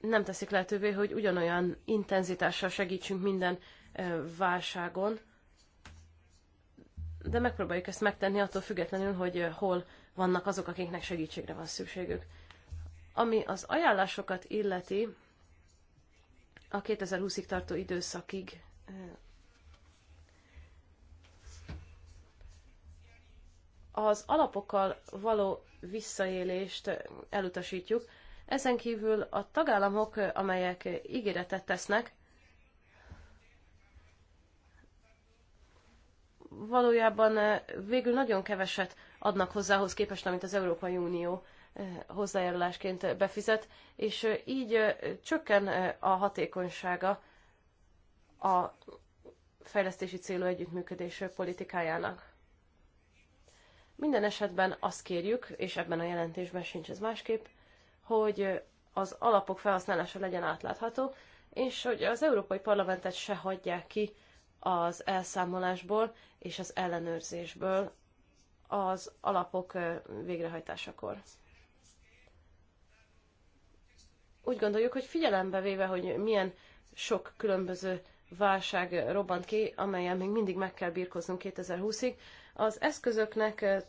nem teszik lehetővé, hogy ugyanolyan intenzitással segítsünk minden válságon, de megpróbáljuk ezt megtenni attól függetlenül, hogy hol vannak azok, akiknek segítségre van szükségük. Ami az ajánlásokat illeti, a 2020-ig tartó időszakig az alapokkal való visszaélést elutasítjuk. Ezen kívül a tagállamok, amelyek ígéretet tesznek, valójában végül nagyon keveset adnak hozzá képest, amit az Európai Unió hozzájárulásként befizet, és így csökken a hatékonysága a fejlesztési célú együttműködés politikájának. Minden esetben azt kérjük, és ebben a jelentésben sincs ez másképp, hogy az alapok felhasználása legyen átlátható, és hogy az Európai Parlamentet se hagyják ki az elszámolásból és az ellenőrzésből az alapok végrehajtásakor úgy gondoljuk, hogy figyelembe véve, hogy milyen sok különböző válság robbant ki, amelyen még mindig meg kell birkoznunk 2020-ig, az eszközöknek eh,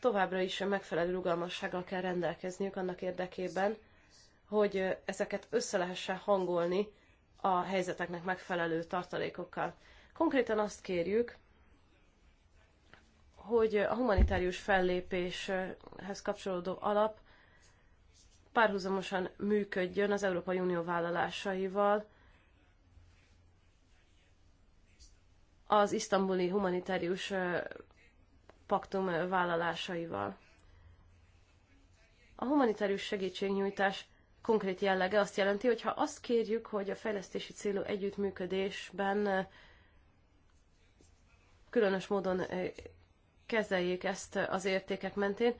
továbbra is megfelelő rugalmassággal kell rendelkezniük annak érdekében, hogy eh, ezeket össze lehessen hangolni a helyzeteknek megfelelő tartalékokkal. Konkrétan azt kérjük, hogy a humanitárius fellépéshez kapcsolódó alap párhuzamosan működjön az Európai Unió vállalásaival az isztambuli humanitárius paktum vállalásaival. A humanitárius segítségnyújtás konkrét jellege azt jelenti, hogy ha azt kérjük, hogy a fejlesztési célú együttműködésben különös módon kezeljék ezt az értékek mentén,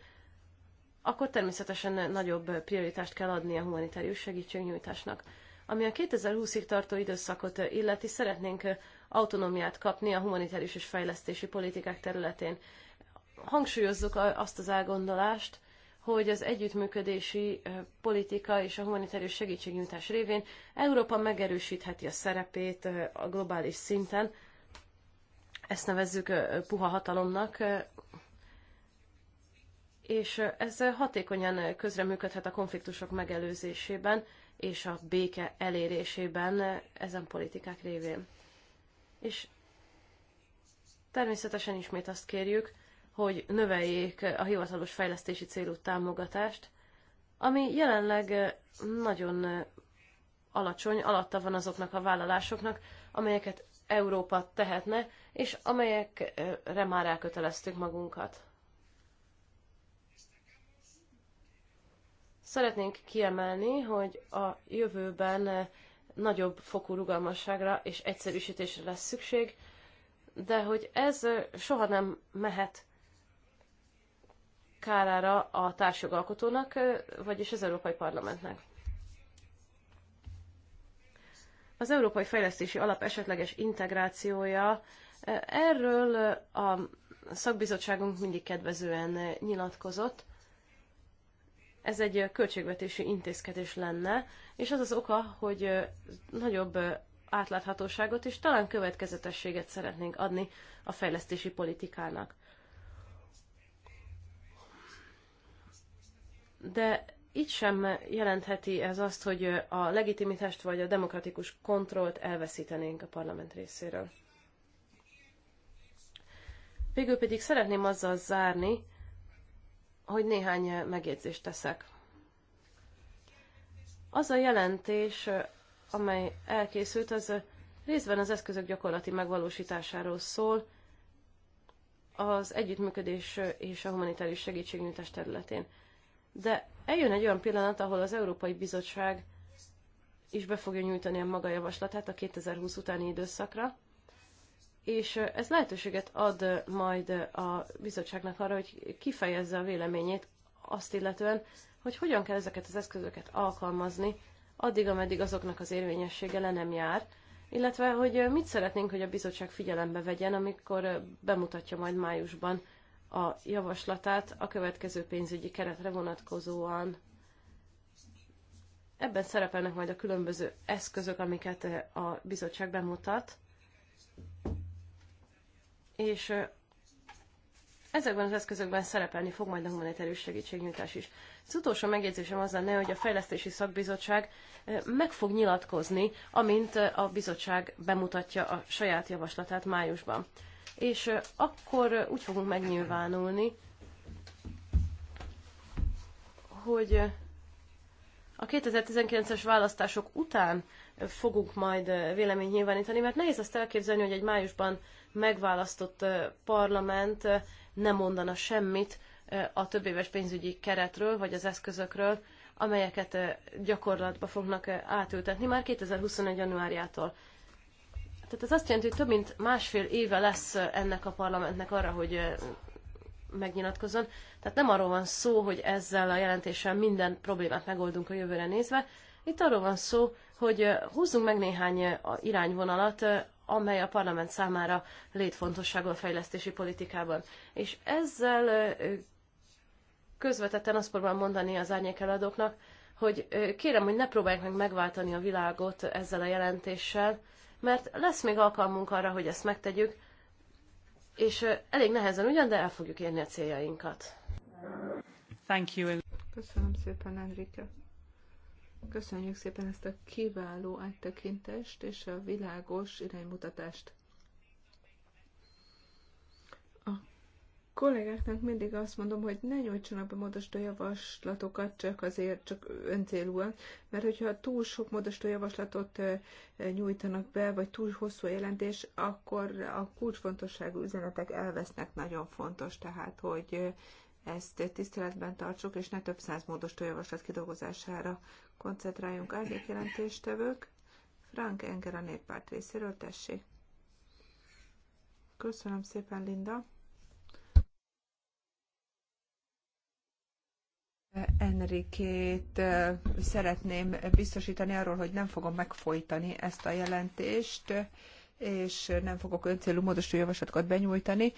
akkor természetesen nagyobb prioritást kell adni a humanitárius segítségnyújtásnak. Ami a 2020-ig tartó időszakot illeti, szeretnénk autonómiát kapni a humanitárius és fejlesztési politikák területén. Hangsúlyozzuk azt az elgondolást, hogy az együttműködési politika és a humanitárius segítségnyújtás révén Európa megerősítheti a szerepét a globális szinten. Ezt nevezzük puha hatalomnak, és ez hatékonyan közreműködhet a konfliktusok megelőzésében és a béke elérésében ezen politikák révén. És természetesen ismét azt kérjük, hogy növeljék a hivatalos fejlesztési célú támogatást, ami jelenleg nagyon alacsony, alatta van azoknak a vállalásoknak, amelyeket Európa tehetne, és amelyekre már elköteleztük magunkat. Szeretnénk kiemelni, hogy a jövőben eh, nagyobb fokú rugalmasságra és egyszerűsítésre lesz szükség, de hogy ez eh, soha nem mehet kárára a társjogalkotónak, eh, vagyis az Európai Parlamentnek. Az Európai Fejlesztési Alap esetleges integrációja erről a szakbizottságunk mindig kedvezően nyilatkozott, ez egy költségvetési intézkedés lenne, és az az oka, hogy nagyobb átláthatóságot és talán következetességet szeretnénk adni a fejlesztési politikának. De itt sem jelentheti ez azt, hogy a legitimitást vagy a demokratikus kontrollt elveszítenénk a parlament részéről. Végül pedig szeretném azzal zárni, hogy néhány megjegyzést teszek. Az a jelentés, amely elkészült, az részben az eszközök gyakorlati megvalósításáról szól, az együttműködés és a humanitárius segítségnyújtás területén. De eljön egy olyan pillanat, ahol az Európai Bizottság is be fogja nyújtani a maga javaslatát a 2020 utáni időszakra, és ez lehetőséget ad majd a bizottságnak arra, hogy kifejezze a véleményét azt illetően, hogy hogyan kell ezeket az eszközöket alkalmazni, addig, ameddig azoknak az érvényessége le nem jár, illetve hogy mit szeretnénk, hogy a bizottság figyelembe vegyen, amikor bemutatja majd májusban a javaslatát a következő pénzügyi keretre vonatkozóan. Ebben szerepelnek majd a különböző eszközök, amiket a bizottság bemutat és ezekben az eszközökben szerepelni fog majd a humanitárius segítségnyújtás is. Az utolsó megjegyzésem az lenne, hogy a Fejlesztési Szakbizottság meg fog nyilatkozni, amint a bizottság bemutatja a saját javaslatát májusban. És akkor úgy fogunk megnyilvánulni, hogy a 2019-es választások után fogunk majd véleményt nyilvánítani, mert nehéz azt elképzelni, hogy egy májusban megválasztott parlament nem mondana semmit a többéves pénzügyi keretről, vagy az eszközökről, amelyeket gyakorlatba fognak átültetni már 2021. januárjától. Tehát ez azt jelenti, hogy több mint másfél éve lesz ennek a parlamentnek arra, hogy megnyilatkozzon. Tehát nem arról van szó, hogy ezzel a jelentéssel minden problémát megoldunk a jövőre nézve. Itt arról van szó, hogy húzzunk meg néhány irányvonalat amely a parlament számára létfontosságú a fejlesztési politikában. És ezzel közvetetten azt próbálom mondani az árnyékeladóknak, hogy kérem, hogy ne próbálják meg megváltani a világot ezzel a jelentéssel, mert lesz még alkalmunk arra, hogy ezt megtegyük, és elég nehezen ugyan, de el fogjuk érni a céljainkat. Thank you. Köszönöm szépen, Enrique.
Köszönjük szépen ezt a kiváló áttekintést és a világos iránymutatást. A kollégáknak mindig azt mondom, hogy ne nyújtsanak be modostó javaslatokat csak azért, csak öncélúan, mert hogyha túl sok modostó javaslatot nyújtanak be, vagy túl hosszú a jelentés, akkor a kulcsfontosságú üzenetek elvesznek. Nagyon fontos tehát, hogy ezt tiszteletben tartsuk, és ne több száz módosító javaslat kidolgozására koncentráljunk. Árnyék jelentéstevők, Frank Enger a néppárt részéről, tessék. Köszönöm szépen, Linda. Enrikét szeretném biztosítani arról, hogy nem fogom megfojtani ezt a jelentést, és nem fogok öncélú módosító javaslatokat benyújtani.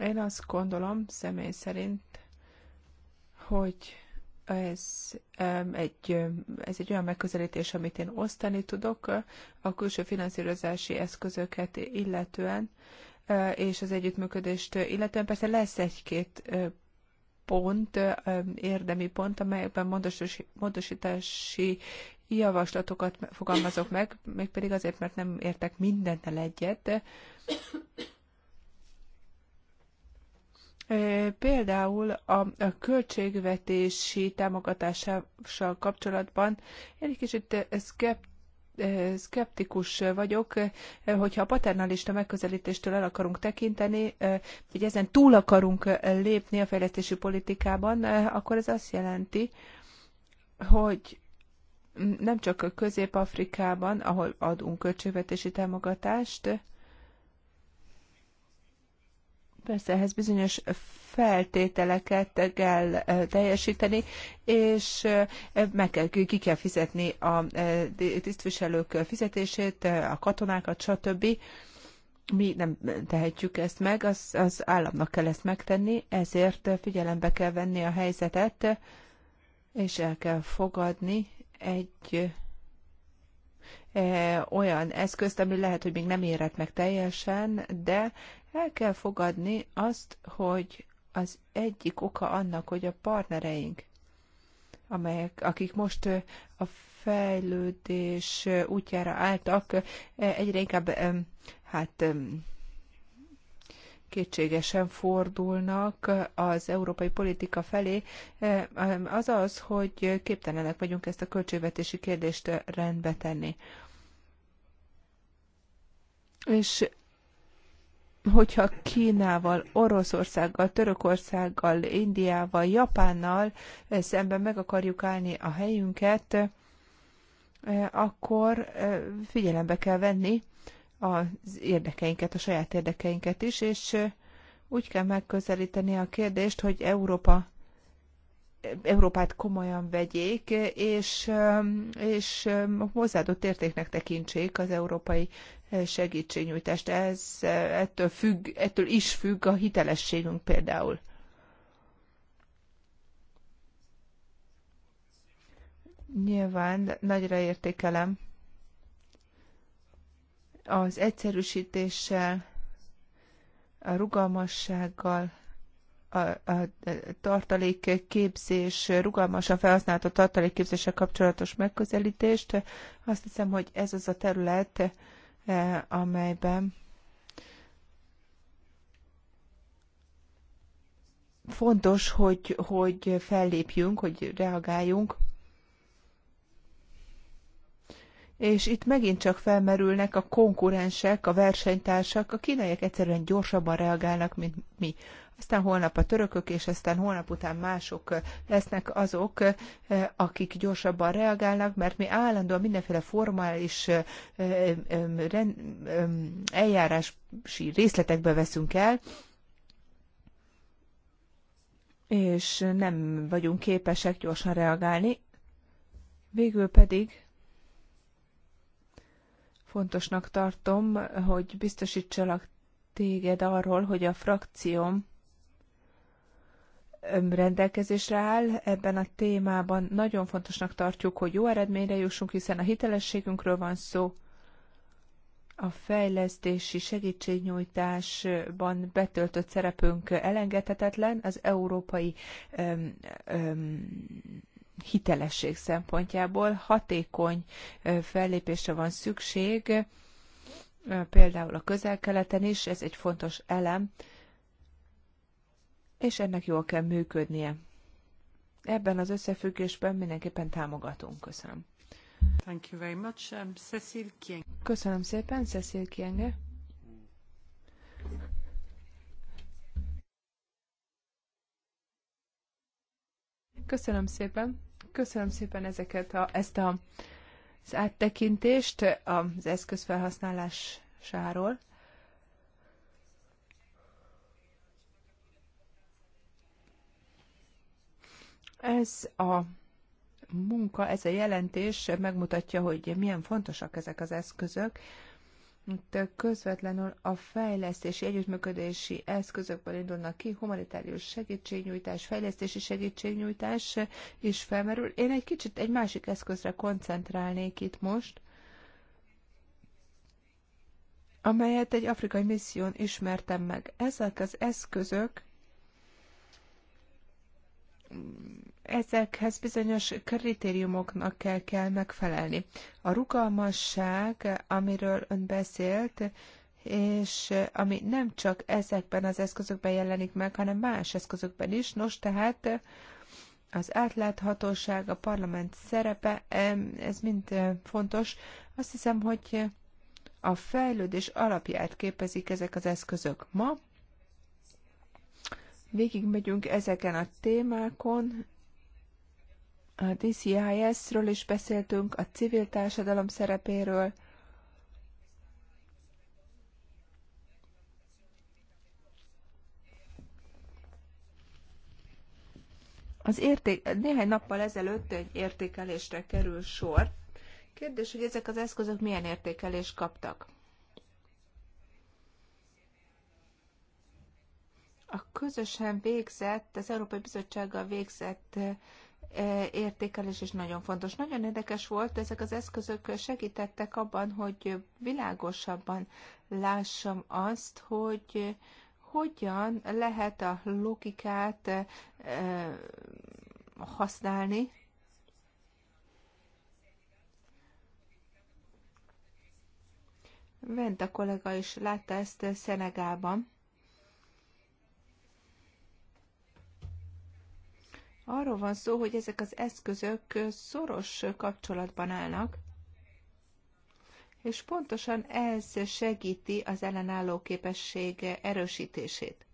Én azt gondolom személy szerint, hogy ez egy, ez egy olyan megközelítés, amit én osztani tudok a külső finanszírozási eszközöket illetően, és az együttműködést illetően persze lesz egy-két pont, érdemi pont, amelyekben módosítási javaslatokat fogalmazok meg, mégpedig azért, mert nem értek mindennel egyet, Például a költségvetési támogatással kapcsolatban én egy kicsit szkeptikus szkeptikus vagyok, hogyha a paternalista megközelítéstől el akarunk tekinteni, hogy ezen túl akarunk lépni a fejlesztési politikában, akkor ez azt jelenti, hogy nem csak Közép-Afrikában, ahol adunk költségvetési támogatást, Persze ehhez bizonyos feltételeket kell eh, teljesíteni, és eh, meg kell, ki kell fizetni a eh, tisztviselők fizetését, a katonákat, stb. Mi nem tehetjük ezt meg, az, az államnak kell ezt megtenni, ezért figyelembe kell venni a helyzetet, és el kell fogadni egy olyan eszközt, ami lehet, hogy még nem érett meg teljesen, de el kell fogadni azt, hogy az egyik oka annak, hogy a partnereink, amelyek, akik most a fejlődés útjára álltak, egyre inkább hát kétségesen fordulnak az európai politika felé, az az, hogy képtelenek vagyunk ezt a költségvetési kérdést rendbe tenni. És hogyha Kínával, Oroszországgal, Törökországgal, Indiával, Japánnal eh, szemben meg akarjuk állni a helyünket, eh, akkor eh, figyelembe kell venni az érdekeinket, a saját érdekeinket is, és úgy kell megközelíteni a kérdést, hogy Európa Európát komolyan vegyék, és, és hozzáadott értéknek tekintsék az európai segítségnyújtást. Ez ettől, függ, ettől is függ a hitelességünk például. Nyilván nagyra értékelem az egyszerűsítéssel, a rugalmassággal, a, a tartalékképzés, rugalmasan felhasznált a tartalékképzéssel kapcsolatos megközelítést. Azt hiszem, hogy ez az a terület, E, amelyben fontos, hogy, hogy fellépjünk, hogy reagáljunk. És itt megint csak felmerülnek a konkurensek, a versenytársak, a kínaiak egyszerűen gyorsabban reagálnak, mint mi aztán holnap a törökök, és aztán holnap után mások lesznek azok, akik gyorsabban reagálnak, mert mi állandóan mindenféle formális eljárási részletekbe veszünk el, és nem vagyunk képesek gyorsan reagálni. Végül pedig fontosnak tartom, hogy biztosítsalak téged arról, hogy a frakcióm rendelkezésre áll ebben a témában. Nagyon fontosnak tartjuk, hogy jó eredményre jussunk, hiszen a hitelességünkről van szó. A fejlesztési segítségnyújtásban betöltött szerepünk elengedhetetlen az európai öm, öm, hitelesség szempontjából. Hatékony fellépésre van szükség, például a közel-keleten is, ez egy fontos elem és ennek jól kell működnie. Ebben az összefüggésben mindenképpen támogatunk. Köszönöm.
Thank you very much. Um, Cecil
Köszönöm szépen, Cecil Kienge. Köszönöm szépen. Köszönöm szépen ezeket a, ezt a, az áttekintést az eszközfelhasználásáról. Ez a munka, ez a jelentés megmutatja, hogy milyen fontosak ezek az eszközök. Itt közvetlenül a fejlesztési, együttműködési eszközökből indulnak ki, humanitárius segítségnyújtás, fejlesztési segítségnyújtás is felmerül. Én egy kicsit egy másik eszközre koncentrálnék itt most, amelyet egy afrikai misszión ismertem meg. Ezek az eszközök ezekhez bizonyos kritériumoknak kell, kell megfelelni. A rugalmasság, amiről ön beszélt, és ami nem csak ezekben az eszközökben jelenik meg, hanem más eszközökben is. Nos, tehát az átláthatóság, a parlament szerepe, ez mind fontos. Azt hiszem, hogy a fejlődés alapját képezik ezek az eszközök. Ma végigmegyünk ezeken a témákon, a DCIS-ről is beszéltünk, a civil társadalom szerepéről, Az érték, néhány nappal ezelőtt egy értékelésre kerül sor. Kérdés, hogy ezek az eszközök milyen értékelést kaptak? A közösen végzett, az Európai Bizottsággal végzett értékelés is nagyon fontos. Nagyon érdekes volt, ezek az eszközök segítettek abban, hogy világosabban lássam azt, hogy hogyan lehet a logikát használni, Vent a kollega is látta ezt Szenegában. Arról van szó, hogy ezek az eszközök szoros kapcsolatban állnak, és pontosan ez segíti az ellenálló képesség erősítését.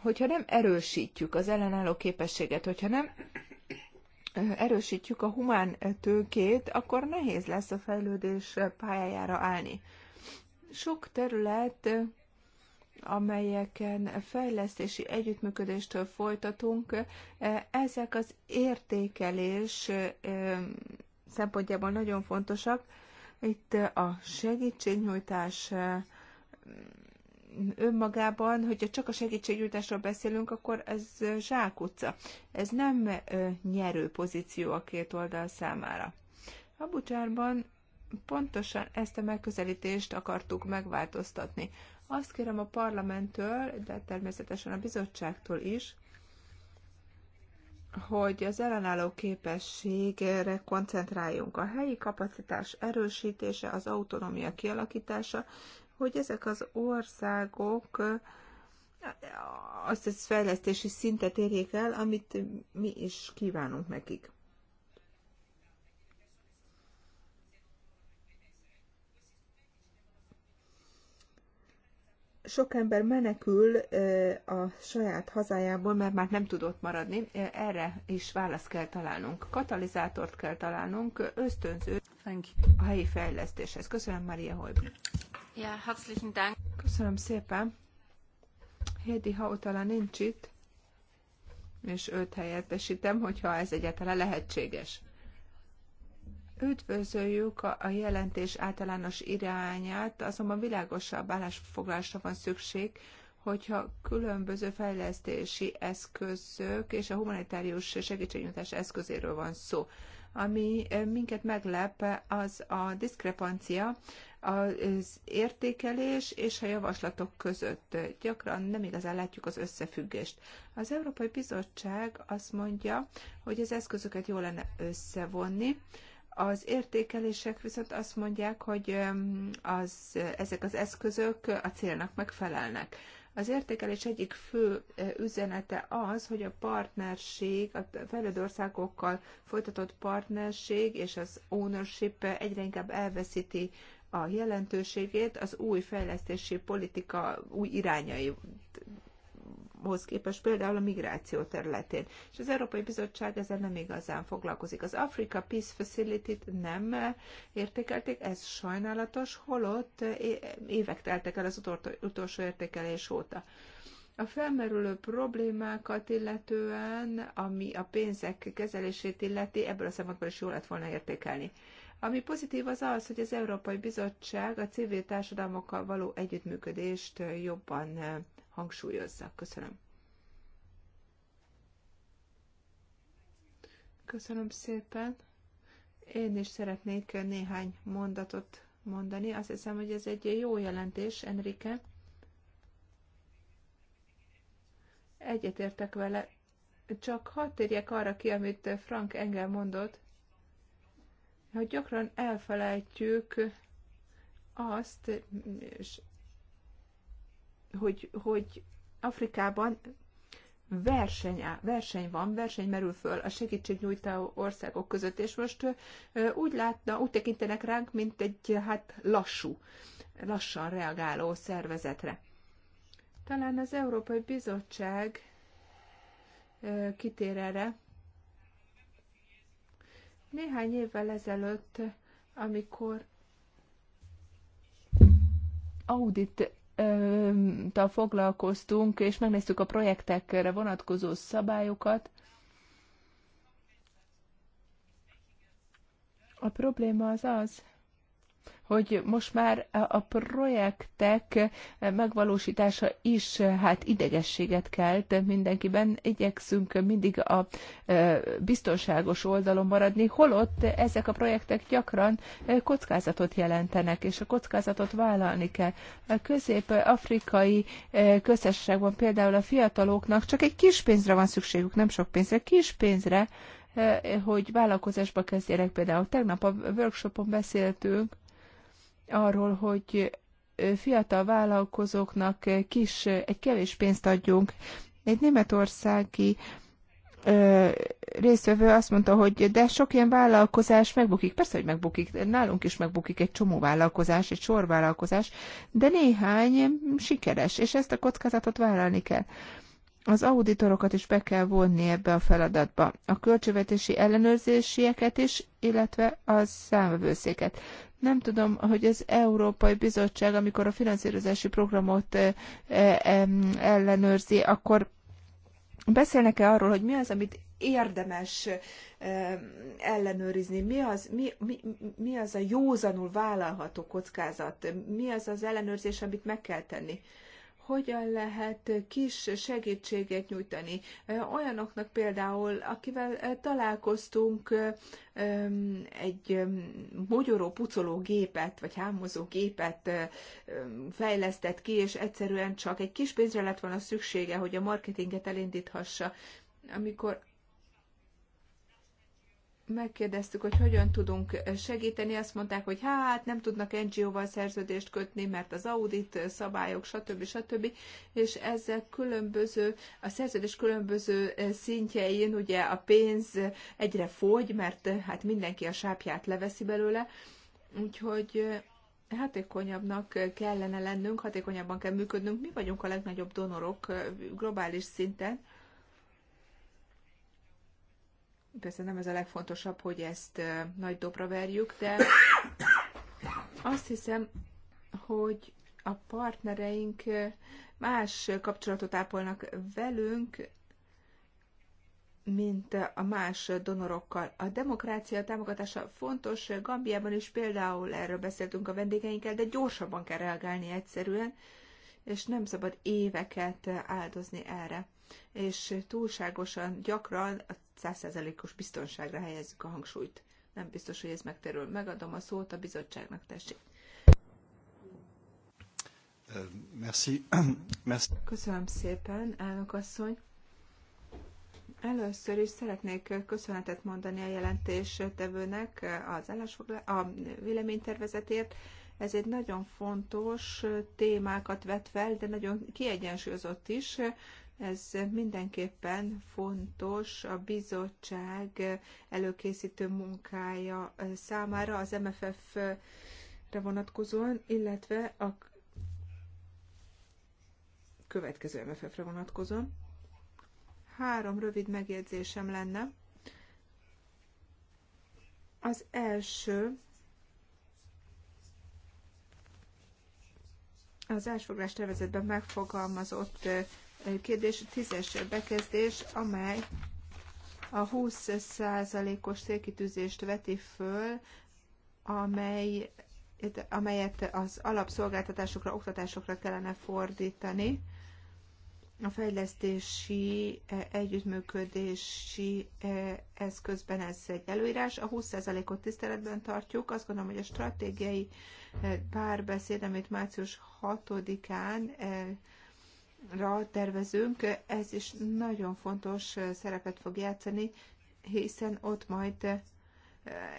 Hogyha nem erősítjük az ellenálló képességet, hogyha nem erősítjük a humán tőkét, akkor nehéz lesz a fejlődés pályájára állni. Sok terület amelyeken fejlesztési együttműködést folytatunk, ezek az értékelés szempontjából nagyon fontosak. Itt a segítségnyújtás önmagában, hogyha csak a segítségnyújtásról beszélünk, akkor ez zsákutca. Ez nem nyerő pozíció a két oldal számára. A bucsárban pontosan ezt a megközelítést akartuk megváltoztatni. Azt kérem a parlamenttől, de természetesen a bizottságtól is, hogy az ellenálló képességre koncentráljunk. A helyi kapacitás erősítése, az autonómia kialakítása, hogy ezek az országok azt a fejlesztési szintet érjék el, amit mi is kívánunk nekik. sok ember menekül a saját hazájából, mert már nem tudott maradni. Erre is választ kell találnunk. Katalizátort kell találnunk, ösztönző a helyi fejlesztéshez. Köszönöm, Maria Holb. Ja, herzlichen Dank. Köszönöm szépen. Hédi Hautala nincs itt, és őt helyettesítem, hogyha ez egyáltalán lehetséges. Üdvözöljük a jelentés általános irányát, azonban világosabb állásfoglalásra van szükség, hogyha különböző fejlesztési eszközök és a humanitárius segítségnyújtás eszközéről van szó. Ami eh, minket meglep, az a diszkrepancia az értékelés és a javaslatok között. Gyakran nem igazán látjuk az összefüggést. Az Európai Bizottság azt mondja, hogy az eszközöket jól lenne összevonni, az értékelések viszont azt mondják, hogy az, ezek az eszközök a célnak megfelelnek. Az értékelés egyik fő üzenete az, hogy a partnerség, a fejlődő országokkal folytatott partnerség és az ownership egyre inkább elveszíti a jelentőségét az új fejlesztési politika új irányai hoz képest például a migráció területén. És az Európai Bizottság ezzel nem igazán foglalkozik. Az Africa Peace Facility-t nem értékelték, ez sajnálatos, holott évek teltek el az utolsó értékelés óta. A felmerülő problémákat illetően, ami a pénzek kezelését illeti, ebből a szempontból is jól lett volna értékelni. Ami pozitív az az, hogy az Európai Bizottság a civil társadalmakkal való együttműködést jobban Hangsúlyozza, Köszönöm. Köszönöm szépen. Én is szeretnék néhány mondatot mondani. Azt hiszem, hogy ez egy jó jelentés, Enrique. Egyetértek vele. Csak hadd térjek arra ki, amit Frank Engel mondott, hogy gyakran elfelejtjük azt, és hogy, hogy Afrikában verseny, verseny van, verseny merül föl a segítségnyújtó országok között, és most úgy látna, úgy tekintenek ránk, mint egy hát lassú, lassan reagáló szervezetre. Talán az Európai Bizottság kitér erre. Néhány évvel ezelőtt, amikor audit tal foglalkoztunk, és megnéztük a projektekre vonatkozó szabályokat. A probléma az az, hogy most már a projektek megvalósítása is hát idegességet kelt mindenkiben. Igyekszünk mindig a e, biztonságos oldalon maradni, holott ezek a projektek gyakran e, kockázatot jelentenek, és a kockázatot vállalni kell. A közép-afrikai e, közösségben például a fiataloknak csak egy kis pénzre van szükségük, nem sok pénzre, kis pénzre, hogy vállalkozásba kezdjenek. Például tegnap a workshopon beszéltünk arról, hogy fiatal vállalkozóknak kis, egy kevés pénzt adjunk. Egy németországi ö, résztvevő azt mondta, hogy de sok ilyen vállalkozás megbukik. Persze, hogy megbukik, nálunk is megbukik egy csomó vállalkozás, egy sor vállalkozás, de néhány sikeres, és ezt a kockázatot vállalni kell. Az auditorokat is be kell vonni ebbe a feladatba, a költségvetési ellenőrzésieket is, illetve a számvevőszéket. Nem tudom, hogy az Európai Bizottság, amikor a finanszírozási programot ellenőrzi, akkor beszélnek-e arról, hogy mi az, amit érdemes ellenőrizni, mi az, mi, mi, mi az a józanul vállalható kockázat, mi az az ellenőrzés, amit meg kell tenni hogyan lehet kis segítséget nyújtani. Olyanoknak például, akivel találkoztunk, egy mogyoró pucoló gépet, vagy hámozó gépet fejlesztett ki, és egyszerűen csak egy kis pénzre lett volna szüksége, hogy a marketinget elindíthassa. Amikor megkérdeztük, hogy hogyan tudunk segíteni, azt mondták, hogy hát nem tudnak NGO-val szerződést kötni, mert az audit szabályok, stb. stb. És ezzel különböző, a szerződés különböző szintjein ugye a pénz egyre fogy, mert hát mindenki a sápját leveszi belőle, úgyhogy hatékonyabbnak kellene lennünk, hatékonyabban kell működnünk. Mi vagyunk a legnagyobb donorok globális szinten, Persze nem ez a legfontosabb, hogy ezt nagy dobra verjük, de azt hiszem, hogy a partnereink más kapcsolatot ápolnak velünk, mint a más donorokkal. A demokrácia támogatása fontos, Gambiában is például erről beszéltünk a vendégeinkkel, de gyorsabban kell reagálni egyszerűen, és nem szabad éveket áldozni erre. És túlságosan gyakran a százszerzelékos biztonságra helyezzük a hangsúlyt. Nem biztos, hogy ez megterül. Megadom a szót a bizottságnak, tessék.
Merci. Merci.
Köszönöm szépen, elnök asszony. Először is szeretnék köszönetet mondani a jelentés tevőnek az állásfoglal- a véleménytervezetért. Ez egy nagyon fontos témákat vet fel, de nagyon kiegyensúlyozott is. Ez mindenképpen fontos a bizottság előkészítő munkája számára az MFF-re vonatkozóan, illetve a következő MFF-re vonatkozóan. Három rövid megjegyzésem lenne. Az első az elsfoglás tervezetben megfogalmazott kérdés, tízes bekezdés, amely a 20%-os célkitűzést veti föl, amely, amelyet az alapszolgáltatásokra, oktatásokra kellene fordítani a fejlesztési, e, együttműködési e, eszközben ez egy előírás. A 20%-ot tiszteletben tartjuk. Azt gondolom, hogy a stratégiai e, párbeszéd, amit március 6-án ra tervezünk, ez is nagyon fontos szerepet fog játszani, hiszen ott majd eh,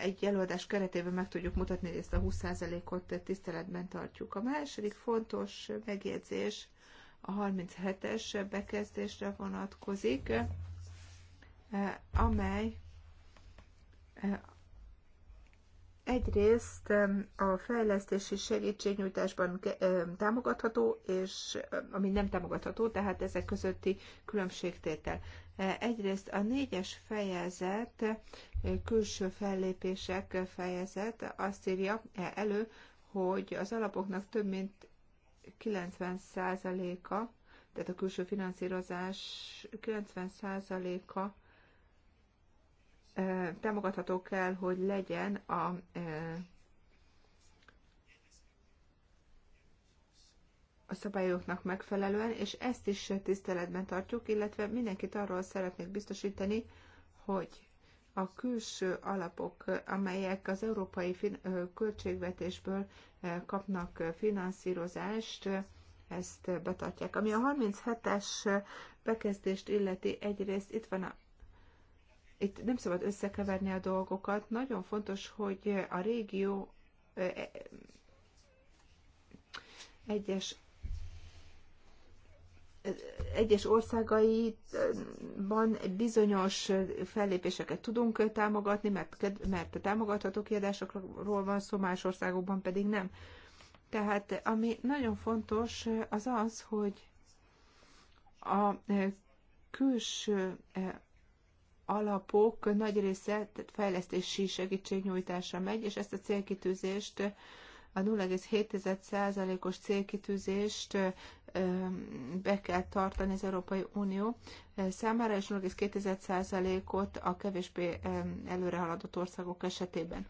egy előadás keretében meg tudjuk mutatni, hogy ezt a 20%-ot tiszteletben tartjuk. A második fontos megjegyzés a 37-es bekezdésre vonatkozik, eh, amely eh, egyrészt a fejlesztési segítségnyújtásban támogatható, és ami nem támogatható, tehát ezek közötti különbségtétel. E, egyrészt a négyes fejezet, e, külső fellépések fejezet azt írja e, elő, hogy az alapoknak több mint 90%-a, tehát a külső finanszírozás 90%-a támogatható kell, hogy legyen a a szabályoknak megfelelően, és ezt is tiszteletben tartjuk, illetve mindenkit arról szeretnék biztosítani, hogy a külső alapok, amelyek az európai költségvetésből kapnak finanszírozást, ezt betartják. Ami a 37-es bekezdést illeti, egyrészt itt van a itt nem szabad összekeverni a dolgokat. Nagyon fontos, hogy a régió e, egyes egyes országaiban bizonyos fellépéseket tudunk támogatni, mert, mert támogatható kiadásokról van szó, más országokban pedig nem. Tehát ami nagyon fontos, az az, hogy a külső alapok nagy része tehát fejlesztési segítségnyújtásra megy, és ezt a célkitűzést, a 0,7%-os célkitűzést be kell tartani az Európai Unió számára, és 0,2%-ot a kevésbé haladott országok esetében.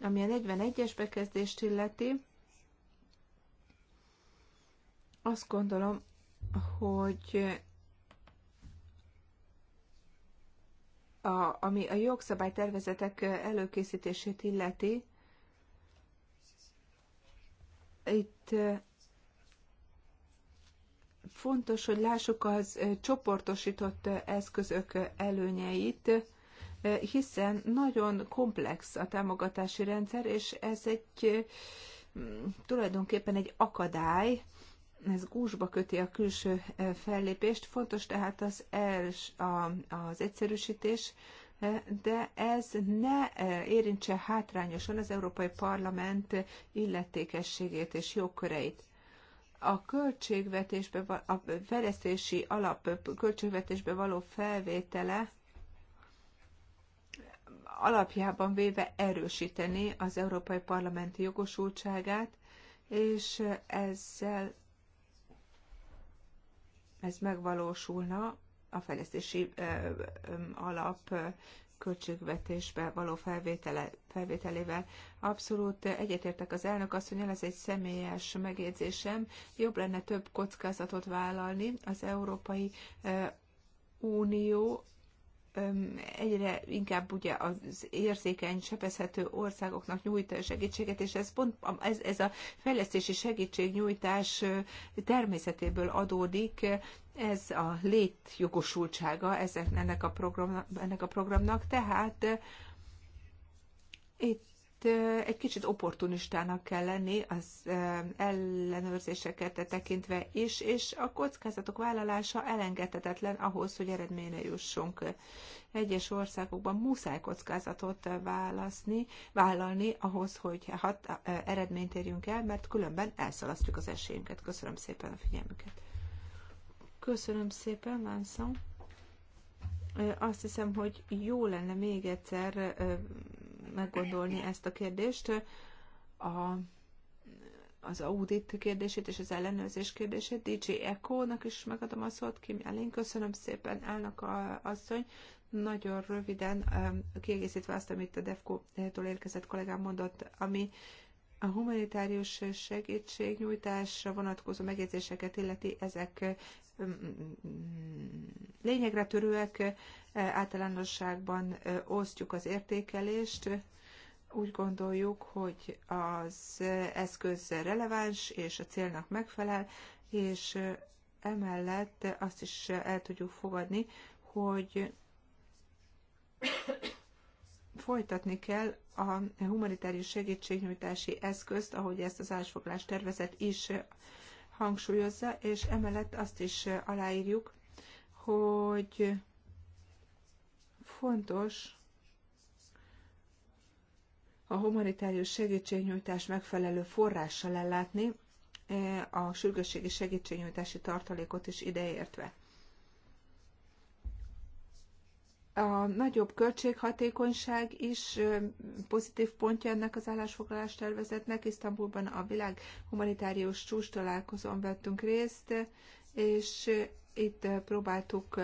Ami a 41-es bekezdést illeti, azt gondolom, hogy a, ami a jogszabálytervezetek előkészítését illeti, itt fontos, hogy lássuk az csoportosított eszközök előnyeit, hiszen nagyon komplex a támogatási rendszer, és ez egy tulajdonképpen egy akadály ez gúzsba köti a külső e, fellépést. Fontos tehát az, els, a, az egyszerűsítés, e, de ez ne e, érintse hátrányosan az Európai Parlament illetékességét és jogköreit. A költségvetésbe, a fejlesztési alap költségvetésbe való felvétele alapjában véve erősíteni az Európai Parlamenti jogosultságát, és ezzel ez megvalósulna a fejlesztési alap költségvetésbe való felvétele, felvételével. Abszolút egyetértek az elnök asszonyjal, ez egy személyes megjegyzésem. Jobb lenne több kockázatot vállalni. Az Európai Unió egyre inkább ugye az érzékeny, sebezhető országoknak nyújt segítséget, és ez pont ez, ez a fejlesztési segítségnyújtás természetéből adódik, ez a létjogosultsága ezek, ennek, a program, ennek a programnak, tehát itt egy kicsit opportunistának kell lenni az ellenőrzéseket tekintve is, és a kockázatok vállalása elengedhetetlen ahhoz, hogy eredményre jussunk. Egyes országokban muszáj kockázatot válaszni, vállalni ahhoz, hogy hat, eredményt érjünk el, mert különben elszalasztjuk az esélyünket. Köszönöm szépen a figyelmüket. Köszönöm szépen, Vincent. Azt hiszem, hogy jó lenne még egyszer meggondolni ezt a kérdést, a, az audit kérdését és az ellenőrzés kérdését. DJ Echo-nak is megadom a szót, Kim Elén. Köszönöm szépen, elnök a, asszony. Nagyon röviden kiegészítve azt, amit a DEFCO-tól érkezett kollégám mondott, ami a humanitárius segítségnyújtásra vonatkozó megjegyzéseket illeti, ezek lényegre törőek, általánosságban osztjuk az értékelést, úgy gondoljuk, hogy az eszköz releváns és a célnak megfelel, és emellett azt is el tudjuk fogadni, hogy folytatni kell a humanitárius segítségnyújtási eszközt, ahogy ezt az állásfoglalás tervezet is hangsúlyozza, és emellett azt is aláírjuk, hogy fontos a humanitárius segítségnyújtás megfelelő forrással ellátni, eh, a sürgősségi segítségnyújtási tartalékot is ideértve. A nagyobb költséghatékonyság is pozitív pontja ennek az állásfoglalás tervezetnek. Isztambulban a világ humanitárius csúcs találkozón vettünk részt, és itt próbáltuk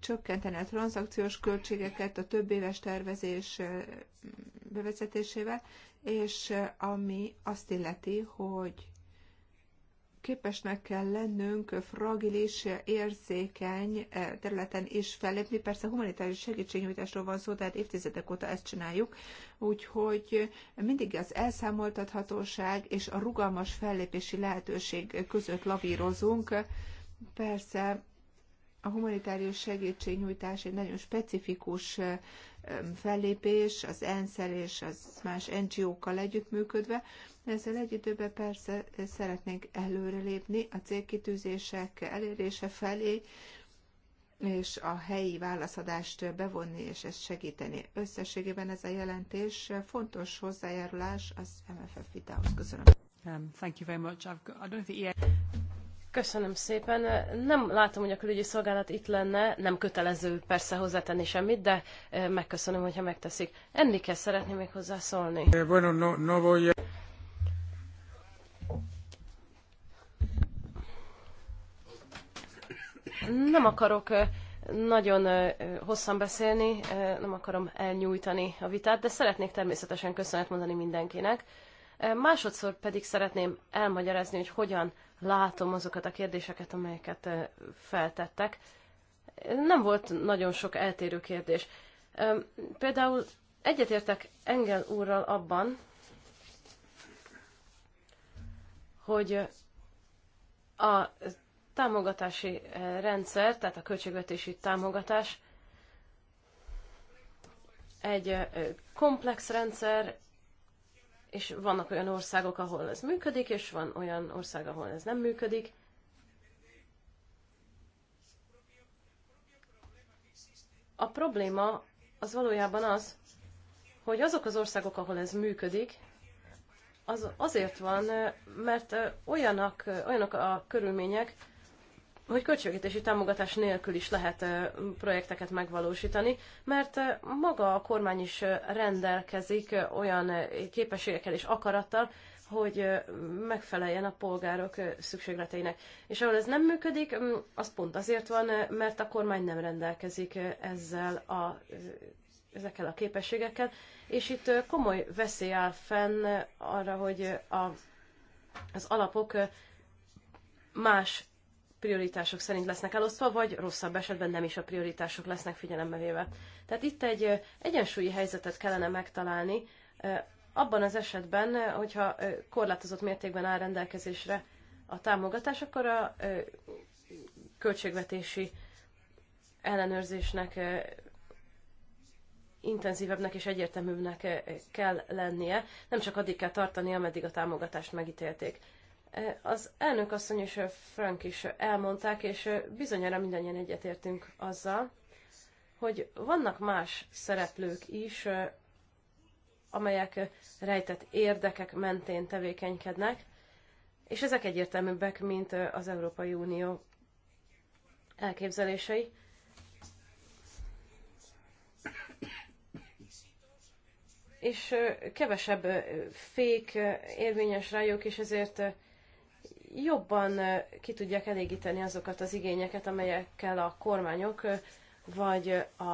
csökkenteni a tranzakciós költségeket a több éves tervezés bevezetésével, és ami azt illeti, hogy képesnek kell lennünk fragilis, érzékeny eh, területen is fellépni. Persze humanitárius segítségnyújtásról van szó, tehát évtizedek óta ezt csináljuk, úgyhogy mindig az elszámoltathatóság és a rugalmas fellépési lehetőség között lavírozunk. Persze a humanitárius segítségnyújtás egy nagyon specifikus eh, fellépés az ensz és az más NGO-kkal együttműködve. Ezzel egy időben persze szeretnénk előrelépni a célkitűzések elérése felé, és a helyi válaszadást bevonni és ezt segíteni. Összességében ez a jelentés
fontos hozzájárulás az MFF vitához. Köszönöm. Um, thank you very much. I've got, I don't think e Köszönöm szépen. Nem látom, hogy a külügyi szolgálat itt lenne, nem kötelező persze hozzátenni semmit, de eh, megköszönöm, hogyha megteszik. Enrique szeretné még hozzászólni.
Eh, bueno, no, no voy a...
Nem akarok eh, nagyon hosszan beszélni, nem akarom elnyújtani a vitát, de szeretnék természetesen köszönet mondani mindenkinek. Másodszor pedig szeretném elmagyarázni, hogy hogyan látom azokat a kérdéseket, amelyeket feltettek. Nem volt nagyon sok eltérő kérdés. Például egyetértek Engel úrral abban, hogy a támogatási rendszer, tehát a költségvetési támogatás egy komplex rendszer, és vannak olyan országok, ahol ez működik, és van olyan ország, ahol ez nem működik. A probléma az valójában az, hogy azok az országok, ahol ez működik, az azért van, mert olyanak, olyanok a körülmények, hogy költségvetési támogatás nélkül is lehet projekteket megvalósítani, mert maga a kormány is rendelkezik olyan képességekkel és akarattal, hogy megfeleljen a polgárok szükségleteinek. És ahol ez nem működik, az pont azért van, mert a kormány nem rendelkezik ezzel a, ezekkel a képességekkel, és itt komoly veszély áll fenn arra, hogy a, az alapok más prioritások szerint lesznek elosztva, vagy rosszabb esetben nem is a prioritások lesznek figyelembe véve. Tehát itt egy egyensúlyi helyzetet kellene megtalálni, abban az esetben, hogyha korlátozott mértékben áll rendelkezésre a támogatás, akkor a költségvetési ellenőrzésnek intenzívebbnek és egyértelműbbnek kell lennie, nem csak addig kell tartani, ameddig a támogatást megítélték. Az elnök asszony és Frank is elmondták, és bizonyára mindannyian egyetértünk azzal, hogy vannak más szereplők is, amelyek rejtett érdekek mentén tevékenykednek, és ezek egyértelműbbek, mint az Európai Unió elképzelései. És kevesebb fék érvényes rájuk, és ezért jobban ki tudják elégíteni azokat az igényeket, amelyekkel a kormányok vagy a,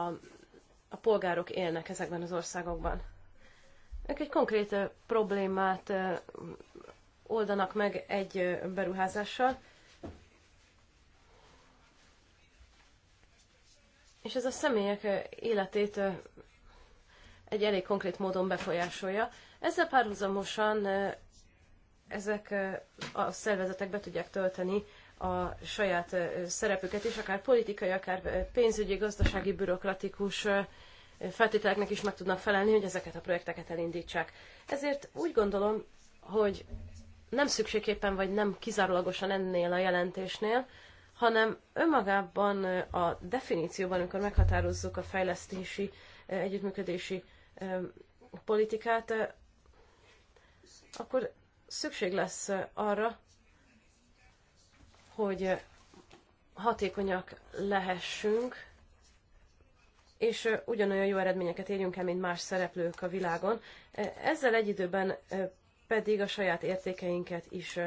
a polgárok élnek ezekben az országokban. Ők egy konkrét problémát oldanak meg egy beruházással, és ez a személyek életét egy elég konkrét módon befolyásolja. Ezzel párhuzamosan ezek a szervezetek be tudják tölteni a saját szerepüket is, akár politikai, akár pénzügyi, gazdasági, bürokratikus feltételeknek is meg tudnak felelni, hogy ezeket a projekteket elindítsák. Ezért úgy gondolom, hogy nem szükségképpen vagy nem kizárólagosan ennél a jelentésnél, hanem önmagában a definícióban, amikor meghatározzuk a fejlesztési, együttműködési politikát, akkor szükség lesz arra, hogy hatékonyak lehessünk, és ugyanolyan jó eredményeket érjünk el, mint más szereplők a világon. Ezzel egy időben pedig a saját értékeinket is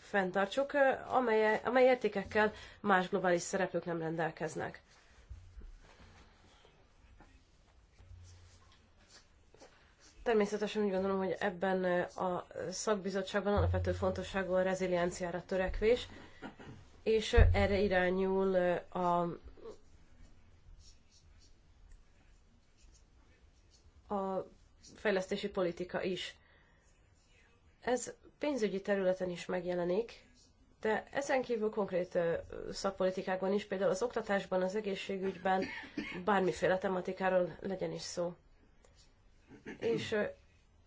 fenntartsuk, amely, amely értékekkel más globális szereplők nem rendelkeznek. Természetesen úgy gondolom, hogy ebben a szakbizottságban alapvető fontosságú a rezilienciára törekvés, és erre irányul a, a fejlesztési politika is. Ez pénzügyi területen is megjelenik, de ezen kívül konkrét szakpolitikákban is, például az oktatásban, az egészségügyben, bármiféle tematikáról legyen is szó és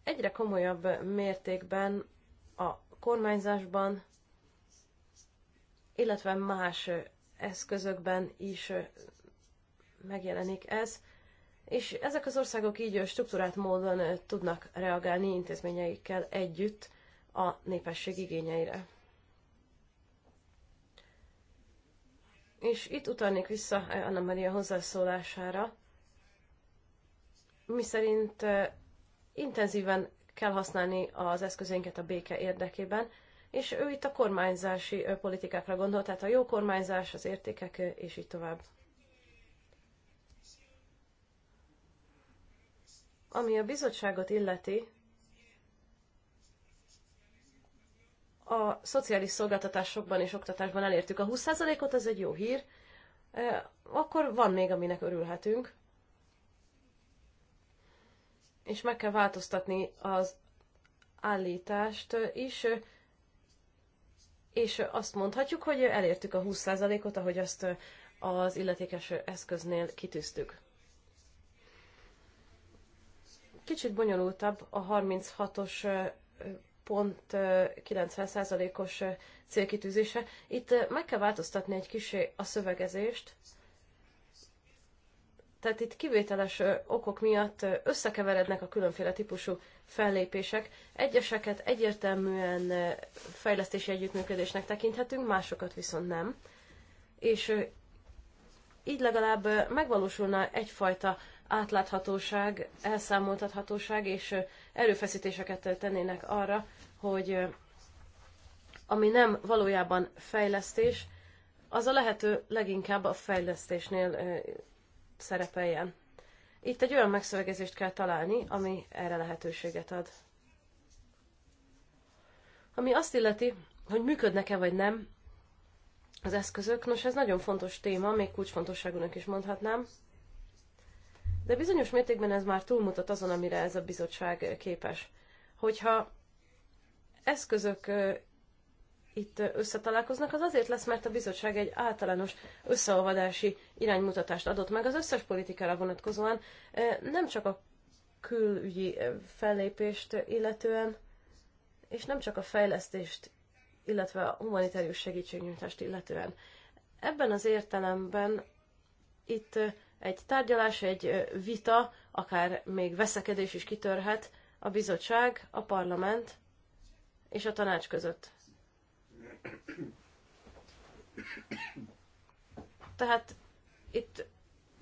egyre komolyabb mértékben a kormányzásban, illetve más eszközökben is megjelenik ez, és ezek az országok így struktúrált módon tudnak reagálni intézményeikkel együtt a népesség igényeire. És itt utalnék vissza Anna Maria hozzászólására, miszerint intenzíven kell használni az eszközénket a béke érdekében, és ő itt a kormányzási politikákra gondol, tehát a jó kormányzás, az értékek, és így tovább. Ami a bizottságot illeti, a szociális szolgáltatásokban és oktatásban elértük a 20%-ot, ez egy jó hír, akkor van még, aminek örülhetünk és meg kell változtatni az állítást is, és azt mondhatjuk, hogy elértük a 20%-ot, ahogy azt az illetékes eszköznél kitűztük. Kicsit bonyolultabb a 36-os pont 90%-os célkitűzése. Itt meg kell változtatni egy kis a szövegezést, tehát itt kivételes okok miatt összekeverednek a különféle típusú fellépések. Egyeseket egyértelműen fejlesztési együttműködésnek tekinthetünk, másokat viszont nem. És így legalább megvalósulna egyfajta átláthatóság, elszámoltathatóság, és erőfeszítéseket tennének arra, hogy ami nem valójában fejlesztés, az a lehető leginkább a fejlesztésnél szerepeljen. Itt egy olyan megszövegezést kell találni, ami erre lehetőséget ad. Ami azt illeti, hogy működnek-e vagy nem az eszközök, nos ez nagyon fontos téma, még kulcsfontosságúnak is mondhatnám, de bizonyos mértékben ez már túlmutat azon, amire ez a bizottság képes. Hogyha eszközök itt összetalálkoznak, az azért lesz, mert a bizottság egy általános összeolvadási iránymutatást adott meg az összes politikára vonatkozóan, nem csak a külügyi fellépést illetően, és nem csak a fejlesztést, illetve a humanitárius segítségnyújtást illetően. Ebben az értelemben itt egy tárgyalás, egy vita, akár még veszekedés is kitörhet a bizottság, a parlament és a tanács között. Tehát itt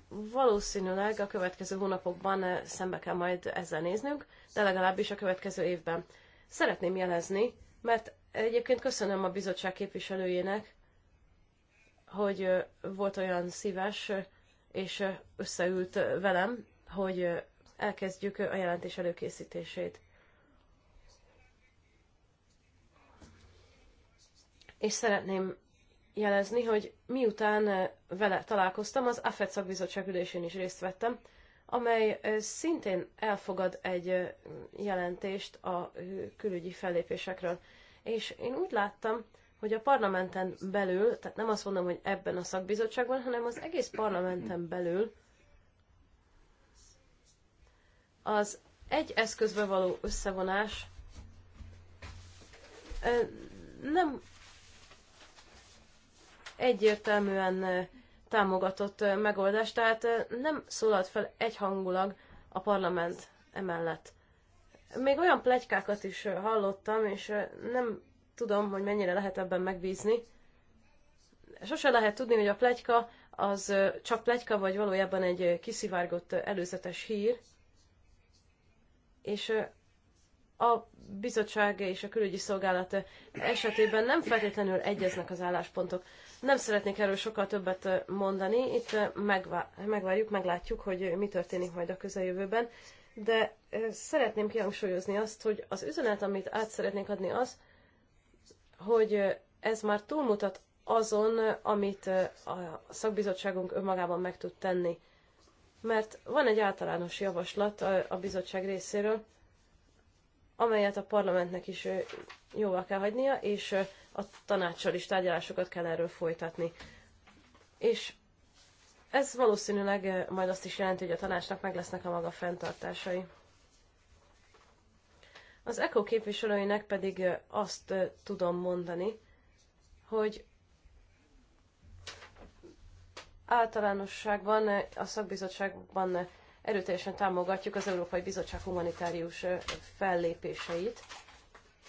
valószínűleg a következő hónapokban eh, szembe kell majd ezzel néznünk, de legalábbis a következő évben. Szeretném jelezni, mert egyébként köszönöm a bizottság képviselőjének, hogy eh, volt olyan szíves, eh, és összeült velem, hogy elkezdjük a jelentés előkészítését. És szeretném jelezni, hogy miután eh, vele találkoztam, az AFET szakbizottság ülésén is részt vettem, amely eh, szintén elfogad egy eh, jelentést a külügyi fellépésekről. És én úgy láttam, hogy a parlamenten belül, tehát nem azt mondom, hogy ebben a szakbizottságban, hanem az egész parlamenten belül az egy eszközbe való összevonás nem egyértelműen támogatott megoldás, tehát nem szólalt fel egyhangulag a parlament emellett. Még olyan plegykákat is hallottam, és nem tudom, hogy mennyire lehet ebben megbízni. Sose lehet tudni, hogy a plegyka az csak plegyka, vagy valójában egy kiszivárgott előzetes hír. És a bizottság és a külügyi szolgálat esetében nem feltétlenül egyeznek az álláspontok. Nem szeretnék erről sokkal többet mondani, itt megvárjuk, meglátjuk, hogy mi történik majd a közeljövőben, de szeretném kihangsúlyozni azt, hogy az üzenet, amit át szeretnék adni az, hogy ez már túlmutat azon, amit a szakbizottságunk önmagában meg tud tenni. Mert van egy általános javaslat a bizottság részéről, amelyet a parlamentnek is jóvá kell hagynia, és a tanácssal is tárgyalásokat kell erről folytatni. És ez valószínűleg majd azt is jelenti, hogy a tanácsnak meg lesznek a maga fenntartásai. Az ECO képviselőinek pedig azt tudom mondani, hogy általánosságban a szakbizottságban erőteljesen támogatjuk az Európai Bizottság humanitárius fellépéseit.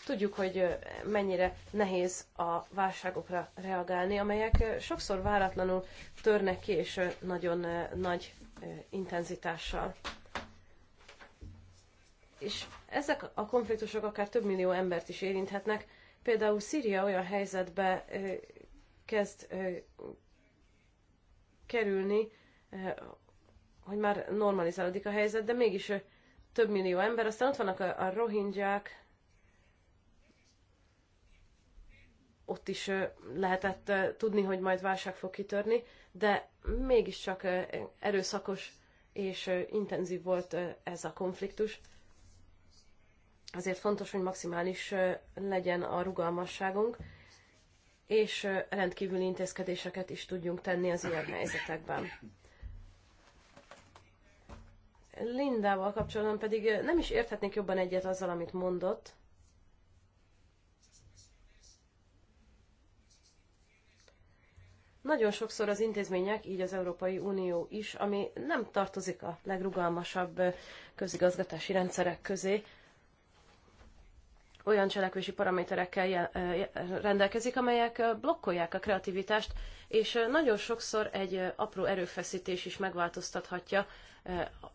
Tudjuk, hogy mennyire nehéz a válságokra reagálni, amelyek sokszor váratlanul törnek ki, és nagyon nagy intenzitással. És ezek a konfliktusok akár több millió embert is érinthetnek. Például Szíria olyan helyzetbe kezd kerülni, hogy már normalizálódik a helyzet, de mégis több millió ember, aztán ott vannak a, a rohingyák, ott is lehetett tudni, hogy majd válság fog kitörni, de mégiscsak erőszakos és intenzív volt ez a konfliktus. Azért fontos, hogy maximális legyen a rugalmasságunk, és rendkívüli intézkedéseket is tudjunk tenni az ilyen helyzetekben. Lindával kapcsolatban pedig nem is érthetnék jobban egyet azzal, amit mondott. Nagyon sokszor az intézmények, így az Európai Unió is, ami nem tartozik a legrugalmasabb közigazgatási rendszerek közé, olyan cselekvési paraméterekkel rendelkezik, amelyek blokkolják a kreativitást, és nagyon sokszor egy apró erőfeszítés is megváltoztathatja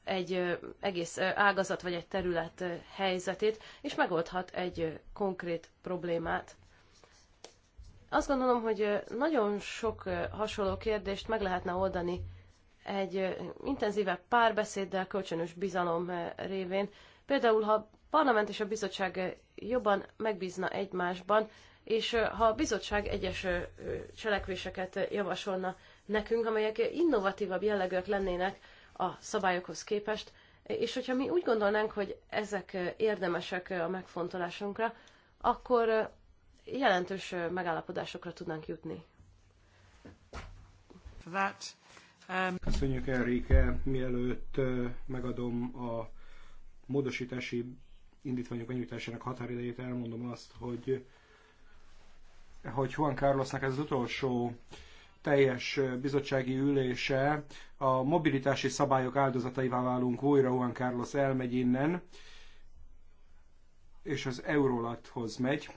egy egész ágazat vagy egy terület helyzetét, és megoldhat egy konkrét problémát. Azt gondolom, hogy nagyon sok hasonló kérdést meg lehetne oldani egy intenzívebb párbeszéddel, kölcsönös bizalom révén. Például, ha a parlament és a bizottság jobban megbízna egymásban, és ha a bizottság egyes cselekvéseket javasolna nekünk, amelyek innovatívabb jellegűek lennének, a szabályokhoz képest, és hogyha mi úgy gondolnánk, hogy ezek érdemesek a megfontolásunkra, akkor jelentős megállapodásokra tudnánk jutni. That, um...
Köszönjük Enrique, mielőtt uh, megadom a módosítási indítványok benyújtásának határidejét, elmondom azt, hogy hogy Juan Carlosnak ez az utolsó teljes bizottsági ülése a mobilitási szabályok áldozataivá válunk újra, Juan Carlos elmegy innen, és az Eurolathoz megy.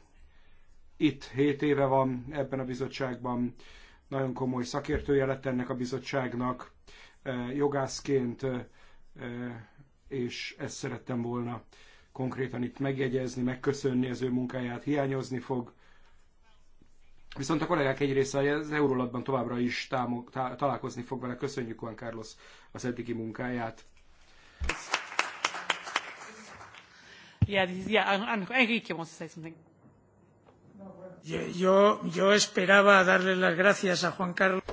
Itt 7 éve van ebben a bizottságban, nagyon komoly szakértője lett ennek a bizottságnak, jogászként, és ezt szerettem volna konkrétan itt megjegyezni, megköszönni az ő munkáját, hiányozni fog, Viszont a kollégák egy része az Eurólatban továbbra is támog, tá, találkozni fog vele. Köszönjük Juan Carlos az eddigi munkáját.
Yeah, this is, yeah,
Yo, yo esperaba darle las gracias a Juan Carlos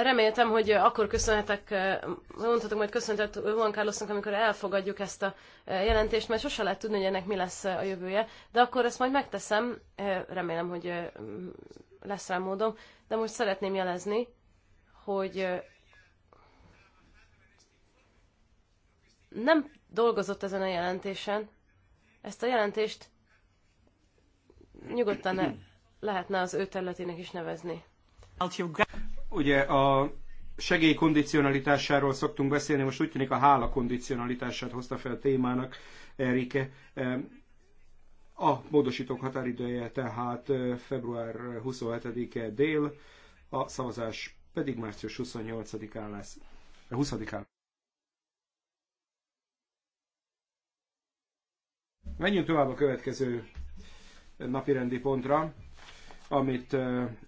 reméltem, hogy akkor köszönhetek, eh, mondhatok majd köszöntet Juan Carlosnak, amikor elfogadjuk ezt a eh, jelentést, mert sose lehet tudni, hogy ennek mi lesz eh, a jövője, de akkor ezt majd megteszem, remélem, hogy mm, lesz rá módom, de most szeretném jelezni, hogy nem dolgozott ezen a jelentésen, ezt a jelentést nyugodtan lehetne az ő területének is nevezni.
Ugye a segély kondicionalitásáról szoktunk beszélni, most úgy tűnik a hála kondicionalitását hozta fel témának Erike. A módosítók határidője tehát február 27-e dél, a szavazás pedig március 28-án lesz. 20-án. Menjünk tovább a következő napirendi pontra, amit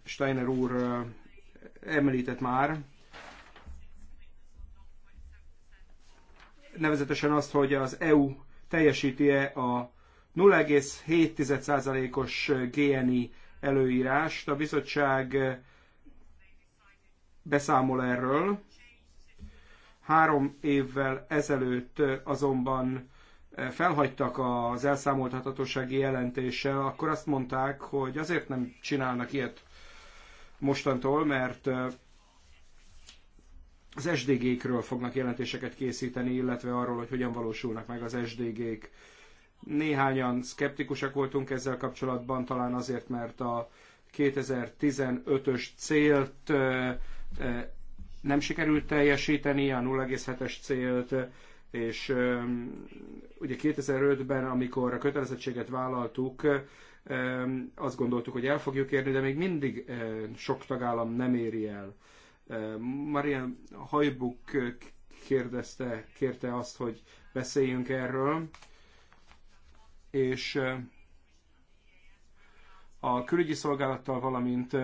Steiner úr említett már, nevezetesen azt, hogy az EU teljesíti-e a 0,7%-os GNI előírást. A bizottság beszámol erről. Három évvel ezelőtt azonban felhagytak az elszámoltathatósági jelentéssel, akkor azt mondták, hogy azért nem csinálnak ilyet mostantól, mert az SDG-kről fognak jelentéseket készíteni, illetve arról, hogy hogyan valósulnak meg az SDG-k. Néhányan szkeptikusak voltunk ezzel kapcsolatban, talán azért, mert a 2015-ös célt nem sikerült teljesíteni, a 0,7-es célt, és ugye 2005-ben, amikor a kötelezettséget vállaltuk, azt gondoltuk, hogy el fogjuk érni, de még mindig sok tagállam nem éri el. Marian Hajbuk kérdezte, kérte azt, hogy beszéljünk erről, és a külügyi szolgálattal, valamint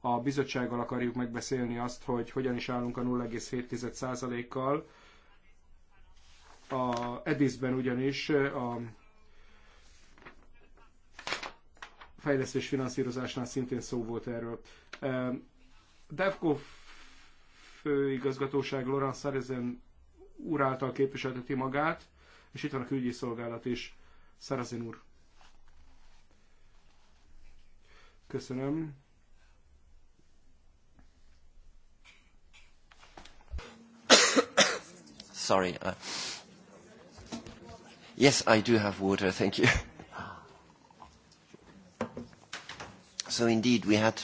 a bizottsággal akarjuk megbeszélni azt, hogy hogyan is állunk a 0,7%-kal. A Edisben ugyanis a fejlesztés finanszírozásnál szintén szó volt erről. DEVCO főigazgatóság Laurent Sarezen úr által képviselteti magát, és itt van a külügyi szolgálat is. Sarezen úr. Köszönöm.
Sorry. Uh, yes, I do have water, thank you. So indeed we had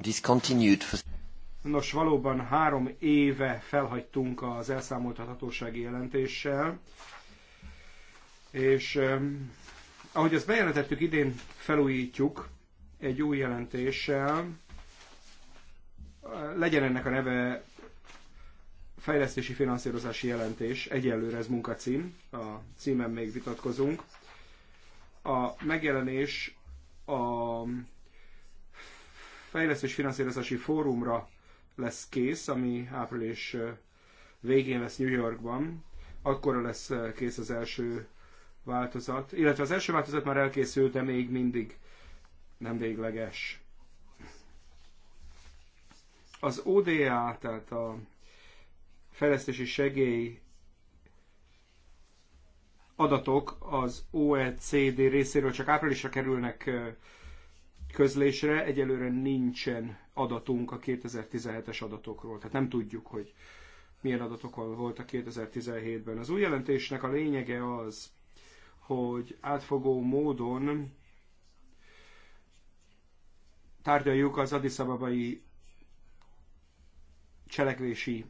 discontinued for...
Nos, valóban három éve felhagytunk az elszámoltathatósági jelentéssel, és ahogy azt bejelentettük, idén felújítjuk egy új jelentéssel. Legyen ennek a neve fejlesztési finanszírozási jelentés, egyelőre ez munkacím, a címen még vitatkozunk. A megjelenés a fejlesztés finanszírozási fórumra lesz kész, ami április végén lesz New Yorkban. Akkor lesz kész az első változat. Illetve az első változat már elkészült, de még mindig nem végleges. Az ODA, tehát a fejlesztési segély adatok az OECD részéről csak áprilisra kerülnek közlésre, egyelőre nincsen adatunk a 2017-es adatokról, tehát nem tudjuk, hogy milyen adatok voltak 2017-ben. Az új jelentésnek a lényege az, hogy átfogó módon tárgyaljuk az Addis Ababai cselekvési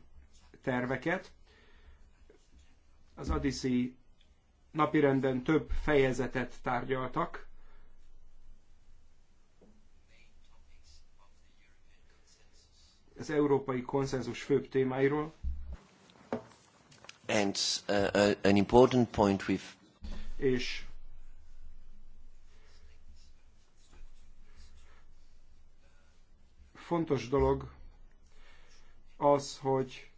terveket. Az Addiszi napirenden több fejezetet tárgyaltak. Az európai konszenzus főbb témáiról.
And uh, an important point
És fontos dolog az, hogy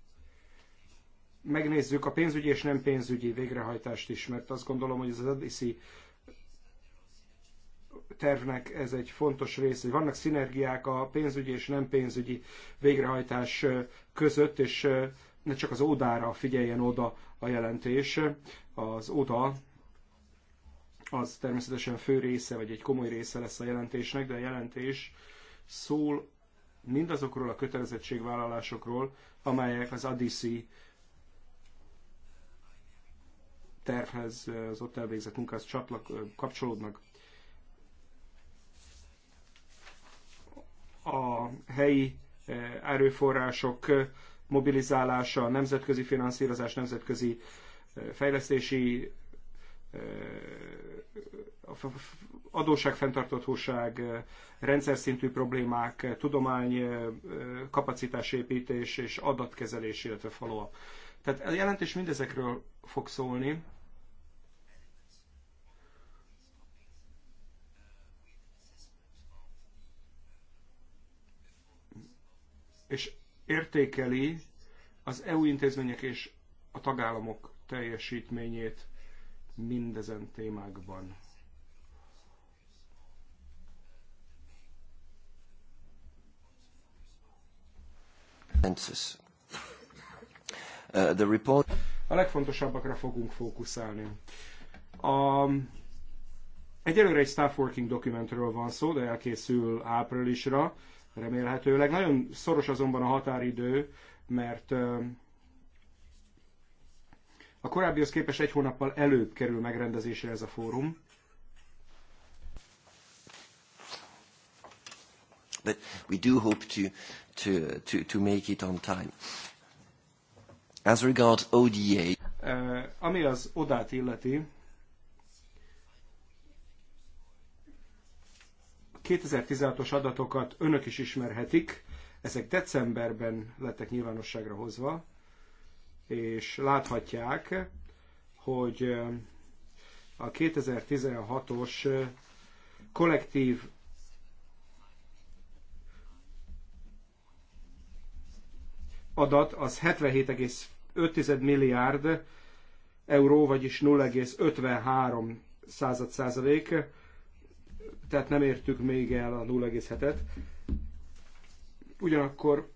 megnézzük a pénzügyi és nem pénzügyi végrehajtást is, mert azt gondolom, hogy ez az Addiszi tervnek ez egy fontos része, hogy vannak szinergiák a pénzügyi és nem pénzügyi végrehajtás között, és ne csak az ódára figyeljen oda a jelentés. Az oda az természetesen fő része, vagy egy komoly része lesz a jelentésnek, de a jelentés szól mindazokról a kötelezettségvállalásokról, amelyek az ADC tervhez, az ott elvégzett munkához csatlak, kapcsolódnak. A helyi eh, erőforrások mobilizálása, nemzetközi finanszírozás, nemzetközi eh, fejlesztési eh, adóság fenntartatóság, rendszer szintű problémák, tudomány, kapacitásépítés és adatkezelés, illetve follow-up. Tehát a jelentés mindezekről fog szólni. És értékeli az EU intézmények és a tagállamok teljesítményét mindezen témákban. Consensus.
Uh, the report.
A legfontosabbakra fogunk fókuszálni. A, egyelőre egy staff working dokumentről van szó, de elkészül áprilisra, remélhetőleg. Nagyon szoros azonban a határidő, mert uh, a korábbihoz képest egy hónappal előbb kerül megrendezésre ez a fórum.
But we do hope to, to, to, to make it on time. As regards ODA.
Ami az odát illeti, 2016-os adatokat önök is ismerhetik, ezek decemberben lettek nyilvánosságra hozva, és láthatják, hogy a 2016-os kollektív adat az 5,5 milliárd euró, vagyis 0,53 század százalék, tehát nem értük még el a 0,7-et. Ugyanakkor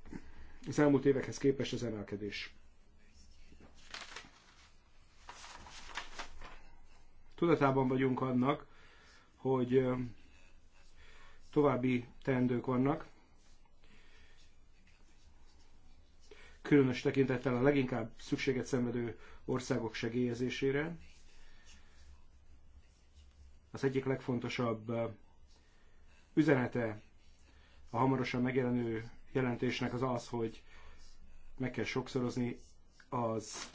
az elmúlt évekhez képest az emelkedés. Tudatában vagyunk annak, hogy további teendők vannak, különös tekintettel a leginkább szükséget szenvedő országok segélyezésére. Az egyik legfontosabb üzenete a hamarosan megjelenő jelentésnek az az, hogy meg kell sokszorozni az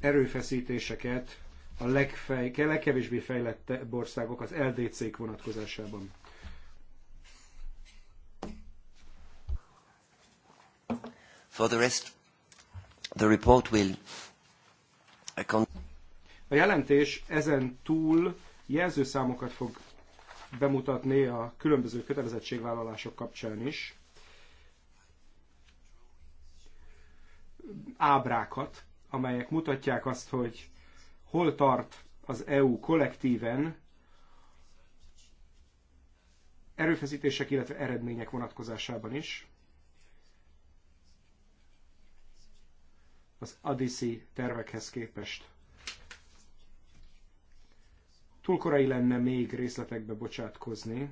erőfeszítéseket a legfej, legkevésbé fejlett országok, az LDC-k vonatkozásában.
For the rest, the report will...
A jelentés ezen túl jelzőszámokat fog bemutatni a különböző kötelezettségvállalások kapcsán is. Ábrákat, amelyek mutatják azt, hogy hol tart az EU kollektíven erőfeszítések, illetve eredmények vonatkozásában is. az adiszi tervekhez képest. Túl korai lenne még részletekbe bocsátkozni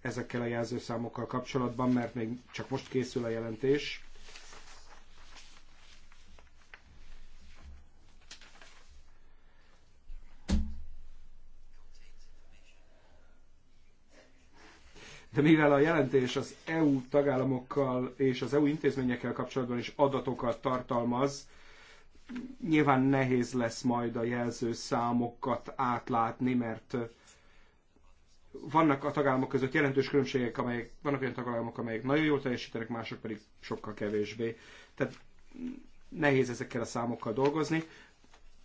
ezekkel a jelzőszámokkal kapcsolatban, mert még csak most készül a jelentés. de mivel a jelentés az EU tagállamokkal és az EU intézményekkel kapcsolatban is adatokat tartalmaz, nyilván nehéz lesz majd a jelző számokat átlátni, mert vannak a tagállamok között jelentős különbségek, amelyek, vannak olyan tagállamok, amelyek nagyon jól teljesítenek, mások pedig sokkal kevésbé. Tehát nehéz ezekkel a számokkal dolgozni,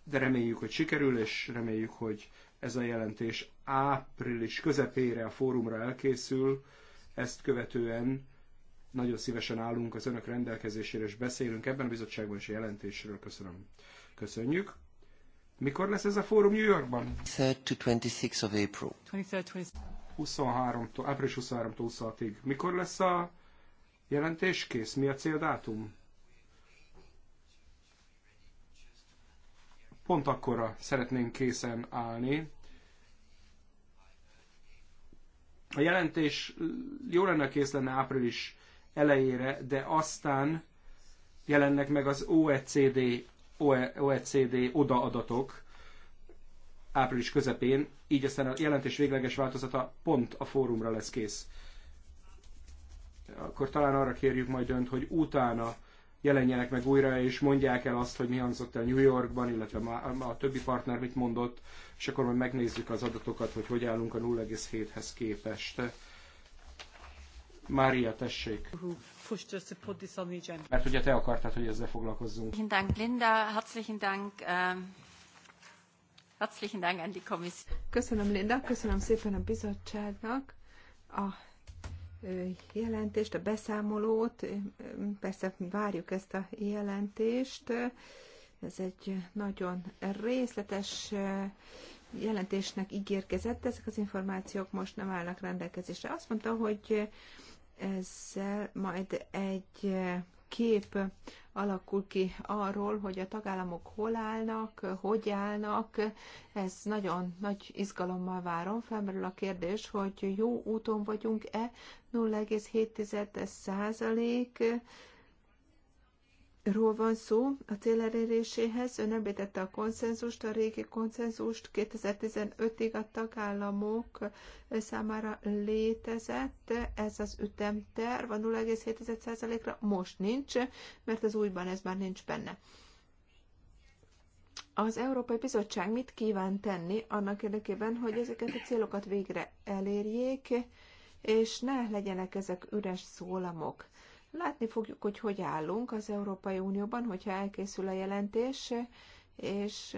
de reméljük, hogy sikerül, és reméljük, hogy ez a jelentés április közepére a fórumra elkészül, ezt követően nagyon szívesen állunk az önök rendelkezésére, és beszélünk ebben a bizottságban is a jelentésről. Köszönöm. Köszönjük. Mikor lesz ez a fórum New Yorkban?
23-26 of April.
23 április 23-26-ig. Mikor lesz a jelentés kész? Mi a céldátum? pont akkorra szeretnénk készen állni. A jelentés jó lenne kész lenne április elejére, de aztán jelennek meg az OECD, OECD e odaadatok április közepén, így aztán a jelentés végleges változata pont a fórumra lesz kész. Akkor talán arra kérjük majd önt, hogy utána jelenjenek meg újra, és mondják el azt, hogy mi hangzott el New Yorkban, illetve a többi partner mit mondott, és akkor majd megnézzük az adatokat, hogy hogy állunk a 0,7-hez képest. Mária, tessék. Mert ugye te akartad, hogy ezzel foglalkozzunk.
Dank, Linda. Herzlichen Dank. Ähm, herzlichen Dank an die Kommission. Köszönöm, Linda. Köszönöm szépen a bizottságnak a jelentést, a beszámolót. Persze várjuk ezt a jelentést. Ez egy nagyon részletes jelentésnek ígérkezett, ezek az információk most nem állnak rendelkezésre. Azt mondta, hogy ezzel majd egy kép alakul ki arról, hogy a tagállamok hol állnak, hogy állnak. Ez nagyon nagy izgalommal várom. Felmerül a kérdés, hogy jó úton vagyunk-e 0,7 százalék ról van szó a cél eléréséhez. Ön említette a konszenzust, a régi konszenzust 2015-ig a tagállamok számára létezett. Ez az ütemterv a 0,7%-ra most nincs, mert az újban ez már nincs benne. Az Európai Bizottság mit kíván tenni annak érdekében, hogy ezeket a célokat végre elérjék, és ne legyenek ezek üres szólamok? Látni fogjuk, hogy hogy állunk az Európai Unióban, hogyha elkészül a jelentés, és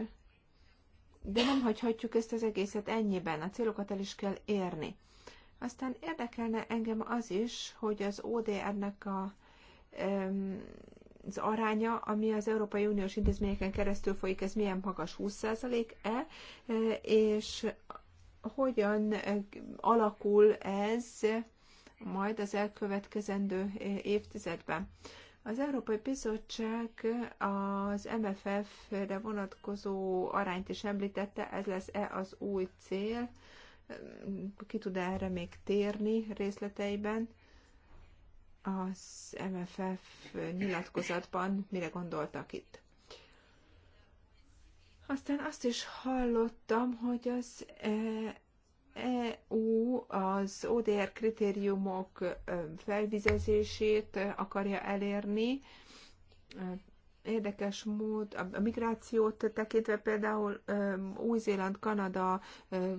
de nem hagyhatjuk ezt az egészet ennyiben, a célokat el is kell érni. Aztán érdekelne engem az is, hogy az ODR-nek a, az aránya, ami az Európai Uniós intézményeken keresztül folyik, ez milyen magas, 20%-e, és hogyan alakul ez majd az elkövetkezendő eh, évtizedben. Az Európai Bizottság az MFF-re vonatkozó arányt is említette, ez lesz-e az új cél? Ki tud -e erre még térni részleteiben? Az MFF nyilatkozatban mire gondoltak itt? Aztán azt is hallottam, hogy az eh, EU az ODR kritériumok felvizezését akarja elérni. Érdekes mód, a migrációt tekintve például Új-Zéland, Kanada,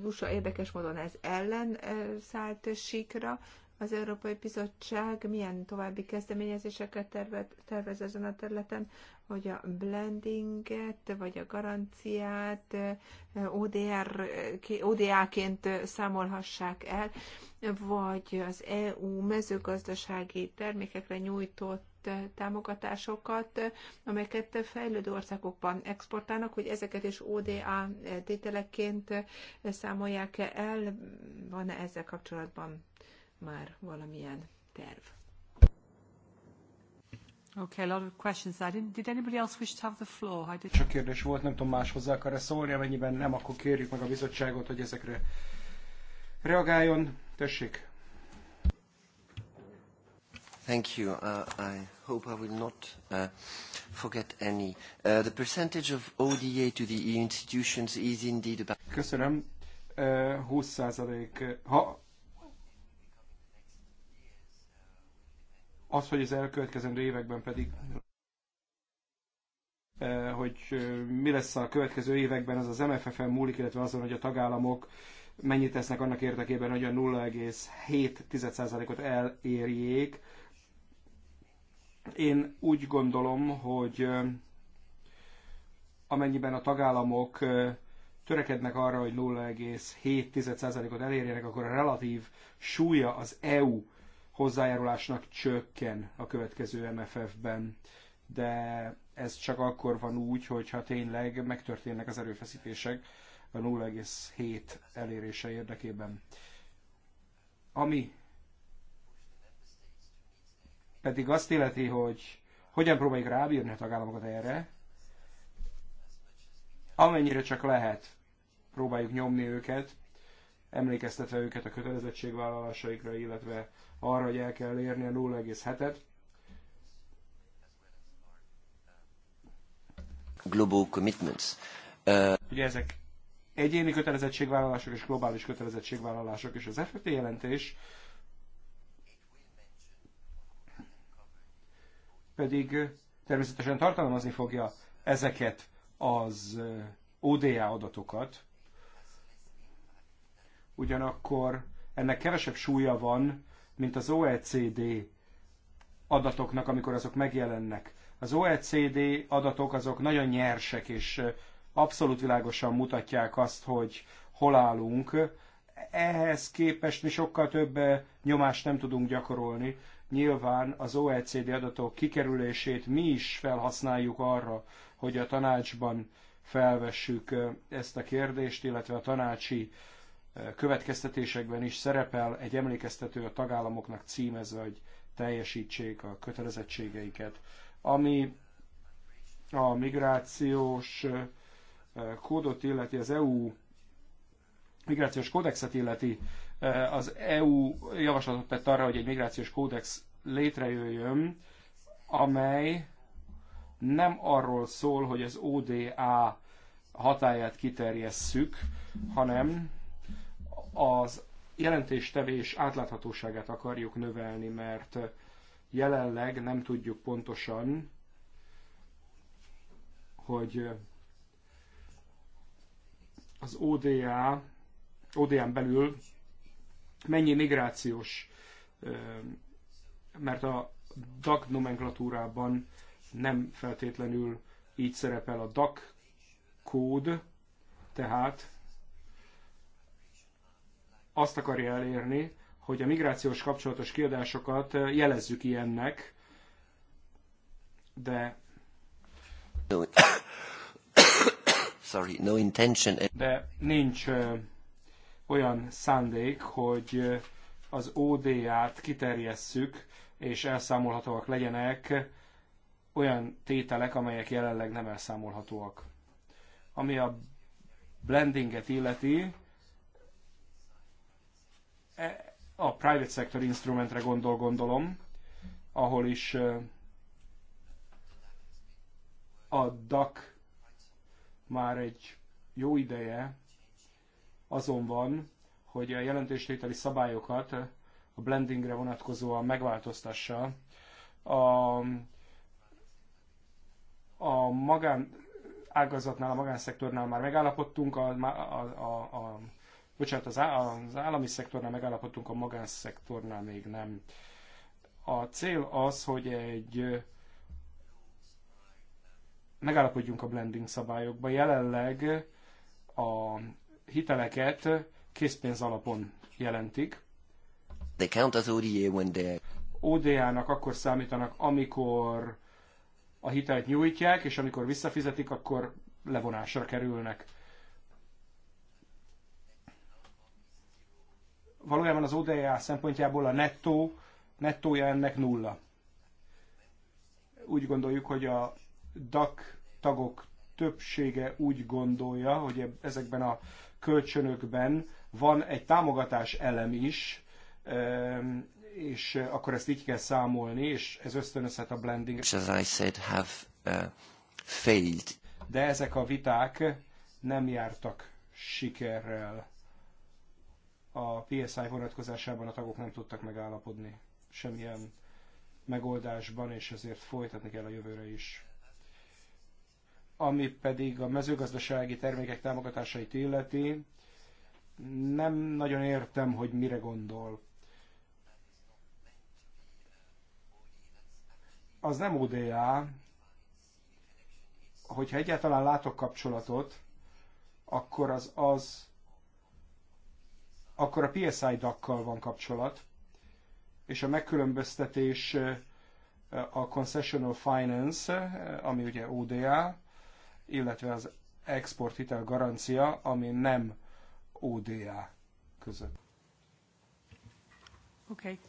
USA érdekes módon ez ellen szállt síkra az Európai Bizottság milyen további kezdeményezéseket tervez, tervez ezen a területen, hogy a blendinget, vagy a garanciát eh, ODR, ODA-ként számolhassák el, vagy az EU mezőgazdasági termékekre nyújtott eh, támogatásokat, amelyeket fejlődő országokban exportálnak, hogy ezeket is ODA eh, tételeként számolják el. Van-e ezzel kapcsolatban már valamilyen terv. Okay, a lot of questions. I didn't, did anybody else wish to have the floor? I did... Csak
kérdés volt, nem tudom, más hozzá akar-e szólni, amennyiben nem, akkor kérjük meg a bizottságot, hogy ezekre reagáljon. Tessék.
Thank you. Uh, I hope I will not uh, forget any. Uh, the percentage of ODA to the EU institutions is indeed about... Köszönöm.
Uh, 20 százalék, ha Az, hogy az elkövetkezendő években pedig hogy mi lesz a következő években, az az MFF-en múlik, illetve azon, hogy a tagállamok mennyit tesznek annak érdekében, hogy a 0,7%-ot elérjék. Én úgy gondolom, hogy amennyiben a tagállamok törekednek arra, hogy 0,7%-ot elérjenek, akkor a relatív súlya az EU hozzájárulásnak csökken a következő MFF-ben, de ez csak akkor van úgy, hogyha tényleg megtörténnek az erőfeszítések a 0,7 elérése érdekében. Ami pedig azt illeti, hogy hogyan próbáljuk rábírni a tagállamokat erre, amennyire csak lehet, próbáljuk nyomni őket, emlékeztetve őket a kötelezettségvállalásaikra, illetve arra, hogy el kell érni a 0,7-et.
Global commitments. Uh...
Ugye ezek egyéni kötelezettségvállalások és globális kötelezettségvállalások, és az FFT jelentés pedig természetesen tartalmazni fogja ezeket az uh, ODA adatokat, ugyanakkor ennek kevesebb súlya van, mint az OECD adatoknak, amikor azok megjelennek. Az OECD adatok azok nagyon nyersek, és abszolút világosan mutatják azt, hogy hol állunk. Ehhez képest mi sokkal több nyomást nem tudunk gyakorolni. Nyilván az OECD adatok kikerülését mi is felhasználjuk arra, hogy a tanácsban felvessük ezt a kérdést, illetve a tanácsi következtetésekben is szerepel egy emlékeztető a tagállamoknak címezve, hogy teljesítsék a kötelezettségeiket. Ami a migrációs kódot illeti, az EU migrációs kódexet illeti, az EU javaslatot tett arra, hogy egy migrációs kódex létrejöjjön, amely nem arról szól, hogy az ODA hatáját kiterjesszük, hanem az jelentéstevés átláthatóságát akarjuk növelni, mert jelenleg nem tudjuk pontosan, hogy az ODA, ODA-n belül mennyi migrációs, mert a DAC nomenklatúrában nem feltétlenül így szerepel a DAC kód, tehát azt akarja elérni, hogy a migrációs kapcsolatos kiadásokat eh, jelezzük ilyennek, de
sorry, no intention.
De nincs eh, olyan szándék, hogy eh, az ODA-t kiterjesszük, és elszámolhatóak legyenek olyan tételek, amelyek jelenleg nem elszámolhatóak. Ami a blendinget illeti, E, a private sector instrumentre gondol, gondolom, ahol is e, a DAC már egy jó ideje azon van, hogy a jelentéstételi szabályokat a blendingre vonatkozóan megváltoztassa. A, a magán ágazatnál, a magánszektornál már megállapodtunk, a, a, a, a bocsánat, az, az állami szektornál megállapodtunk, a magánszektornál még nem. A cél az, hogy egy megállapodjunk a blending szabályokba. Jelenleg a hiteleket készpénz alapon jelentik.
They count as ODA when they...
ODA-nak akkor számítanak, amikor a hitelt nyújtják, és amikor visszafizetik, akkor levonásra kerülnek. valójában az ODA szempontjából a nettó, nettója ennek nulla. Úgy gondoljuk, hogy a DAC tagok többsége úgy gondolja, hogy ezekben a kölcsönökben van egy támogatás elem is, és akkor ezt így kell számolni, és ez ösztönözhet a blending. As
I said, have uh, failed.
De ezek a viták nem jártak sikerrel a PSI vonatkozásában a tagok nem tudtak megállapodni semmilyen megoldásban, és ezért folytatni kell a jövőre is. Ami pedig a mezőgazdasági termékek támogatásait illeti, nem nagyon értem, hogy mire gondol. Az nem ODA, hogyha egyáltalán látok kapcsolatot, akkor az az, akkor a PSI DAC-kal van kapcsolat, és a megkülönböztetés eh, a Concessional Finance, eh, ami ugye ODA, illetve az Hitel garancia, ami nem ODA között.
Oké. Okay.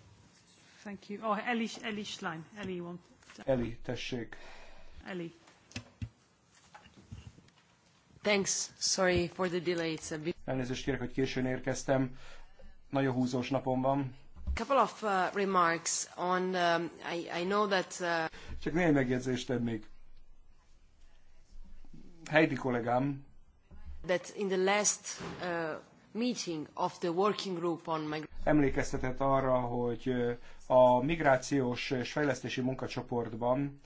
Thank you. Oh, Eli, Eli Schlein. Eli, want... Eli,
tessék. Eli. Thanks,
sorry for the delay. It's a bit...
Elnézést kérek, hogy későn érkeztem. Nagyon húzós napom van.
Couple of uh, remarks on, um, I, I know that... Uh... Csak néhány
megjegyzést tennék. Heidi kollégám.
That in the last uh, meeting of the working group on migration.
Emlékeztetett arra, hogy uh, a migrációs és fejlesztési munkacsoportban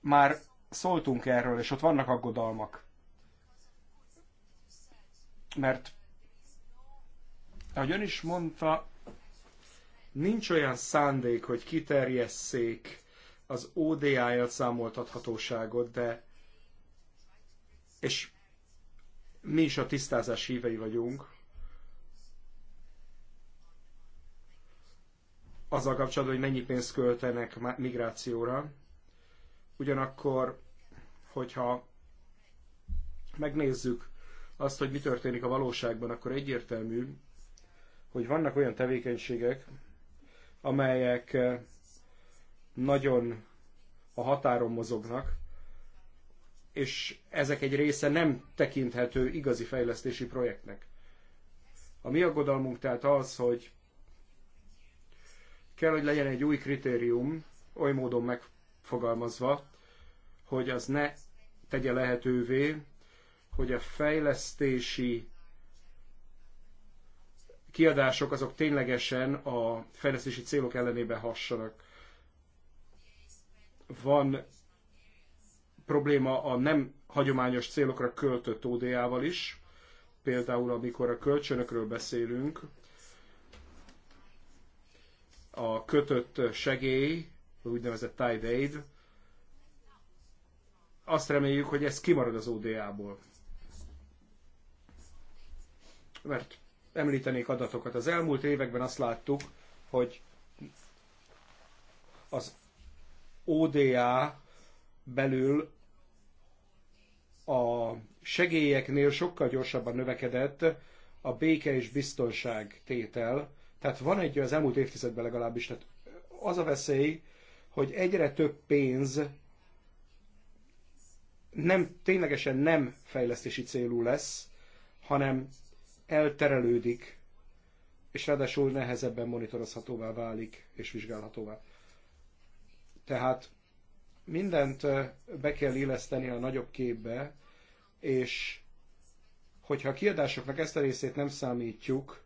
már szóltunk erről, és ott vannak aggodalmak. Mert, ahogy ön is mondta, nincs olyan szándék, hogy kiterjesszék az ODA számoltathatóságot, de és mi is a tisztázás hívei vagyunk, azzal kapcsolatban, hogy mennyi pénzt költenek migrációra, Ugyanakkor, hogyha megnézzük azt, hogy mi történik a valóságban, akkor egyértelmű, hogy vannak olyan tevékenységek, amelyek eh, nagyon a határon mozognak, és ezek egy része nem tekinthető igazi fejlesztési projektnek. A mi aggodalmunk tehát az, hogy kell, hogy legyen egy új kritérium, oly módon megfogalmazva, hogy az ne tegye lehetővé, hogy a fejlesztési kiadások azok ténylegesen a fejlesztési célok ellenébe hassanak. Van probléma a nem hagyományos célokra költött ódéával is, például amikor a kölcsönökről beszélünk, a kötött segély, úgynevezett tied aid, azt reméljük, hogy ez kimarad az ODA-ból. Mert említenék adatokat. Az elmúlt években azt láttuk, hogy az ODA belül a segélyeknél sokkal gyorsabban növekedett a béke és biztonság tétel. Tehát van egy az elmúlt évtizedben legalábbis, tehát az a veszély, hogy egyre több pénz nem, ténylegesen nem fejlesztési célú lesz, hanem elterelődik, és ráadásul nehezebben monitorozhatóvá válik és vizsgálhatóvá. Tehát mindent be kell illeszteni a nagyobb képbe, és hogyha a kiadásoknak ezt a részét nem számítjuk,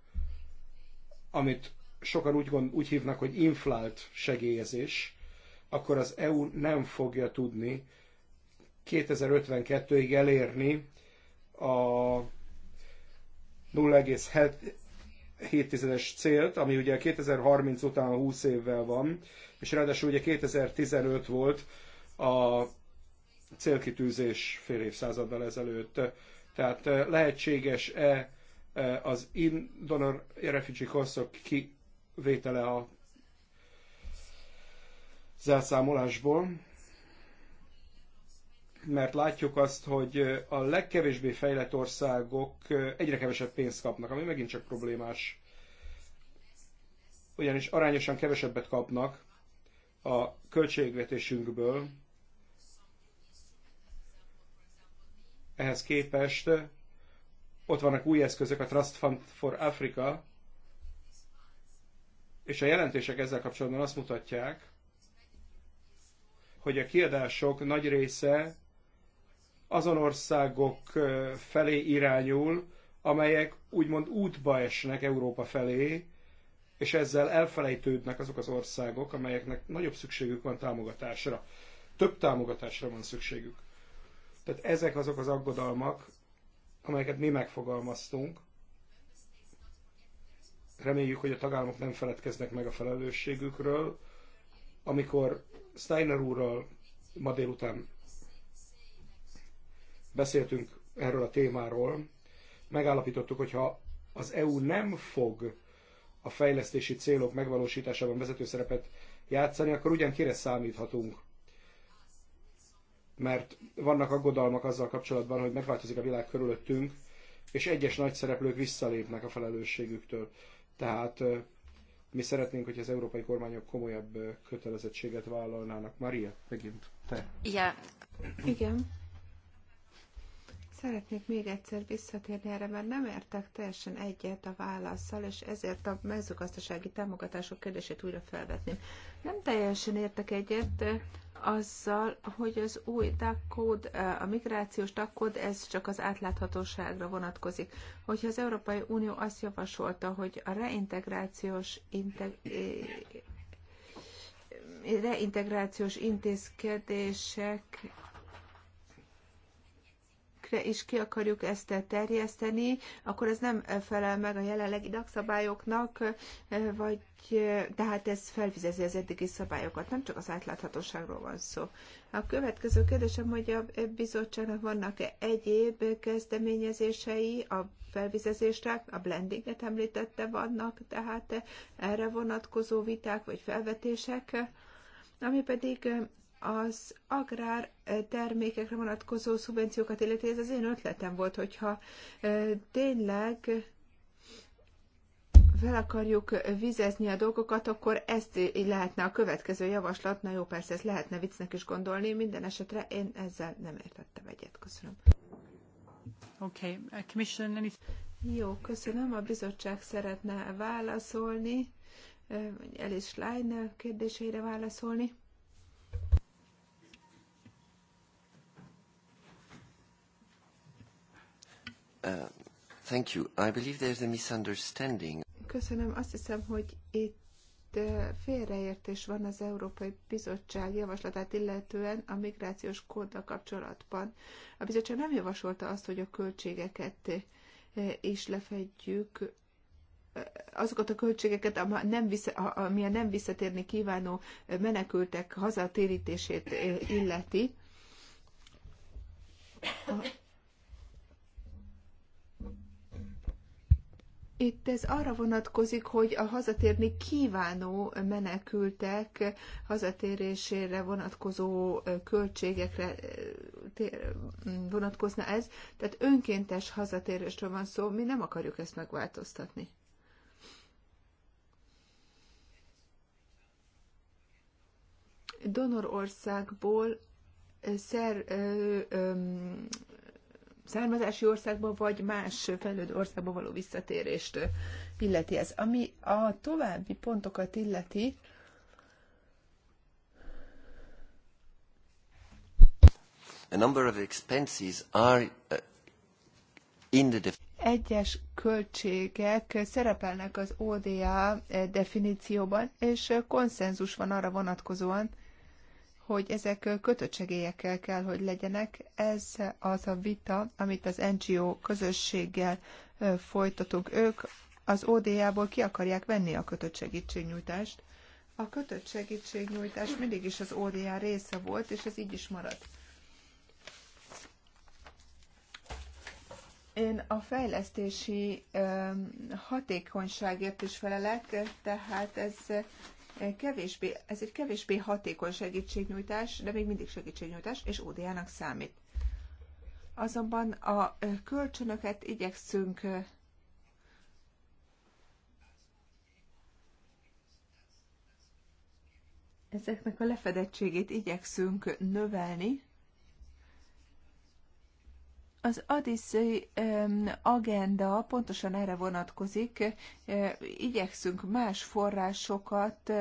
amit sokan úgy, gond, úgy hívnak, hogy inflált segélyezés, akkor az EU nem fogja tudni 2052-ig elérni a 0,7-es célt, ami ugye 2030 után 20 évvel van, és ráadásul ugye 2015 volt a célkitűzés fél évszázaddal ezelőtt. Tehát eh, lehetséges-e eh, az in-donor refugee korszak kivétele a zárszámolásból? mert látjuk azt, hogy a legkevésbé fejlett országok egyre kevesebb pénzt kapnak, ami megint csak problémás. Ugyanis arányosan kevesebbet kapnak a költségvetésünkből. Ehhez képest ott vannak új eszközök, a Trust Fund for Africa, és a jelentések ezzel kapcsolatban azt mutatják, hogy a kiadások nagy része azon országok felé irányul, amelyek úgymond útba esnek Európa felé, és ezzel elfelejtődnek azok az országok, amelyeknek nagyobb szükségük van támogatásra. Több támogatásra van szükségük. Tehát ezek azok az aggodalmak, amelyeket mi megfogalmaztunk. Reméljük, hogy a tagállamok nem feledkeznek meg a felelősségükről. Amikor Steiner úrral ma délután beszéltünk erről a témáról, megállapítottuk, hogy ha az EU nem fog a fejlesztési célok megvalósításában vezető szerepet játszani, akkor ugyan kire számíthatunk? Mert vannak aggodalmak azzal kapcsolatban, hogy megváltozik a világ körülöttünk, és egyes nagy szereplők visszalépnek a felelősségüktől. Tehát mi szeretnénk, hogy az európai kormányok komolyabb kötelezettséget vállalnának. Maria, megint te.
Igen. Igen. Szeretnék még egyszer visszatérni erre, mert nem értek teljesen egyet a válaszsal, és ezért a mezőgazdasági támogatások kérdését újra felvetném. Nem teljesen értek egyet eh, azzal, hogy az új DAC eh, a migrációs DAC ez csak az átláthatóságra vonatkozik. Hogyha az Európai Unió azt javasolta, hogy a reintegrációs integ eh, reintegrációs intézkedések is ki akarjuk ezt terjeszteni, akkor ez nem felel meg a jelenlegi dagszabályoknak, vagy tehát ez felfizezi az eddigi szabályokat. Nem csak az átláthatóságról van szó. A következő kérdésem, hogy a bizottságnak vannak-e egyéb kezdeményezései a felvizezésre, a blendinget említette, vannak tehát erre vonatkozó viták vagy felvetések, ami pedig az agrár termékekre vonatkozó szubvenciókat illeti, ez az én ötletem volt, hogyha tényleg fel akarjuk vizezni a dolgokat, akkor ezt így lehetne a következő javaslat. Na jó, persze, ezt lehetne viccnek is gondolni, minden esetre én ezzel nem értettem egyet. Köszönöm. Okay. Uh, commission, Jó, köszönöm. A bizottság szeretne válaszolni, Elis Schlein kérdéseire válaszolni.
Uh, thank you. I believe there's a misunderstanding.
Köszönöm. Azt hiszem, hogy itt uh, félreértés van az Európai Bizottság javaslatát illetően a migrációs kóddal kapcsolatban. A bizottság nem javasolta azt, hogy a költségeket uh, is lefedjük, uh, azokat a költségeket, nem ami a nem visszatérni kívánó menekültek hazatérítését illeti. A Itt ez arra vonatkozik, hogy a hazatérni kívánó menekültek hazatérésére vonatkozó költségekre vonatkozna ez, tehát önkéntes hazatérésről van szó, mi nem akarjuk ezt megváltoztatni. Donor országból szer, ö, ö, származási országba, vagy más fejlődő országba való visszatérést illeti ez. Ami a további pontokat illeti,
A number of expenses are uh,
in the egyes költségek szerepelnek az ODA eh, definícióban, és eh, konszenzus van arra vonatkozóan, hogy ezek kötött segélyekkel kell, hogy legyenek. Ez az a vita, amit az NGO közösséggel folytatunk. Ők az ODA-ból ki akarják venni a kötött segítségnyújtást. A kötött segítségnyújtás mindig is az ODA része volt, és ez így is marad. Én a fejlesztési hatékonyságért is felelek, tehát ez kevésbé, ez egy kevésbé hatékony segítségnyújtás, de még mindig segítségnyújtás, és ódiának számít. Azonban a kölcsönöket igyekszünk ezeknek a lefedettségét igyekszünk növelni, az Addis agenda pontosan erre vonatkozik, igyekszünk más forrásokat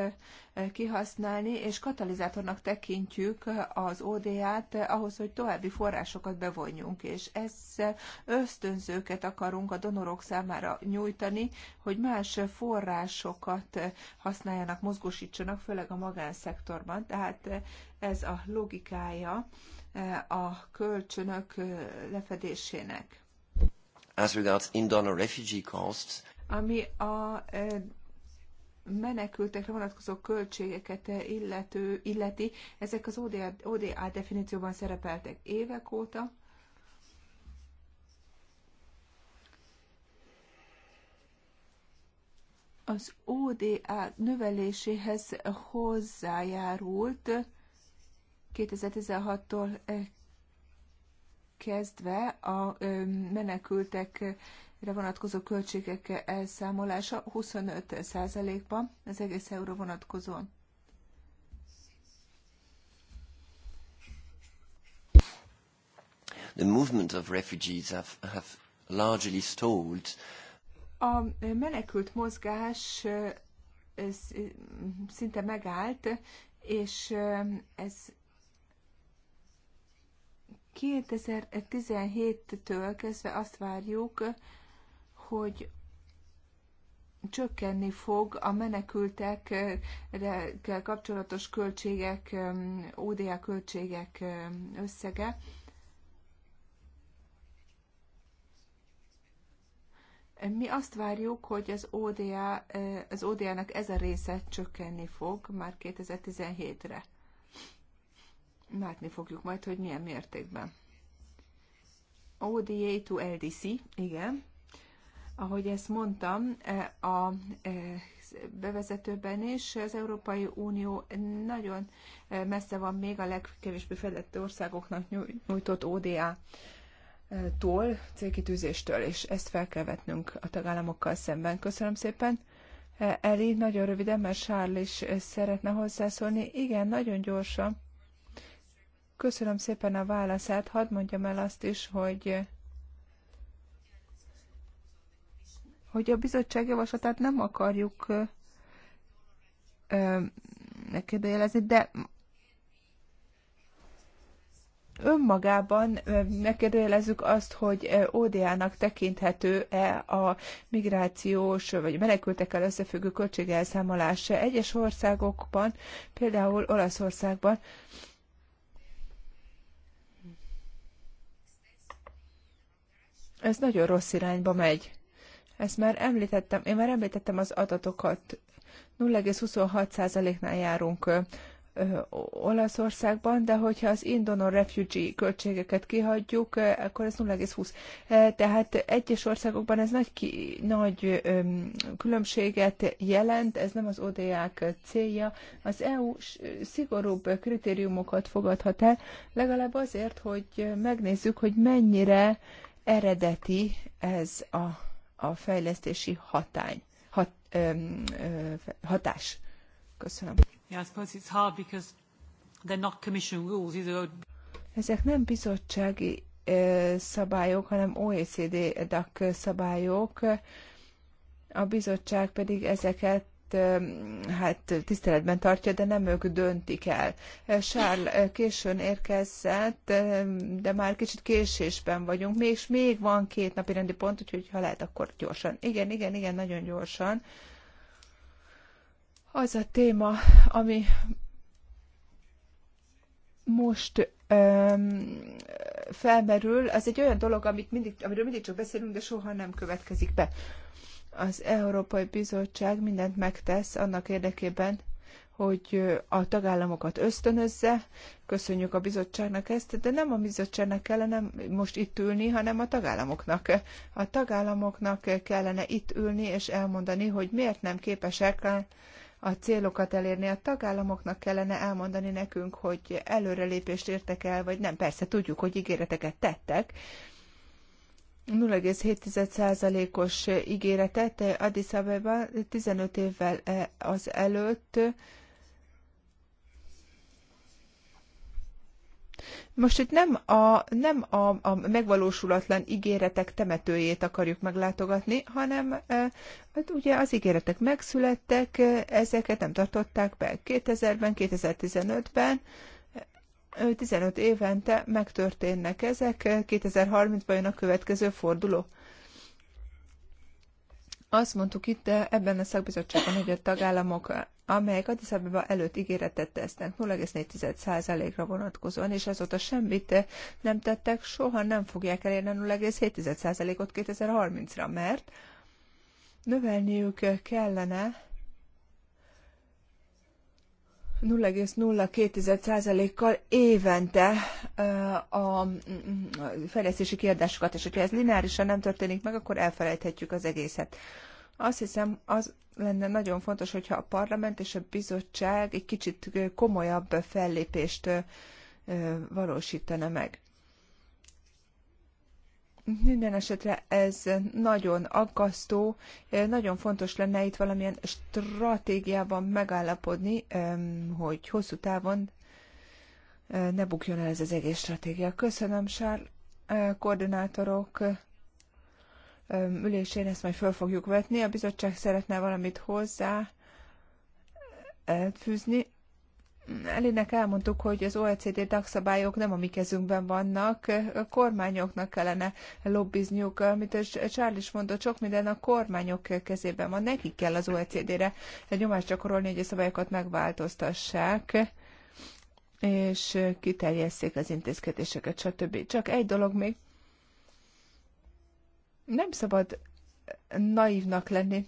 kihasználni, és katalizátornak tekintjük az ODA-t ahhoz, hogy további forrásokat bevonjunk, és ezzel ösztönzőket akarunk a donorok számára nyújtani, hogy más forrásokat használjanak, mozgósítsanak, főleg a magánszektorban. Tehát ez a logikája a kölcsönök lefedésének.
As regards in refugee costs,
ami a menekültekre vonatkozó költségeket illető, illeti, ezek az ODA, ODA definícióban szerepeltek évek óta. Az ODA növeléséhez hozzájárult 2016-tól eh, kezdve a menekültekre vonatkozó költségek elszámolása 25%-ban az egész euró vonatkozóan.
The movement of refugees have, have largely stalled.
A menekült mozgás eh, eh, szinte megállt, és ez 2017-től kezdve azt várjuk, hogy csökkenni fog a menekültekkel kapcsolatos költségek, ODA költségek összege. Mi azt várjuk, hogy az ODA, eh, az ODA-nak ez a része csökkenni fog már 2017-re látni fogjuk majd, hogy milyen mértékben. ODA to LDC, igen. Ahogy ezt mondtam, e, a e, bevezetőben is az Európai Unió nagyon e, messze van még a legkevésbé fejlett országoknak nyújtott ODA tól, célkitűzéstől, és ezt fel kell vetnünk a tagállamokkal szemben. Köszönöm szépen. Eli, nagyon röviden, mert Sárl is szeretne hozzászólni. Igen, nagyon gyorsan. Köszönöm szépen a válaszát. Hadd mondjam el azt is, hogy hogy a bizottság javaslatát nem akarjuk megkérdőjelezni, de önmagában megkérdőjelezzük azt, hogy ODA-nak tekinthető-e a migrációs vagy menekültekkel összefüggő költségelszámolása Egyes országokban, például Olaszországban ez nagyon rossz irányba megy. Ezt már említettem, én már említettem az adatokat. 0,26%-nál járunk Olaszországban, de hogyha az indonor refugee költségeket kihagyjuk, akkor ez 0,20. Tehát egyes országokban ez nagy, ki, nagy öm, különbséget jelent, ez nem az ODA-k célja. Az EU szigorúbb kritériumokat fogadhat el, legalább azért, hogy megnézzük, hogy mennyire eredeti ez a, a fejlesztési hatány, hat, öm, ö, hatás. Köszönöm. Ezek nem bizottsági ö, szabályok, hanem OECD dak szabályok. A bizottság pedig ezeket hát tiszteletben tartja, de nem ők döntik el. Sár későn érkezett, de már kicsit késésben vagyunk, és még van két napi rendi pont, úgyhogy ha lehet, akkor gyorsan. Igen, igen, igen, nagyon gyorsan. Az a téma, ami most öm, felmerül, az egy olyan dolog, amit mindig, amiről mindig csak beszélünk, de soha nem következik be. Öm, az Európai Bizottság mindent megtesz annak érdekében, hogy a tagállamokat ösztönözze. Köszönjük a bizottságnak ezt, de nem a bizottságnak kellene most itt ülni, hanem a tagállamoknak. A tagállamoknak kellene itt ülni és elmondani, hogy miért nem képesek a célokat elérni. A tagállamoknak kellene elmondani nekünk, hogy előrelépést értek el, vagy nem. Persze tudjuk, hogy ígéreteket tettek, 0,7%-os ígéretet eh, Addis Abeba 15 évvel eh, az előtt. Most itt nem a, nem a, a megvalósulatlan ígéretek temetőjét akarjuk meglátogatni, hanem eh, hát ugye az ígéretek megszülettek, ezeket nem tartották be 2000-ben, 2015-ben, 15 évente megtörténnek ezek, 2030-ban jön a következő forduló. Azt mondtuk itt eh, ebben a szakbizottságban, hogy a tagállamok, amelyek Addis Abeba előtt ígéretet tesznek 0,4%-ra vonatkozóan, és azóta semmit eh, nem tettek, soha nem fogják elérni 0,7%-ot 2030-ra, mert növelniük kellene 0,02%-kal évente a mm, fejlesztési kiadásokat, és hogyha ez lineárisan nem történik meg, akkor elfelejthetjük az egészet. Azt hiszem, az lenne nagyon fontos, hogyha a parlament és a bizottság egy kicsit komolyabb fellépést valósítana meg. Minden esetre ez nagyon aggasztó, nagyon fontos lenne itt valamilyen stratégiában megállapodni, hogy hosszú távon ne bukjon el ez az egész stratégia. Köszönöm, Sár, koordinátorok ülésén ezt majd föl fogjuk vetni. A bizottság szeretne valamit hozzá fűzni. Elének elmondtuk, hogy az OECD dagszabályok nem a mi kezünkben vannak, a kormányoknak kellene lobbizniuk, amit Charles is mondott, sok minden a kormányok kezében van, nekik kell az OECD-re nyomást gyakorolni, hogy a szabályokat megváltoztassák és kiterjesszék az intézkedéseket, stb. Csak egy dolog még, nem szabad naívnak lenni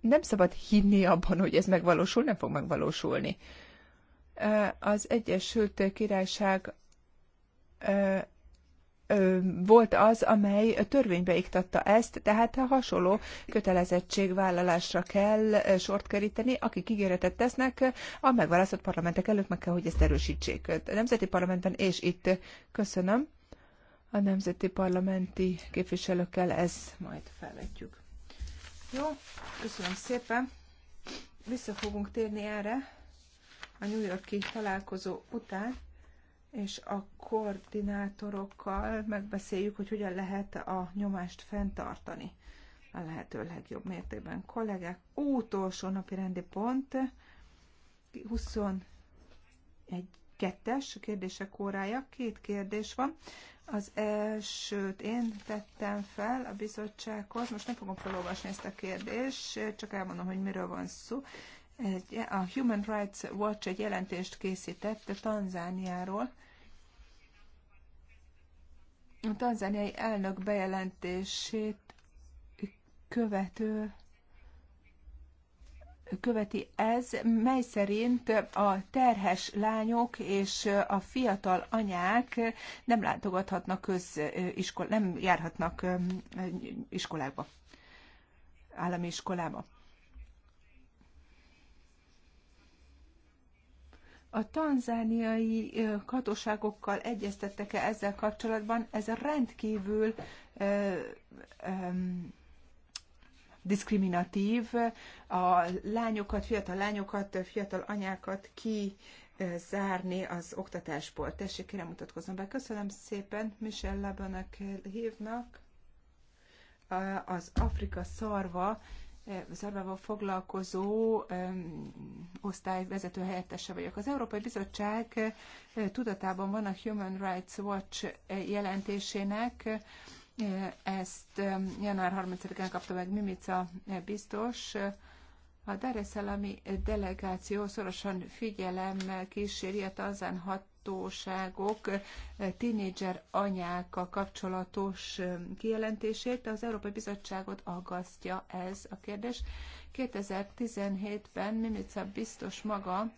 nem szabad hinni abban, hogy ez megvalósul, nem fog megvalósulni. Az Egyesült Királyság volt az, amely törvénybe iktatta ezt, tehát a hasonló kötelezettségvállalásra kell sort keríteni, akik ígéretet tesznek, a megválasztott parlamentek előtt meg kell, hogy ezt erősítsék. A Nemzeti Parlamentben és itt köszönöm. A Nemzeti Parlamenti képviselőkkel ez majd felvetjük. Jó, köszönöm szépen. Vissza fogunk térni erre a New Yorki találkozó után, és a koordinátorokkal megbeszéljük, hogy hogyan lehet a nyomást fenntartani a lehető legjobb mértékben. Kollégák, utolsó napi rendi pont, 21 kettes kérdések órája, két kérdés van. Az elsőt én tettem fel a bizottsághoz, most nem fogom felolvasni ezt a kérdést, csak elmondom, hogy miről van szó. A Human Rights Watch egy jelentést készített Tanzániáról. A tanzániai elnök bejelentését követő követi ez, mely szerint a terhes lányok és a fiatal anyák nem látogathatnak köziskolá, nem járhatnak iskolába állami iskolába. A tanzániai katóságokkal egyeztettek-e ezzel kapcsolatban? Ez rendkívül ö, ö, diszkriminatív, a lányokat, fiatal lányokat, fiatal anyákat ki zárni az oktatásból. Tessék, kérem mutatkozom be. Köszönöm szépen, Michel Labanak hívnak. Az Afrika szarva, eh, szarvával foglalkozó osztályvezető helyettese vagyok. Az Európai Bizottság eh, tudatában van a Human Rights Watch eh, jelentésének, ezt január 30-án kapta meg Mimica biztos. A Dereszelami delegáció szorosan figyelemmel kíséri a tanzán hatóságok tínédzser anyákkal kapcsolatos kijelentését. Az Európai Bizottságot aggasztja ez a kérdés. 2017-ben Mimica biztos maga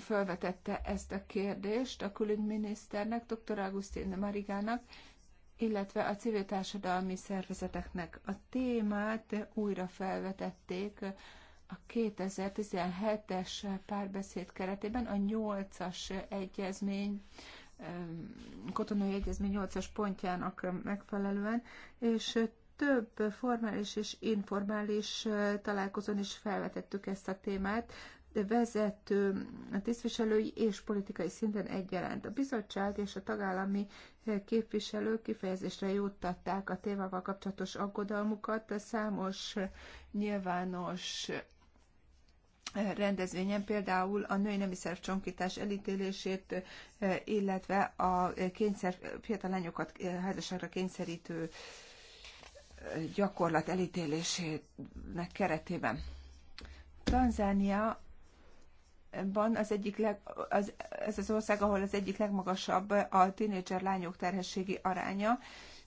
felvetette ezt a kérdést a külügyminiszternek, dr. Agustin Marigának, illetve a civil társadalmi szervezeteknek. A témát újra felvetették a 2017-es párbeszéd keretében a 8-as egyezmény, katonai egyezmény 8-as pontjának megfelelően, és több formális és informális találkozón is felvetettük ezt a témát vezető tisztviselői és politikai szinten egyaránt. A bizottság és a tagállami eh, képviselők kifejezésre juttatták a témával kapcsolatos aggodalmukat számos eh, nyilvános eh, rendezvényen, például a női nemi szervcsonkítás elítélését, illetve a kényszer, fiatal lányokat házasságra kényszerítő gyakorlat elítélésének keretében. Tanzánia van az egyik leg, az, ez az ország, ahol az egyik legmagasabb a tínédzser lányok terhességi aránya,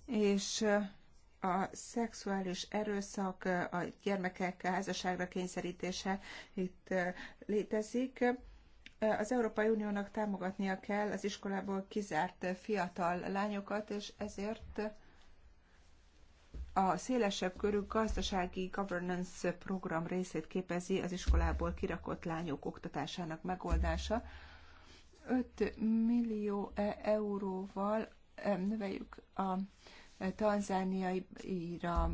és a szexuális erőszak, a gyermekek házasságra kényszerítése itt létezik. Az Európai Uniónak támogatnia kell az iskolából kizárt fiatal lányokat, és ezért a szélesebb körű gazdasági governance program részét képezi az iskolából kirakott lányok oktatásának megoldása. 5 millió e, euróval e, növeljük a e, tanzániaira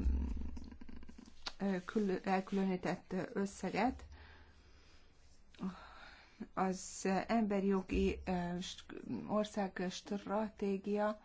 elkülönített összeget. Az emberi jogi ország stratégia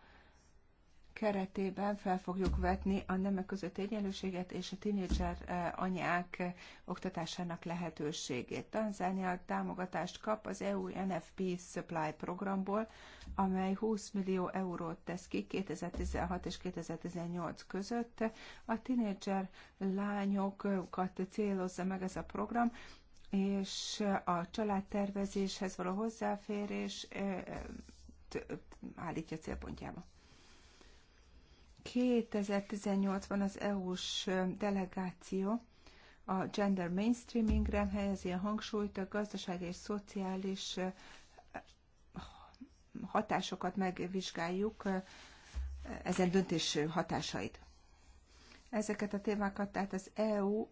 keretében fel fogjuk vetni a nemek között egyenlőséget és a tinédzser eh, anyák eh, oktatásának lehetőségét. Tanzánia támogatást kap az EU NFP Supply programból, amely 20 millió eurót tesz ki 2016 és 2018 között. A tinédzser lányokat célozza meg ez a program, és a családtervezéshez való hozzáférés eh, állítja célpontjába. 2018-ban az EU-s delegáció a gender mainstreamingre helyezi a hangsúlyt, a gazdasági és szociális hatásokat megvizsgáljuk, ezen döntés hatásait. Ezeket a témákat tehát az EU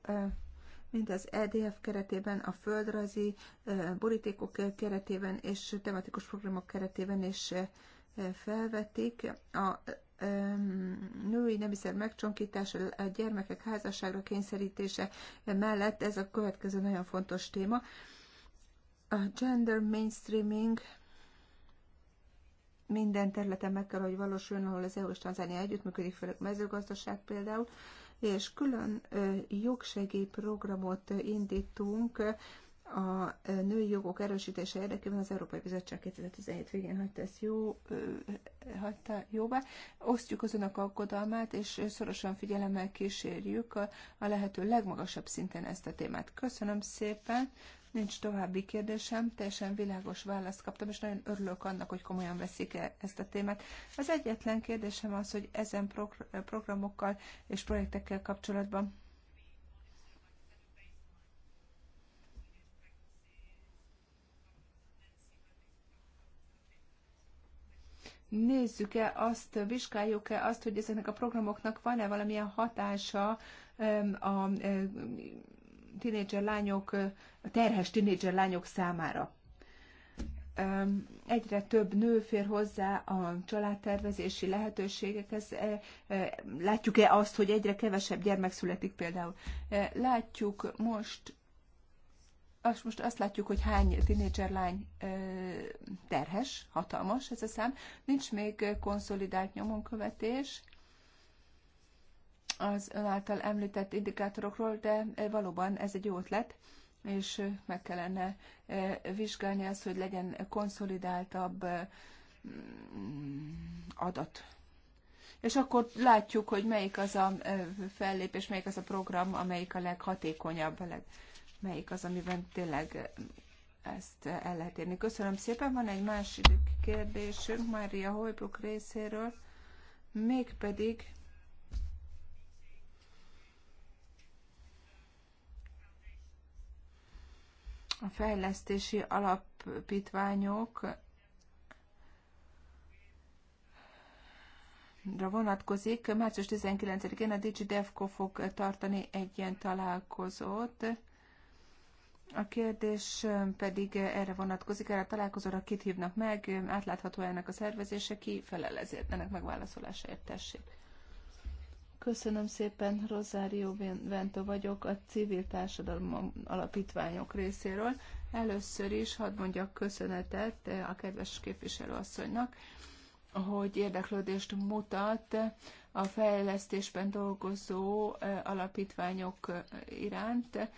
mint az EDF keretében, a földrajzi borítékok keretében és tematikus programok keretében is felvetik. A női nemiszer megcsonkítása, a gyermekek házasságra kényszerítése mellett ez a következő nagyon fontos téma. A gender mainstreaming minden területen meg kell, hogy valósuljon, ahol az EU és Tanzánia együttműködik, főleg mezőgazdaság például, és külön jogsegélyprogramot indítunk a női jogok erősítése érdekében az Európai Bizottság 2017 végén hagyta ezt jó, hagyta jóvá. Osztjuk az önök aggodalmát, és szorosan figyelemmel kísérjük a, a lehető legmagasabb szinten ezt a témát. Köszönöm szépen, nincs további kérdésem, teljesen világos választ kaptam, és nagyon örülök annak, hogy komolyan veszik -e ezt a témát. Az egyetlen kérdésem az, hogy ezen progr programokkal és projektekkel kapcsolatban nézzük-e azt, vizsgáljuk-e azt, hogy ezeknek a programoknak van-e valamilyen hatása a tinédzser lányok, a terhes tinédzser lányok számára. Egyre több nő fér hozzá a családtervezési lehetőségekhez. E, e, látjuk-e azt, hogy egyre kevesebb gyermek születik például? E, látjuk most azt most azt látjuk, hogy hány tínédzser lány terhes, hatalmas ez a szám. Nincs még konszolidált nyomonkövetés az ön által említett indikátorokról, de valóban ez egy jó ötlet, és meg kellene vizsgálni azt, hogy legyen konszolidáltabb mm, adat. És akkor látjuk, hogy melyik az a fellépés, melyik az a program, amelyik a leghatékonyabb, a leg, melyik az, amiben tényleg ezt el lehet érni. Köszönöm szépen. Van egy másik kérdésünk Mária Holbrook részéről, mégpedig a fejlesztési alapítványok vonatkozik. Március 19-én a DigiDevco fog tartani egy ilyen találkozót. A kérdés pedig erre vonatkozik, erre a találkozóra kit hívnak meg, átlátható ennek a szervezése, ki felel ezért, ennek megválaszolásáért tessék. Köszönöm szépen, Rosario Vento vagyok, a civil társadalom alapítványok részéről. Először is hadd mondjak köszönetet a kedves képviselőasszonynak, hogy érdeklődést mutat a fejlesztésben dolgozó alapítványok iránt.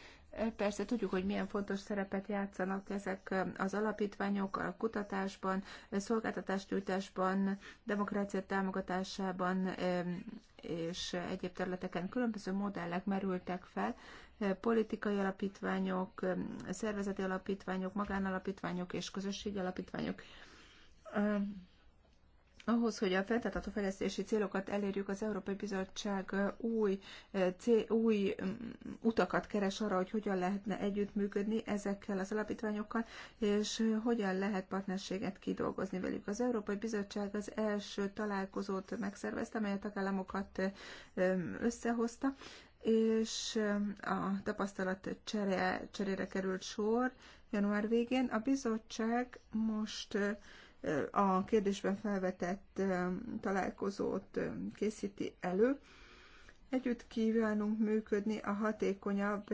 Persze tudjuk, hogy milyen fontos szerepet játszanak ezek az alapítványok a kutatásban, szolgáltatásnyújtásban, demokrácia támogatásában és egyéb területeken különböző modellek merültek fel, politikai alapítványok, szervezeti alapítványok, magánalapítványok és közösségi alapítványok ahhoz, hogy a fenntartható fejlesztési célokat elérjük, az Európai Bizottság új, cél, új mm, utakat keres arra, hogy hogyan lehetne együttműködni ezekkel az alapítványokkal, és hogyan lehet partnerséget kidolgozni velük. Az Európai Bizottság az első találkozót megszervezte, amely a tagállamokat összehozta, és a tapasztalat cserére került sor január végén. A bizottság most a kérdésben felvetett találkozót készíti elő. Együtt kívánunk működni a hatékonyabb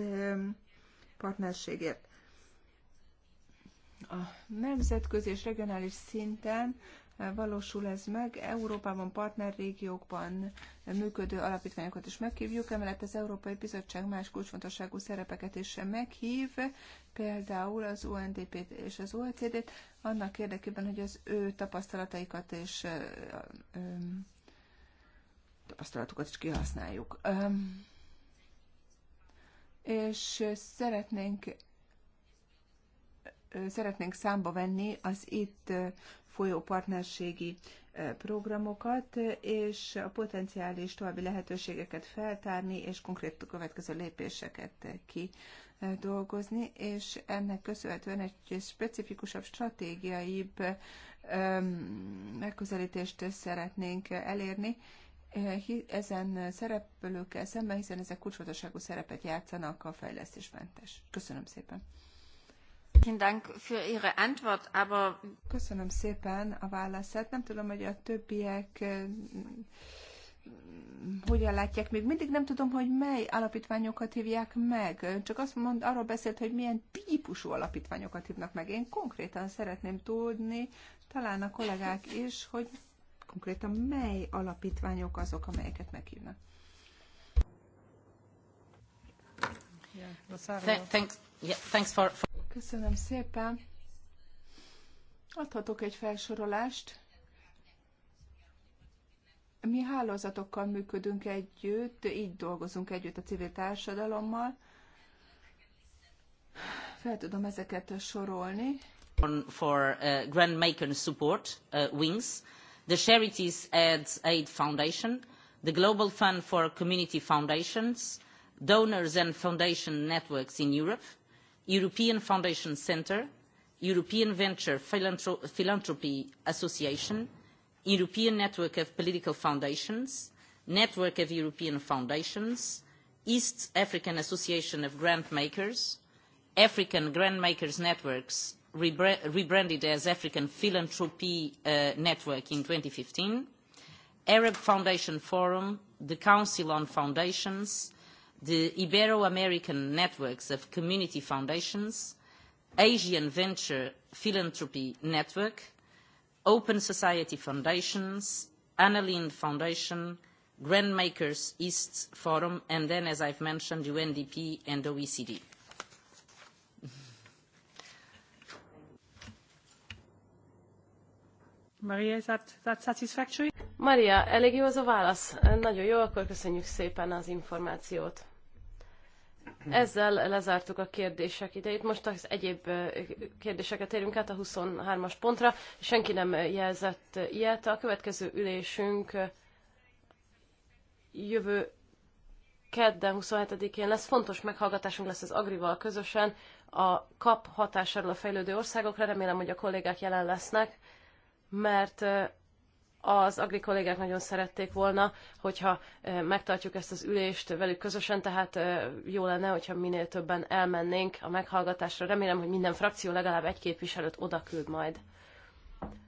partnerségért. A nemzetközi és regionális szinten valósul ez meg. Európában, partnerrégiókban működő alapítványokat is meghívjuk, emellett az Európai Bizottság más kulcsfontosságú szerepeket is meghív, például az UNDP-t és az OECD-t, annak érdekében, hogy az ő tapasztalataikat és tapasztalatukat is kihasználjuk. És szeretnénk szeretnénk számba venni az itt folyó partnerségi programokat, és a potenciális további lehetőségeket feltárni, és konkrét következő lépéseket kidolgozni, és ennek köszönhetően egy specifikusabb, stratégiai megközelítést szeretnénk elérni, ezen szereplőkkel szemben, hiszen ezek kulcsfontosságú szerepet játszanak a fejlesztésmentes. Köszönöm szépen! Köszönöm szépen a válaszát. Nem tudom, hogy a többiek eh, hogyan látják. Még mindig nem tudom, hogy mely alapítványokat hívják meg. Csak azt mond, arról beszélt, hogy milyen típusú alapítványokat hívnak meg. Én konkrétan szeretném tudni, talán a kollégák is, hogy konkrétan mely alapítványok azok, amelyeket meghívnak.
Yeah, thanks, yeah, thanks for, for
Köszönöm szépen. Adhatok egy felsorolást. Mi hálózatokkal működünk együtt, így dolgozunk együtt a civil társadalommal. Fel tudom ezeket sorolni.
For uh, Grand Macon Support, uh, WINGS, the Charities Aid, Aid Foundation, the Global Fund for Community Foundations, Donors and Foundation Networks in Europe, European Foundation Centre, European Venture Philanthropy Association, European Network of Political Foundations, Network of European Foundations, East African Association of Grant Makers, African Grant Makers Networks, rebranded as African Philanthropy uh, Network in 2015, Arab Foundation Forum, the Council on Foundations, the Ibero-American networks of community foundations, Asian Venture Philanthropy Network, Open Society Foundations, Annalene Foundation, Grandmakers East Forum, and then, as I've mentioned, UNDP and OECD. Maria, is that, that satisfactory?
Maria, elég jó az a válasz. Nagyon jó, akkor köszönjük szépen az információt. Ezzel lezártuk a kérdések idejét. Most az egyéb kérdéseket érünk át a 23-as pontra. Senki nem jelzett ilyet. A következő ülésünk jövő kedden 27-én lesz. Fontos meghallgatásunk lesz az Agrival közösen a kap hatásáról a fejlődő országokra. Remélem, hogy a kollégák jelen lesznek, mert az agri kollégák nagyon szerették volna, hogyha megtartjuk ezt az ülést velük közösen, tehát jó lenne, hogyha minél többen elmennénk a meghallgatásra. Remélem, hogy minden frakció legalább egy képviselőt oda küld majd.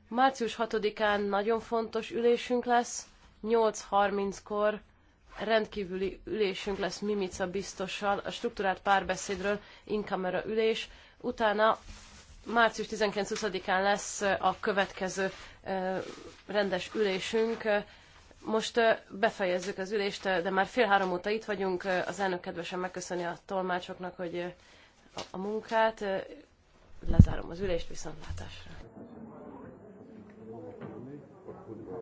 Március 6-án nagyon fontos ülésünk lesz, 8.30-kor rendkívüli ülésünk lesz Mimica biztossal, a struktúrált párbeszédről, inkamera ülés, utána március 19-20-án lesz a következő rendes ülésünk. Most befejezzük az ülést, de már fél három óta itt vagyunk. Az elnök kedvesen megköszöni a tolmácsoknak, hogy a munkát. Lezárom az ülést, viszontlátásra.